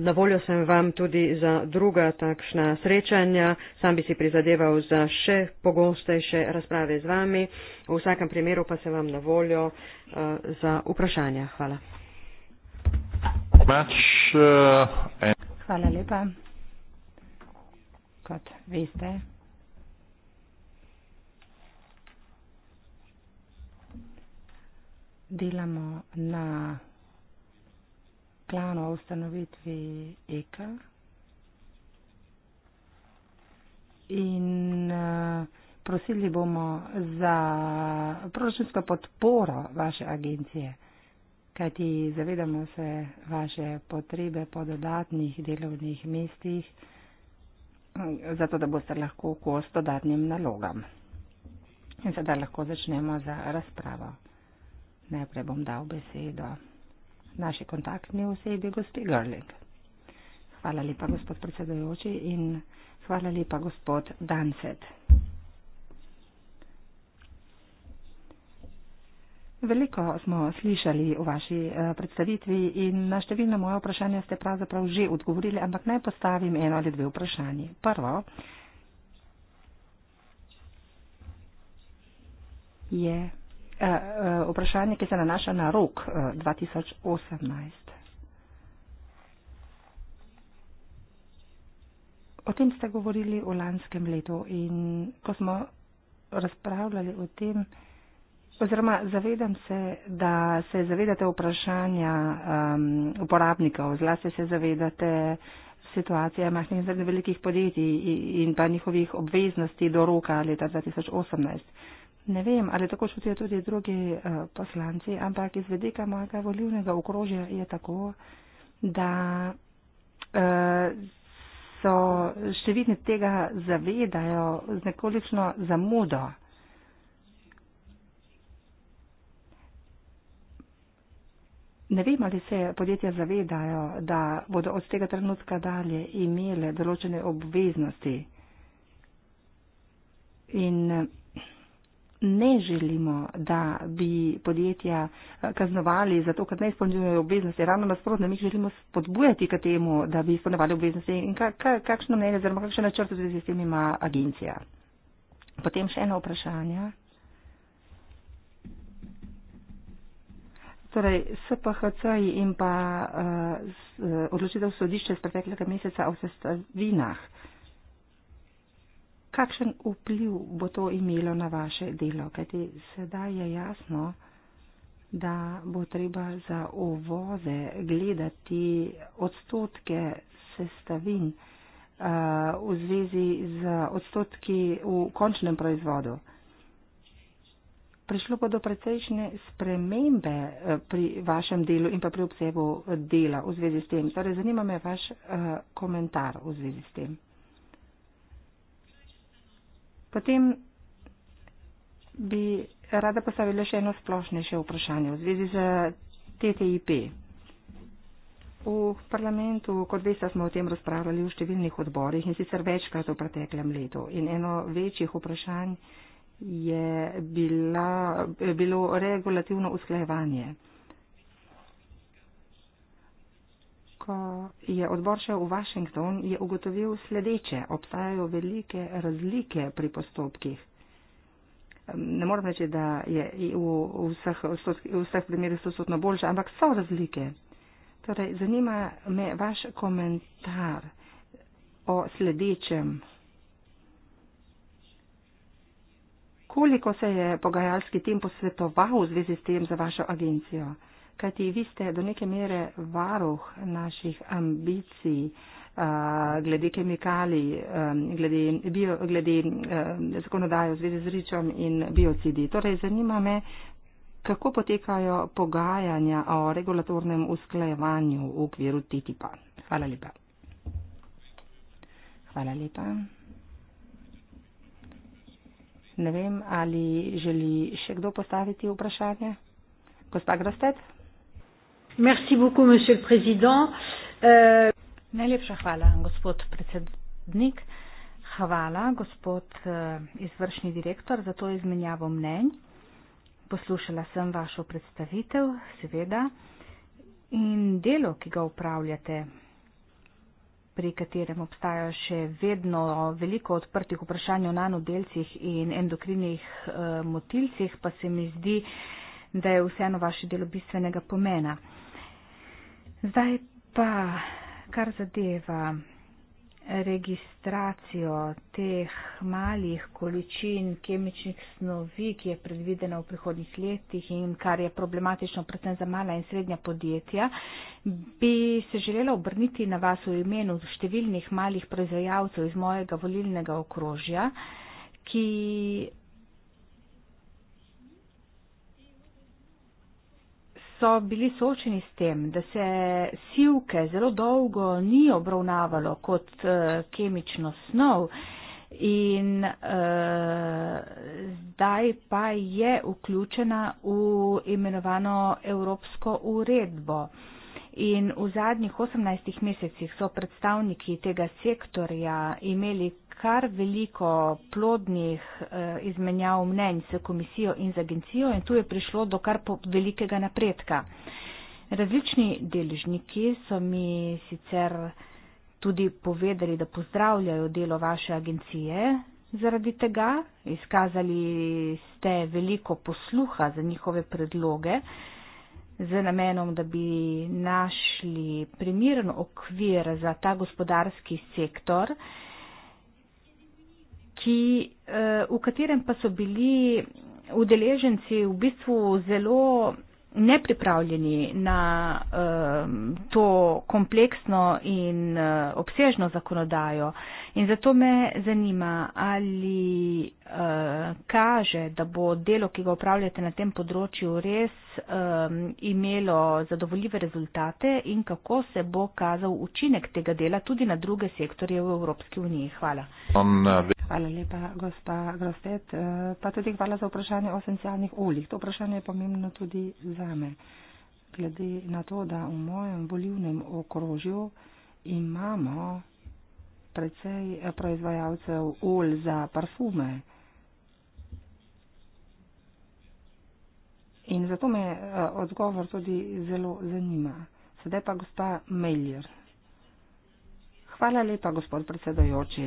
Speaker 2: na voljo sem vam tudi za druga takšna srečanja. Sam bi si prizadeval za še pogostejše razprave z vami. V vsakem primeru pa se vam na voljo eh, za vprašanja. Hvala. Hvala lepa. Kot veste,
Speaker 3: delamo na planu o ustanovitvi EKA in eh, prosili bomo za proračunsko podporo vaše agencije, kajti zavedamo se vaše potrebe po dodatnih delovnih mestih, zato da boste lahko kos dodatnim nalogam. In sedaj lahko začnemo za razpravo. Najprej bom dal besedo naši kontaktni osebi, gospi Garling. Hvala lepa, gospod predsedajoči in hvala lepa, gospod Danset. Veliko smo slišali v vaši eh, predstavitvi in na številna moja vprašanja ste pravzaprav že odgovorili, ampak naj postavim eno ali dve vprašanji. Prvo je. A, eh, a, eh, vprašanje, ki se nanaša na rok 2018. Eh, o tem ste govorili v lanskem letu in ko smo razpravljali o tem, oziroma zavedam se, da se zavedate vprašanja um, uporabnikov, zlasti se zavedate situacije majhnih in velikih podjetij in pa njihovih obveznosti do roka leta 2018. Ne vem, ali tako čutijo tudi drugi uh, poslanci, ampak iz vedika mojega volivnega okrožja je tako, da uh, so številni tega zavedajo z nekolično zamudo. Ne vem, ali se podjetja zavedajo, da bodo od tega trenutka dalje imele določene obveznosti. In, uh, ne želimo, da bi podjetja eh, kaznovali zato, ker ne izpolnjujejo obveznosti. Ravno nasprotno, mi želimo spodbujati k temu, da bi izpolnjevali obveznosti. In ka, ka, kakšno mnenje, oziroma kakšen načrt v zvezi s tem ima agencija? Potem še eno vprašanje. Torej, SPHC in pa uh, odločitev sodišča iz preteklega meseca o sestavinah. Uh, kakšen vpliv bo to imelo na vaše delo? Kajti sedaj je jasno, da bo treba za ovoze gledati odstotke sestavin uh, v zvezi z odstotki v končnem proizvodu. Prišlo bo do precejšnje spremembe eh, pri vašem delu in pa pri obsegu dela v zvezi s tem. Torej, zanima me vaš uh, komentar v zvezi s tem. Potem bi rada postavila še eno splošnejše vprašanje v zvezi z TTIP. V parlamentu, kot veste, smo o tem razpravljali v številnih odborih in sicer večkrat v preteklem letu. In eno večjih vprašanj je bila, bilo regulativno usklajevanje. ko je odbor šel v Washington, je ugotovil sledeče, obstajajo velike razlike pri postopkih. Ne moram reči, da je e v vseh, v vseh primerih stosotno boljše, ampak so razlike. Torej, zanima me vaš komentar o sledečem. Koliko se je pogajalski tim posvetoval v zvezi s tem za vašo agencijo? kajti vi ste do neke mere varuh naših ambicij eh, glede kemikalij, eh, glede, bio, glede eh, zakonodajo v zvezi z ričom in biocidi. Torej, zanima me, kako potekajo pogajanja o regulatornem usklajevanju v okviru TTIP-a. Hvala lepa. Hvala lepa. Ne vem, ali želi še kdo postaviti vprašanje. Gospa Grosted? Merci beaucoup, monsieur le président. Euh... Najlepša
Speaker 4: hvala, gospod predsednik. Hvala, gospod eh, izvršni direktor, za to izmenjavo mnenj. Poslušala sem vašo predstavitev, seveda, in delo, ki ga upravljate, pri katerem obstajajo še vedno veliko odprtih vprašanj o nanodelcih in endokrinih eh, motilcih, pa se mi zdi, da je vseeno vaše delo bistvenega pomena. Zdaj pa, kar zadeva registracijo teh malih količin kemičnih snovi, ki je predvidena v prihodnih letih in kar je problematično predvsem za mala in srednja podjetja, bi se želela obrniti na vas v imenu številnih malih proizvajalcev iz mojega volilnega okrožja, ki so bili soočeni s tem, da se sivke zelo dolgo ni obravnavalo kot uh, kemično snov in uh, zdaj pa je vključena v imenovano Evropsko uredbo. In v zadnjih 18 mesecih so predstavniki tega sektorja imeli kar veliko plodnih eh, izmenjav mnenj s komisijo in z agencijo in tu je prišlo do kar velikega napredka. Različni deležniki so mi sicer tudi povedali, da pozdravljajo delo vaše agencije zaradi tega, izkazali ste veliko posluha za njihove predloge z namenom, da bi našli primiren okvir za ta gospodarski sektor. Uh, ki, eh, v katerem pa so bili udeleženci v bistvu zelo nepripravljeni na eh, to kompleksno in eh, obsežno zakonodajo. In zato me zanima, ali kaže, da bo delo, ki ga upravljate na tem področju, res um, imelo zadovoljive rezultate in kako se bo kazal učinek tega dela
Speaker 3: tudi na druge sektorje v Evropski uniji. Hvala.
Speaker 1: Uh, hvala
Speaker 3: lepa, gospa Grostet. Uh, pa tudi hvala za vprašanje o esencialnih oljih. To vprašanje je pomembno tudi za me. Glede na to, da v mojem volivnem okrožju imamo precej eh, proizvajalcev olj za parfume. In zato me eh, odgovor tudi zelo zanima. Sedaj pa gospa Meljer. Hvala lepa, gospod predsedojoči.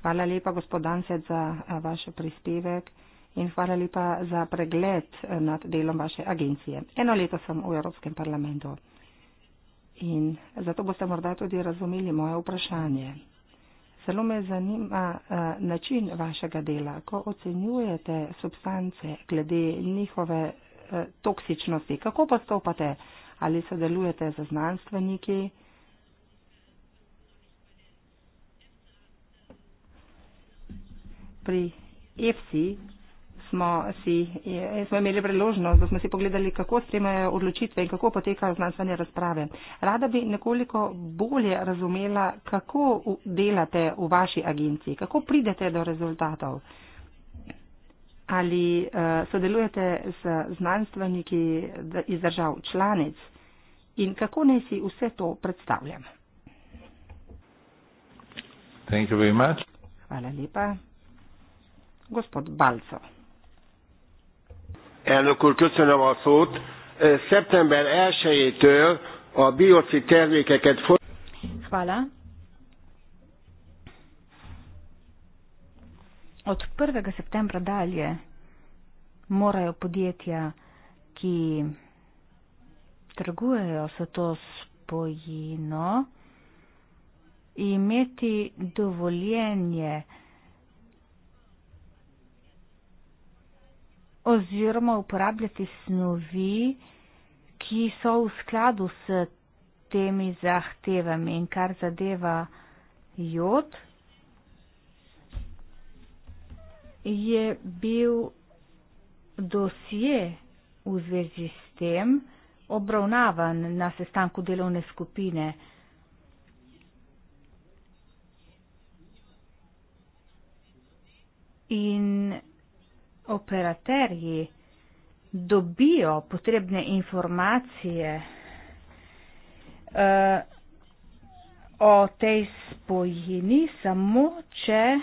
Speaker 3: Hvala lepa, gospod Danset, za eh, vaš prispevek in hvala lepa za pregled eh, nad delom vaše agencije. Eno leto sem v Evropskem parlamentu in zato boste morda tudi razumeli moje vprašanje. Zelo me zanima a, eh, način vašega dela, ko ocenjujete substance glede njihove a, eh, toksičnosti. Kako postopate? Ali sodelujete z znanstveniki? Pri EFSI smo, si, eh, smo imeli priložnost, da smo si pogledali, kako spremljajo odločitve in kako potekajo znanstvene razprave. Rada bi nekoliko bolje razumela, kako delate v vaši agenciji, kako pridete do rezultatov. Ali uh, sodelujete z znanstveniki iz držav članic in kako naj si vse to predstavljam? Hvala lepa. Gospod Balco.
Speaker 1: Elnök úr, köszönöm a szót. Szeptember 1-től a biocid termékeket for...
Speaker 4: Hvala. Od 1. septembra dalje morajo podjetja, ki trgujejo s to spojino, imeti dovoljenje, oziroma uporabljati snovi, ki so v skladu s temi zahtevami in kar zadeva jod, je bil dosje v zvezi s tem obravnavan na sestanku delovne skupine. In operaterji dobijo potrebne informacije uh, o tej spojini samo, če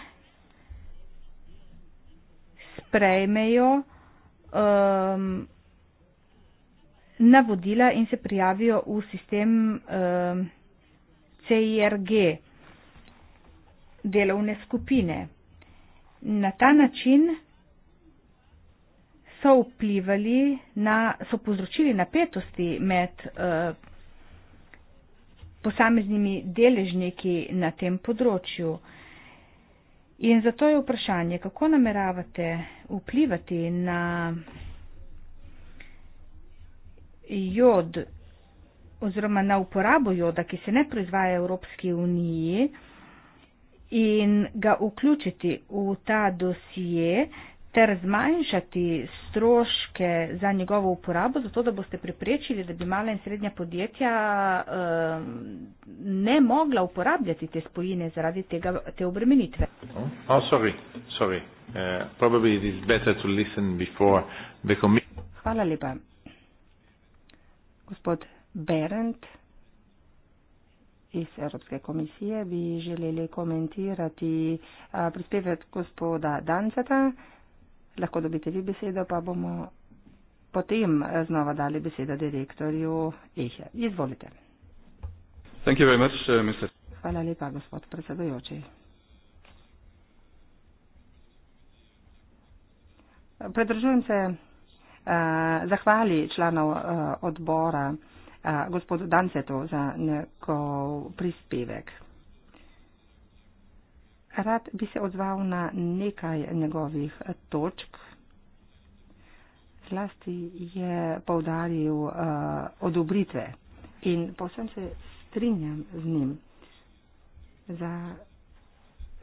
Speaker 4: sprejmejo um, navodila in se prijavijo v sistem um, ehm, CIRG delovne skupine. Na ta način so vplivali na, so povzročili napetosti med eh, posameznimi deležniki na tem področju. In zato je vprašanje, kako nameravate vplivati na jod oziroma na uporabo joda, ki se ne proizvaja v Evropski uniji in ga vključiti v ta dosije, ter zmanjšati stroške za njegovo uporabo, zato da boste preprečili, da bi mala in srednja podjetja uh, ne mogla uporabljati te spojine zaradi tega, te obremenitve.
Speaker 1: No. Oh, sorry, sorry. Uh, probably it is better to listen before the committee.
Speaker 3: Hvala lepa. Gospod Berend iz Evropske komisije bi želeli komentirati uh, prispevek gospoda Danceta lahko dobite vi besedo, pa bomo potem eh, znova dali besedo direktorju Ehe. Izvolite.
Speaker 1: Thank you very much, uh, Mr.
Speaker 3: Hvala lepa, gospod predsedujoči. Predržujem se uh, zahvali članov uh, odbora uh, gospodu Dancetu za njegov prispevek. Rad bi se odzval na nekaj njegovih točk. Zlasti je povdaril uh, eh, odobritve in posem se strinjam z njim. Za,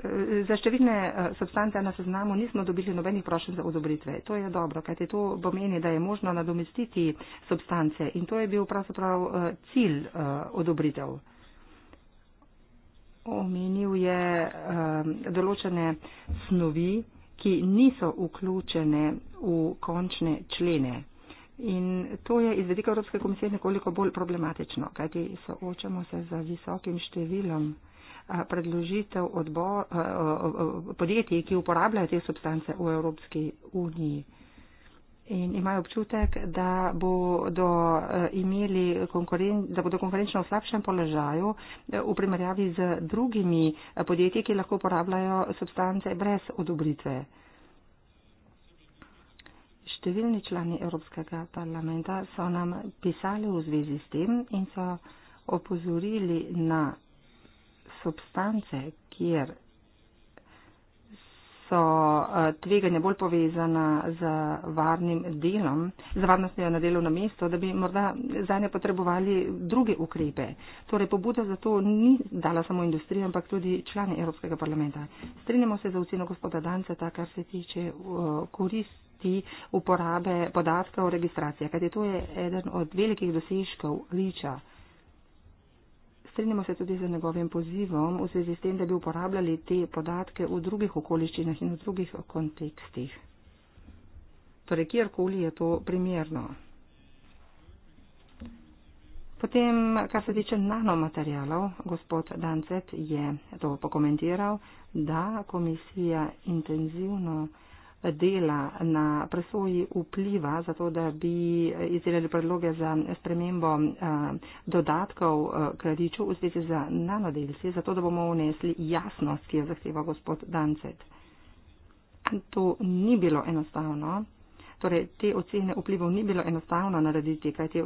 Speaker 3: uh, za številne uh, substance na seznamu nismo dobili nobenih prošen za odobritve. To je dobro, kajte to pomeni, da je možno nadomestiti substance in to je bil pravzaprav uh, cilj uh, odobritev. Uh, omenil je um, določene snovi, ki niso vključene v končne člene. In to je iz vedika Evropske komisije nekoliko bolj problematično, kajti soočamo se z visokim številom predložitev odbor, podjetij, ki uporabljajo te substance v Evropski uniji in imajo občutek, da bodo eh, imeli, konkuren, da bodo konkurenčno v slabšem položaju eh, v primerjavi z drugimi eh, podjetji, ki lahko uporabljajo substance brez odobritve. Številni člani Evropskega parlamenta so nam pisali v zvezi s tem in so opozorili na substance, kjer so eh, tveganja bolj povezana z varnim delom, z varnostjo na delovnem mestu, da bi morda za nje potrebovali druge ukrepe. Torej, pobuda za to ni dala samo industrija, ampak tudi člani Evropskega parlamenta. Strinjamo se za oceno gospoda Danca, ta kar se tiče eh, korist uporabe podatkov o registraciji, kajti to je eden od velikih dosežkov liča strinjamo se tudi z njegovim pozivom v zvezi s tem, da bi uporabljali te podatke v drugih okoliščinah in v drugih kontekstih. Torej, kjerkoli je to primerno. Potem, kar se tiče nanomaterialov, gospod Dancet je to pokomentiral, da komisija intenzivno dela na presoji vpliva, zato da bi izdelali predloge za spremembo eh, dodatkov eh, k radiču v zvezi z nanodelci, zato da bomo vnesli jasnost, ki jo zahteva gospod Dancet. To ni bilo enostavno, torej te ocene vplivov ni bilo enostavno narediti, kajti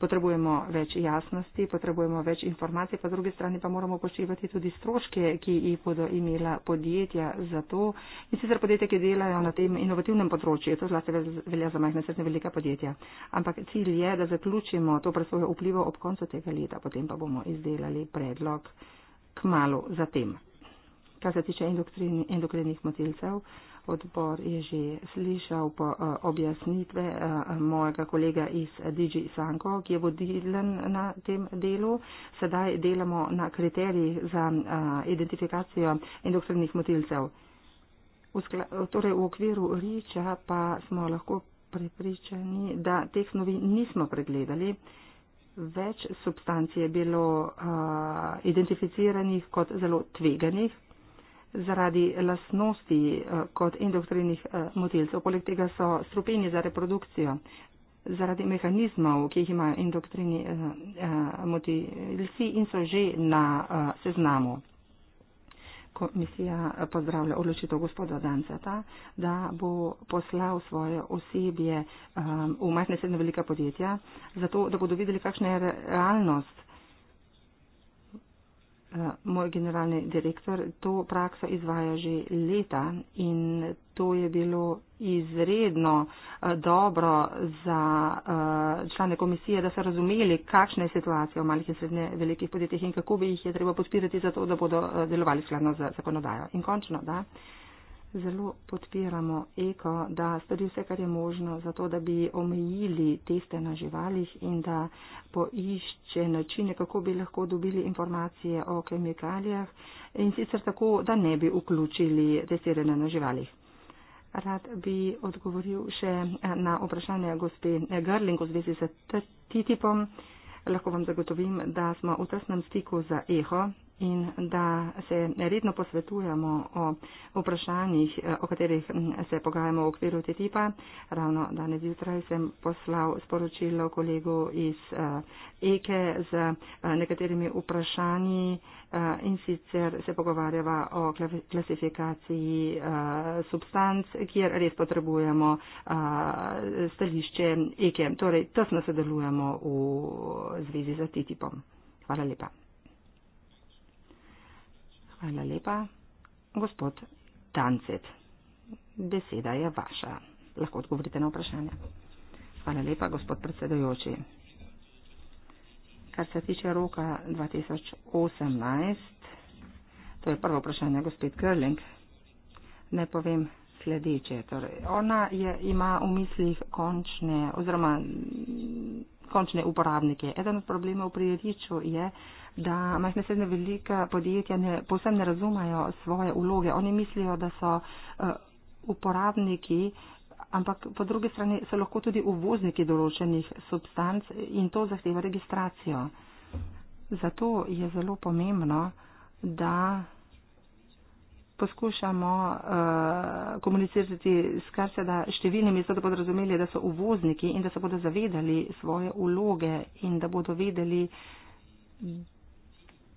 Speaker 3: potrebujemo več jasnosti, potrebujemo več informacij, pa z druge strani pa moramo poštevati tudi stroške, ki jih bodo imela podjetja za to. In sicer podjetja, ki delajo na tem inovativnem področju, to zlasti velja za majhne srednje velika podjetja. Ampak cilj je, da zaključimo to presvojo vplivo ob koncu tega leta, potem pa bomo izdelali predlog k malu zatem. Kar se tiče endokrinih motilcev odbor je že slišal po eh, objasnitve eh, mojega kolega iz eh, DG Sanko, ki je vodilen na tem delu. Sedaj delamo na kriterijih za identifikacijo endokrinnih motilcev. Torej v okviru riča pa smo lahko prepričani, da teh snovi nismo pregledali. Več substanci je bilo uh, identificiranih kot zelo tveganih, zaradi lasnosti eh, kot endokrinih eh, motilcev. Poleg tega so strupeni za reprodukcijo. Zaradi mehanizmov, ki jih imajo endokrini eh, motilci in so že na seznamu. Komisija pozdravlja odločitev gospoda Danceta, da bo poslal svoje osebje v majhne srednje velika podjetja, zato da bodo videli, kakšna je realnost Eh, moj generalni direktor to prakso izvaja že leta in to je bilo izredno eh, dobro za eh, člane komisije, da so razumeli, kakšna je situacija v malih in srednje velikih podjetjih in kako bi jih je treba podpirati, zato da bodo delovali skladno z zakonodajo. In končno, da zelo podpiramo eko, da stori vse, kar je možno, zato da bi omejili teste na živalih in da poišče načine, kako bi lahko dobili informacije o kemikalijah in sicer tako, da ne bi vključili testiranje na živalih. Rad bi odgovoril še na vprašanje gospe Garling v zvezi s TTIP-om. Lahko vam zagotovim, da smo v tesnem stiku za eho, in da se redno posvetujemo o vprašanjih, eh, o katerih mm, se pogajamo v okviru TTIP-a. Ravno danes jutraj sem poslal sporočilo kolegu iz eh, EKE z eh, nekaterimi vprašanji in sicer se pogovarjava o klasifikaciji substanc, kjer res potrebujemo stališče EKE. Torej, tesno sodelujemo v zvezi z TTIP-om. Hvala lepa. Hvala lepa. Gospod Tancet, beseda je vaša. Lahko odgovorite na vprašanje. Hvala lepa, gospod predsedojoči. Kar se tiče roka 2018, to je prvo vprašanje gospod Krling, ne povem sledeče. Torej, ona je, ima v mislih končne, oziroma končne uporabnike. Eden od problemov pri Riču je, da majhne srednje velika podjetja ne, posebno ne razumajo svoje uloge. Oni mislijo, da so uh, uporabniki, ampak po drugi strani so lahko tudi uvozniki določenih substanc in to zahteva registracijo. Zato je zelo pomembno, da poskušamo uh, komunicirati s kar se da številnimi, zato da bodo razumeli, da so uvozniki in da se bodo zavedali svoje uloge in da bodo vedeli,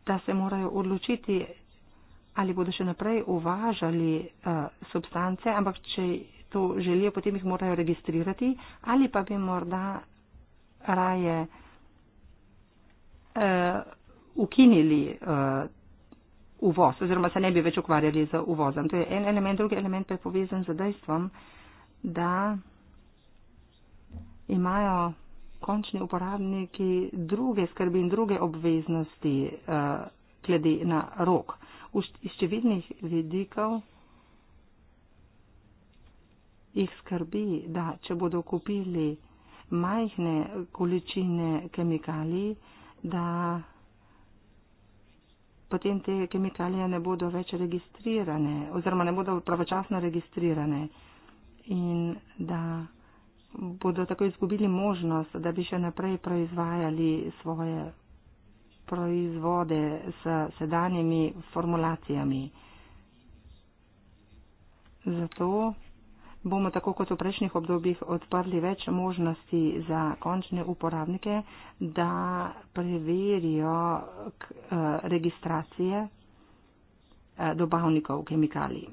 Speaker 3: da se morajo odločiti, ali bodo še naprej uvažali uh, substance, ampak če to želijo, potem jih morajo registrirati ali pa bi morda raje uh, ukinili uh, uvoz oziroma se ne bi več ukvarjali z uvozom. To je en element, drugi element pa je povezan z dejstvom, da imajo končni uporabniki druge skrbi in druge obveznosti uh, glede na rok. Iz številnih vidikov jih skrbi, da če bodo kupili majhne količine kemikalij, da potem te kemikalije ne bodo več registrirane oziroma ne bodo pravočasno registrirane in da bodo tako izgubili možnost, da bi še naprej proizvajali svoje proizvode s sedanjimi formulacijami. Zato bomo tako kot v prejšnjih obdobjih odprli več možnosti za končne uporabnike, da preverijo eh, registracije eh, dobavnikov kemikalij.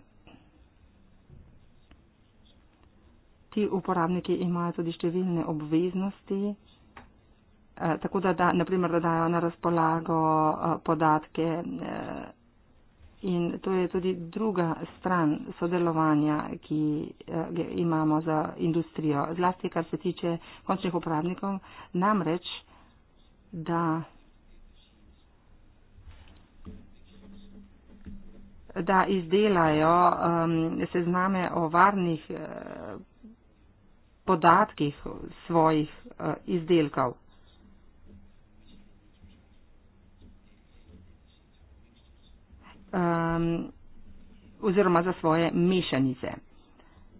Speaker 3: ti uporabniki imajo tudi številne obveznosti, eh, tako da, da naprimer, da dajo na razpolago eh, podatke eh, in to je tudi druga stran sodelovanja, ki imamo za industrijo, zlasti kar se tiče končnih uporabnikov, namreč, da. da izdelajo um, sezname o varnih uh, podatkih svojih eh, izdelkov. Um, oziroma za svoje mešanice.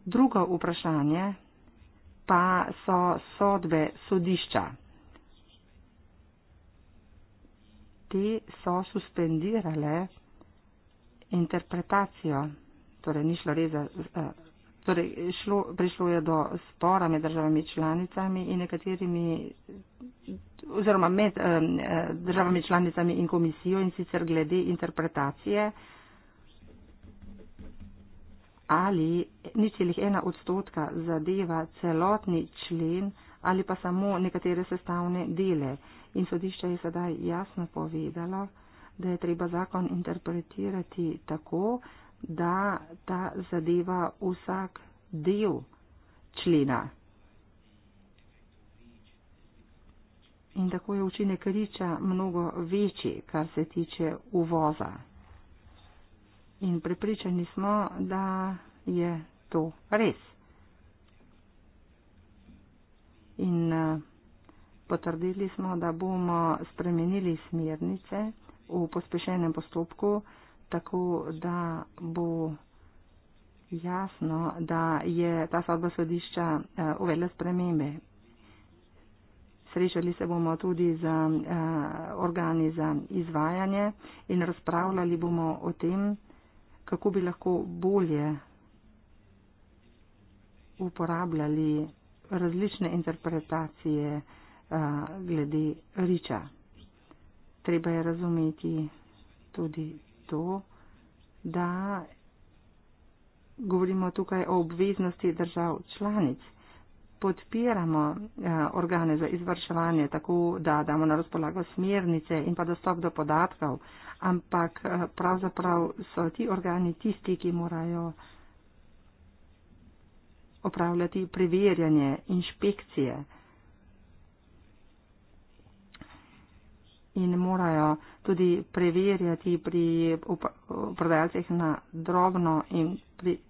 Speaker 3: Drugo vprašanje pa so sodbe sodišča. Te so suspendirale interpretacijo, torej ni šlo res za eh, Torej, šlo, prišlo je do spora med državami članicami in nekaterimi, oziroma med um, državami članicami in komisijo in sicer glede interpretacije, ali ničelih ena odstotka zadeva celotni člen ali pa samo nekatere sestavne dele. In sodišče je sedaj jasno povedalo, da je treba zakon interpretirati tako, da ta zadeva vsak del člena. In tako je učinek riča mnogo večji, kar se tiče uvoza. In prepričani smo, da je to res. In eh, potrdili smo, da bomo spremenili smernice v pospešenem postopku tako da bo jasno, da je ta sodba sodišča eh, uvedla spremembe. Srečali se bomo tudi z eh, organi za izvajanje in razpravljali bomo o tem, kako bi lahko bolje uporabljali različne interpretacije eh, glede riča. Treba je razumeti tudi to, da govorimo tukaj o obveznosti držav članic. Podpiramo eh, organe za izvrševanje tako, da damo na razpolago smernice in pa dostop do podatkov, ampak eh, pravzaprav so ti organi tisti, ki morajo opravljati preverjanje, inšpekcije. in morajo tudi preverjati pri prodajalcih na drobno, pri,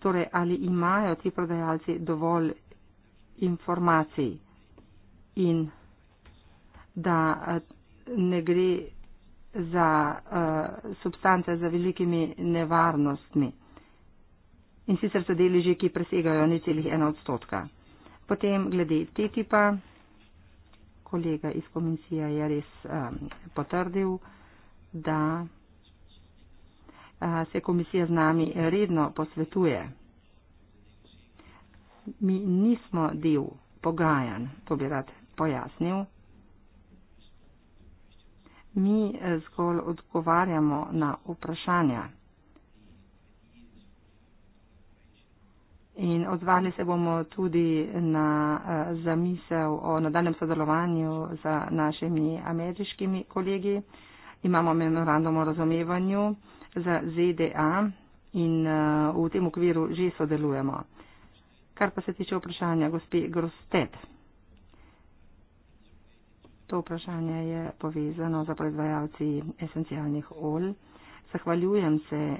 Speaker 3: torej ali imajo ti prodajalci dovolj informacij in da ne gre za uh, substance z velikimi nevarnostmi. In sicer so deleži, ki presegajo ni celih ena odstotka. Potem glede T-tipa kolega iz komisije je res um, potrdil, da uh, se komisija z nami redno posvetuje. Mi nismo del pogajan, to bi rad pojasnil. Mi eh, zgolj odgovarjamo na vprašanja. In odzvali se bomo tudi na eh, zamisel o nadaljem sodelovanju z našimi ameriškimi kolegi. Imamo memorandum o razumevanju za ZDA in eh, v tem okviru že sodelujemo. Kar pa se tiče vprašanja gospe Grosted. To vprašanje je povezano za proizvajalci esencialnih olj. Zahvaljujem se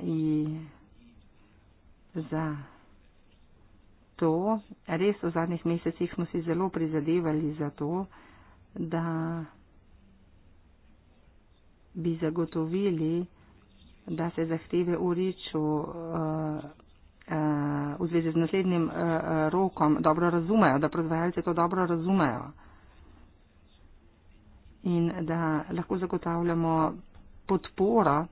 Speaker 3: za to, res v zadnjih mesecih smo si zelo prizadevali za to, da bi zagotovili, da se zahteve uriču eh, eh, v zvezi z naslednjim eh, rokom dobro razumejo, da prodajalce to dobro razumejo in da lahko zagotavljamo podporo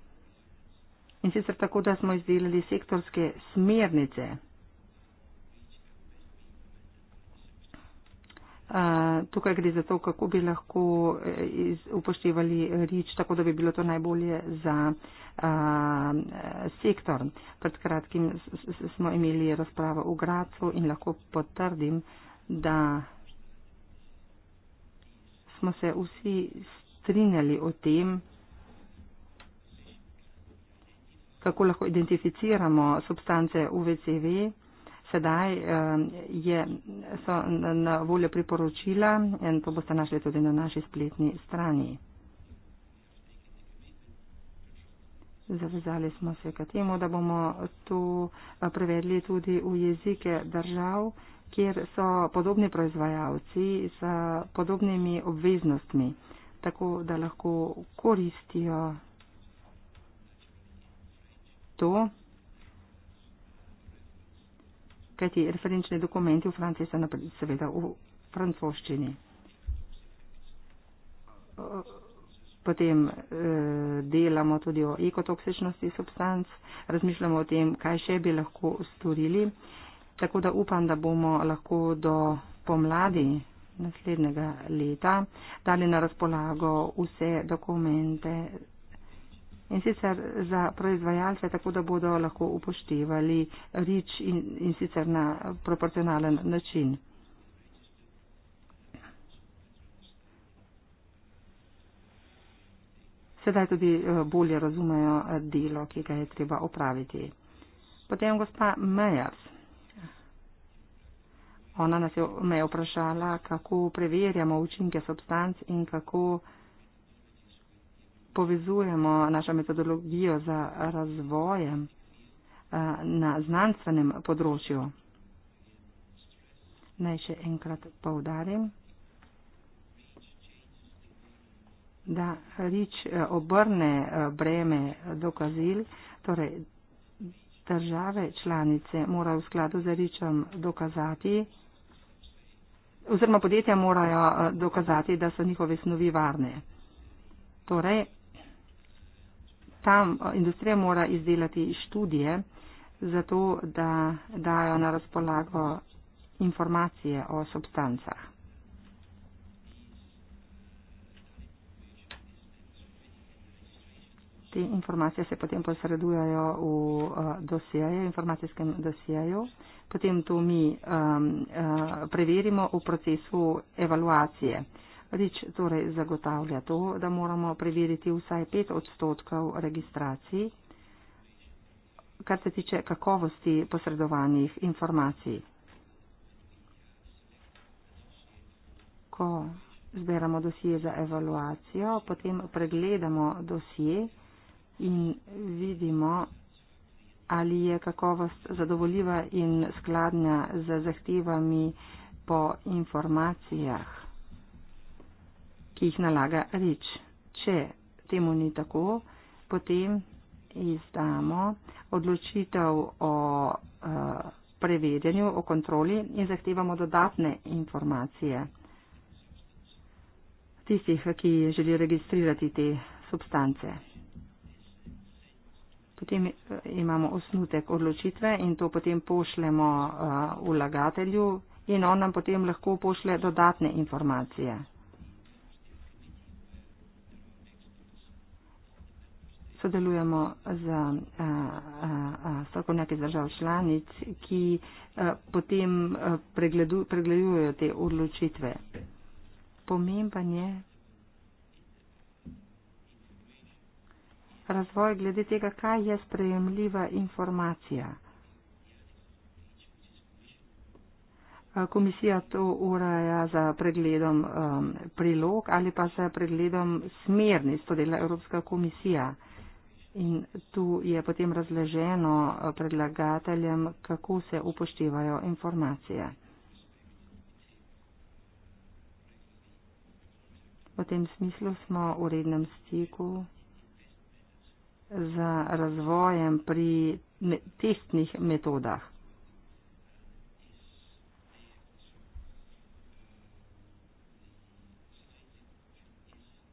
Speaker 3: in sicer tako, da smo izdelali sektorske smernice. Tukaj gre za to, kako bi lahko e, upoštevali rič, tako da bi bilo to najbolje za a, sektor. Pred kratkim smo imeli razpravo v Gracu in lahko potrdim, da smo se vsi strinjali o tem, kako lahko identificiramo substance UVCV. Sedaj eh, je, so na voljo priporočila in to boste našli tudi na naši spletni strani. Zavezali smo se k temu, da bomo to eh, prevedli tudi v jezike držav, kjer so podobni proizvajalci s podobnimi obveznostmi, tako da lahko koristijo to kajti referenčne dokumenti v Franciji so seveda v francoščini. Potem eh, delamo tudi o ekotoksičnosti substanc, razmišljamo o tem, kaj še bi lahko storili. Tako da upam, da bomo lahko do pomladi naslednjega leta dali na razpolago vse dokumente in sicer za proizvajalce, tako da bodo lahko upoštevali rič in, in sicer na proporcionalen način. Sedaj tudi eh, bolje razumejo eh, delo, ki ga je treba opraviti. Potem gospa Mejers. Ona nas je, me je vprašala, kako preverjamo učinke substanc in kako povezujemo našo metodologijo za razvojem eh, na znanstvenem področju. Naj še enkrat povdarim, da rič eh, obrne eh, breme dokazil, torej države članice morajo v skladu z ričem dokazati, oziroma podjetja morajo dokazati, da so njihove snovi varne. Torej, tam industrija mora izdelati študije, zato da dajo na razpolago informacije o substancah. Te informacije se potem posredujajo v dosijaju, informacijskem dosijaju. Potem to mi um, uh, preverimo v procesu evaluacije. Uh, Rič torej zagotavlja to, da moramo preveriti vsaj 5 odstotkov registracij, kar se tiče kakovosti posredovanih informacij. Ko zberamo dosije za evaluacijo, potem pregledamo dosije in vidimo, ali je kakovost zadovoljiva in skladna z zahtevami po informacijah ki jih nalaga rič. Če temu ni tako, potem izdamo odločitev o uh, eh, prevedenju, o kontroli in zahtevamo dodatne informacije tistih, ki želi registrirati te substance. Potem eh, imamo osnutek odločitve in to potem pošljemo uh, vlagatelju in on nam potem lahko pošlje dodatne informacije. sodelujemo z eh, eh, eh, strokovnjaki držav članic, ki potem pregledujejo te odločitve. Pomemben je razvoj glede tega, kaj je sprejemljiva informacija. Komisija to uraja za pregledom um, prilog ali pa za pregledom smernic, to dela Evropska komisija. In tu je potem razleženo eh, predlagateljem, kako se upoštevajo informacije. V tem smislu smo v rednem stiku za razvojem pri testnih metodah.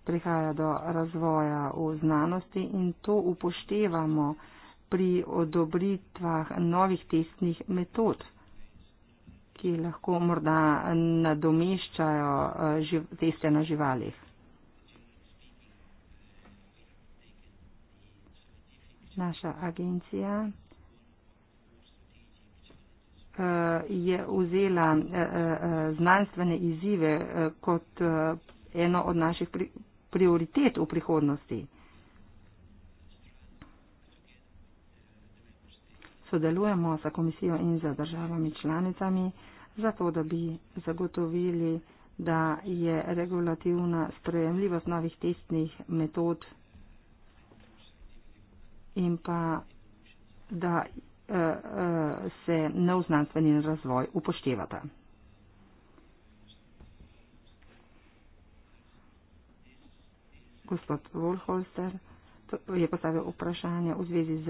Speaker 3: prihaja do razvoja v znanosti in to upoštevamo pri odobritvah novih testnih metod ki lahko morda nadomeščajo eh, teste na živalih. Naša agencija eh, je vzela eh, znanstvene izzive kot eno od naših prioritet v prihodnosti. Sodelujemo sa komisijo in za državami članicami, zato da bi zagotovili, da je regulativna sprejemljivost novih testnih metod in pa da eh, eh, se nov znanstveni razvoj upoštevata. gospod Volholster je postavil vprašanje v zvezi z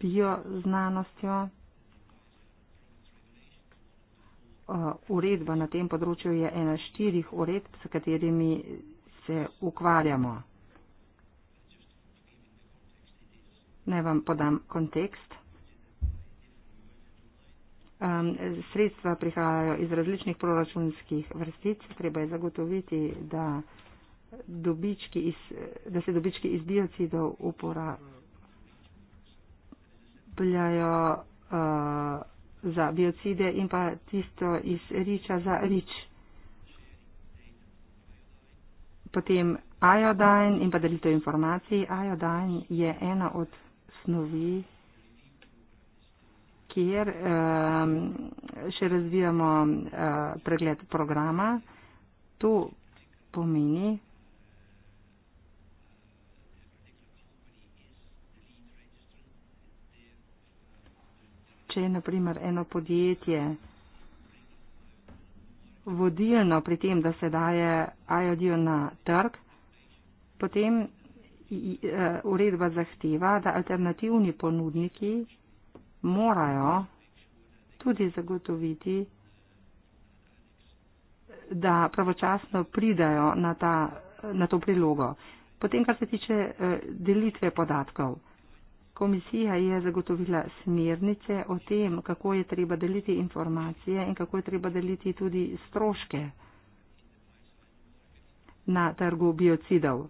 Speaker 3: bioznanostjo. Uh, uredba na tem področju je ena štirih uredb, s katerimi se ukvarjamo. Naj vam podam kontekst. Um, sredstva prihajajo iz različnih proračunskih vrstic. Treba je zagotoviti, da uh, dobički iz, da se dobički iz biocidov uporabljajo uh, za biocide in pa tisto iz riča za rič. Potem iodajn in pa delitev informacij. Iodajn je ena od snovi, kjer um, še razvijamo uh, pregled programa. To pomeni, če je naprimer eno podjetje vodilno pri tem, da se daje IOD-jo na trg, potem e, uredba zahteva, da alternativni ponudniki morajo tudi zagotoviti, da pravočasno pridajo na, ta, na to prilogo. Potem, kar se tiče e, delitve podatkov. Komisija je zagotovila smernice o tem, kako je treba deliti informacije in kako je treba deliti tudi stroške na trgu biocidov.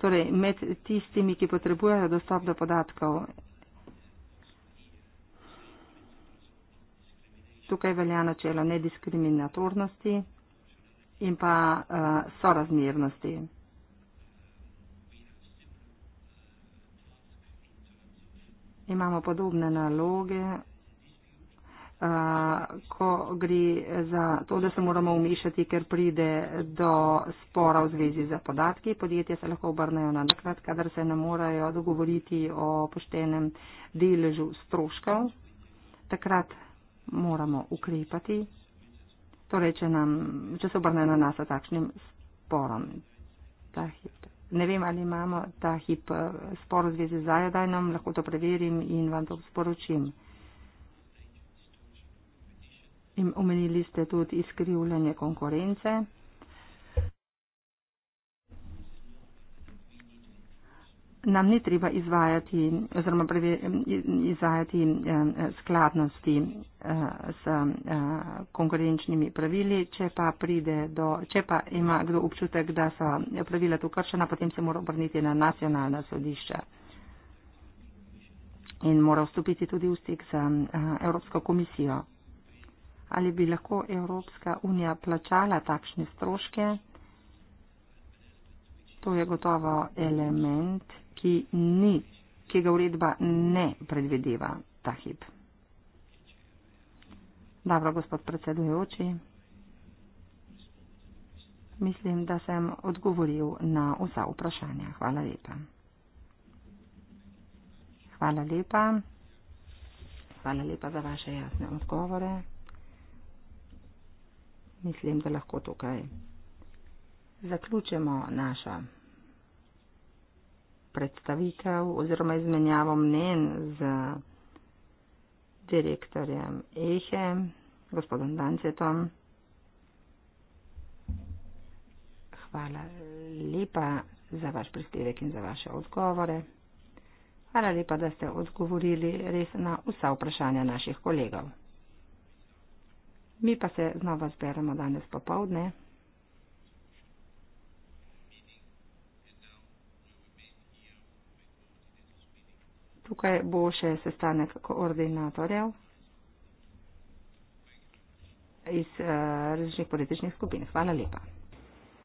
Speaker 3: Torej, med tistimi, ki potrebujejo dostop do podatkov, tukaj velja načelo nediskriminatornosti in pa uh, sorazmernosti. imamo podobne naloge, a, ko gre za to, da se moramo umišati, ker pride do spora v zvezi za podatki. Podjetja se lahko obrnejo na takrat, kadar se ne morejo dogovoriti o poštenem deležu stroškov. Takrat moramo ukrepati, torej, če, nam, če se obrnejo na nas s takšnim sporom. Ta hip. Ne vem, ali imamo ta hip eh, spor v zvezi z Zajadajnom, lahko to preverim in vam to sporočim. In omenili ste tudi izkrivljanje konkurence. nam ni treba izvajati oziroma izvajati eh, skladnosti eh, s eh, konkurenčnimi pravili, če pa pride do, če pa ima kdo občutek, da so pravila tu kršena, potem se mora obrniti na nacionalno sodišče in mora vstopiti tudi v stik z Evropsko komisijo. Ali bi lahko Evropska unija plačala takšne stroške? To je gotovo element, ki, ni, ki ga uredba ne predvideva ta hip. Dobro, gospod predsedujoči, mislim, da sem odgovoril na vsa vprašanja. Hvala lepa. Hvala lepa. Hvala lepa za vaše jasne odgovore. Mislim, da lahko tukaj zaključimo našo predstavitev oziroma izmenjavo mnen z direktorjem Ehe, gospodom Dancetom. Hvala lepa za vaš prispevek in za vaše odgovore. Hvala lepa, da ste odgovorili res na vsa vprašanja naših kolegov. Mi pa se znova zberemo danes popovdne. Tukaj bo še sestanek koordinatorjev iz uh, različnih političnih skupin. Hvala lepa.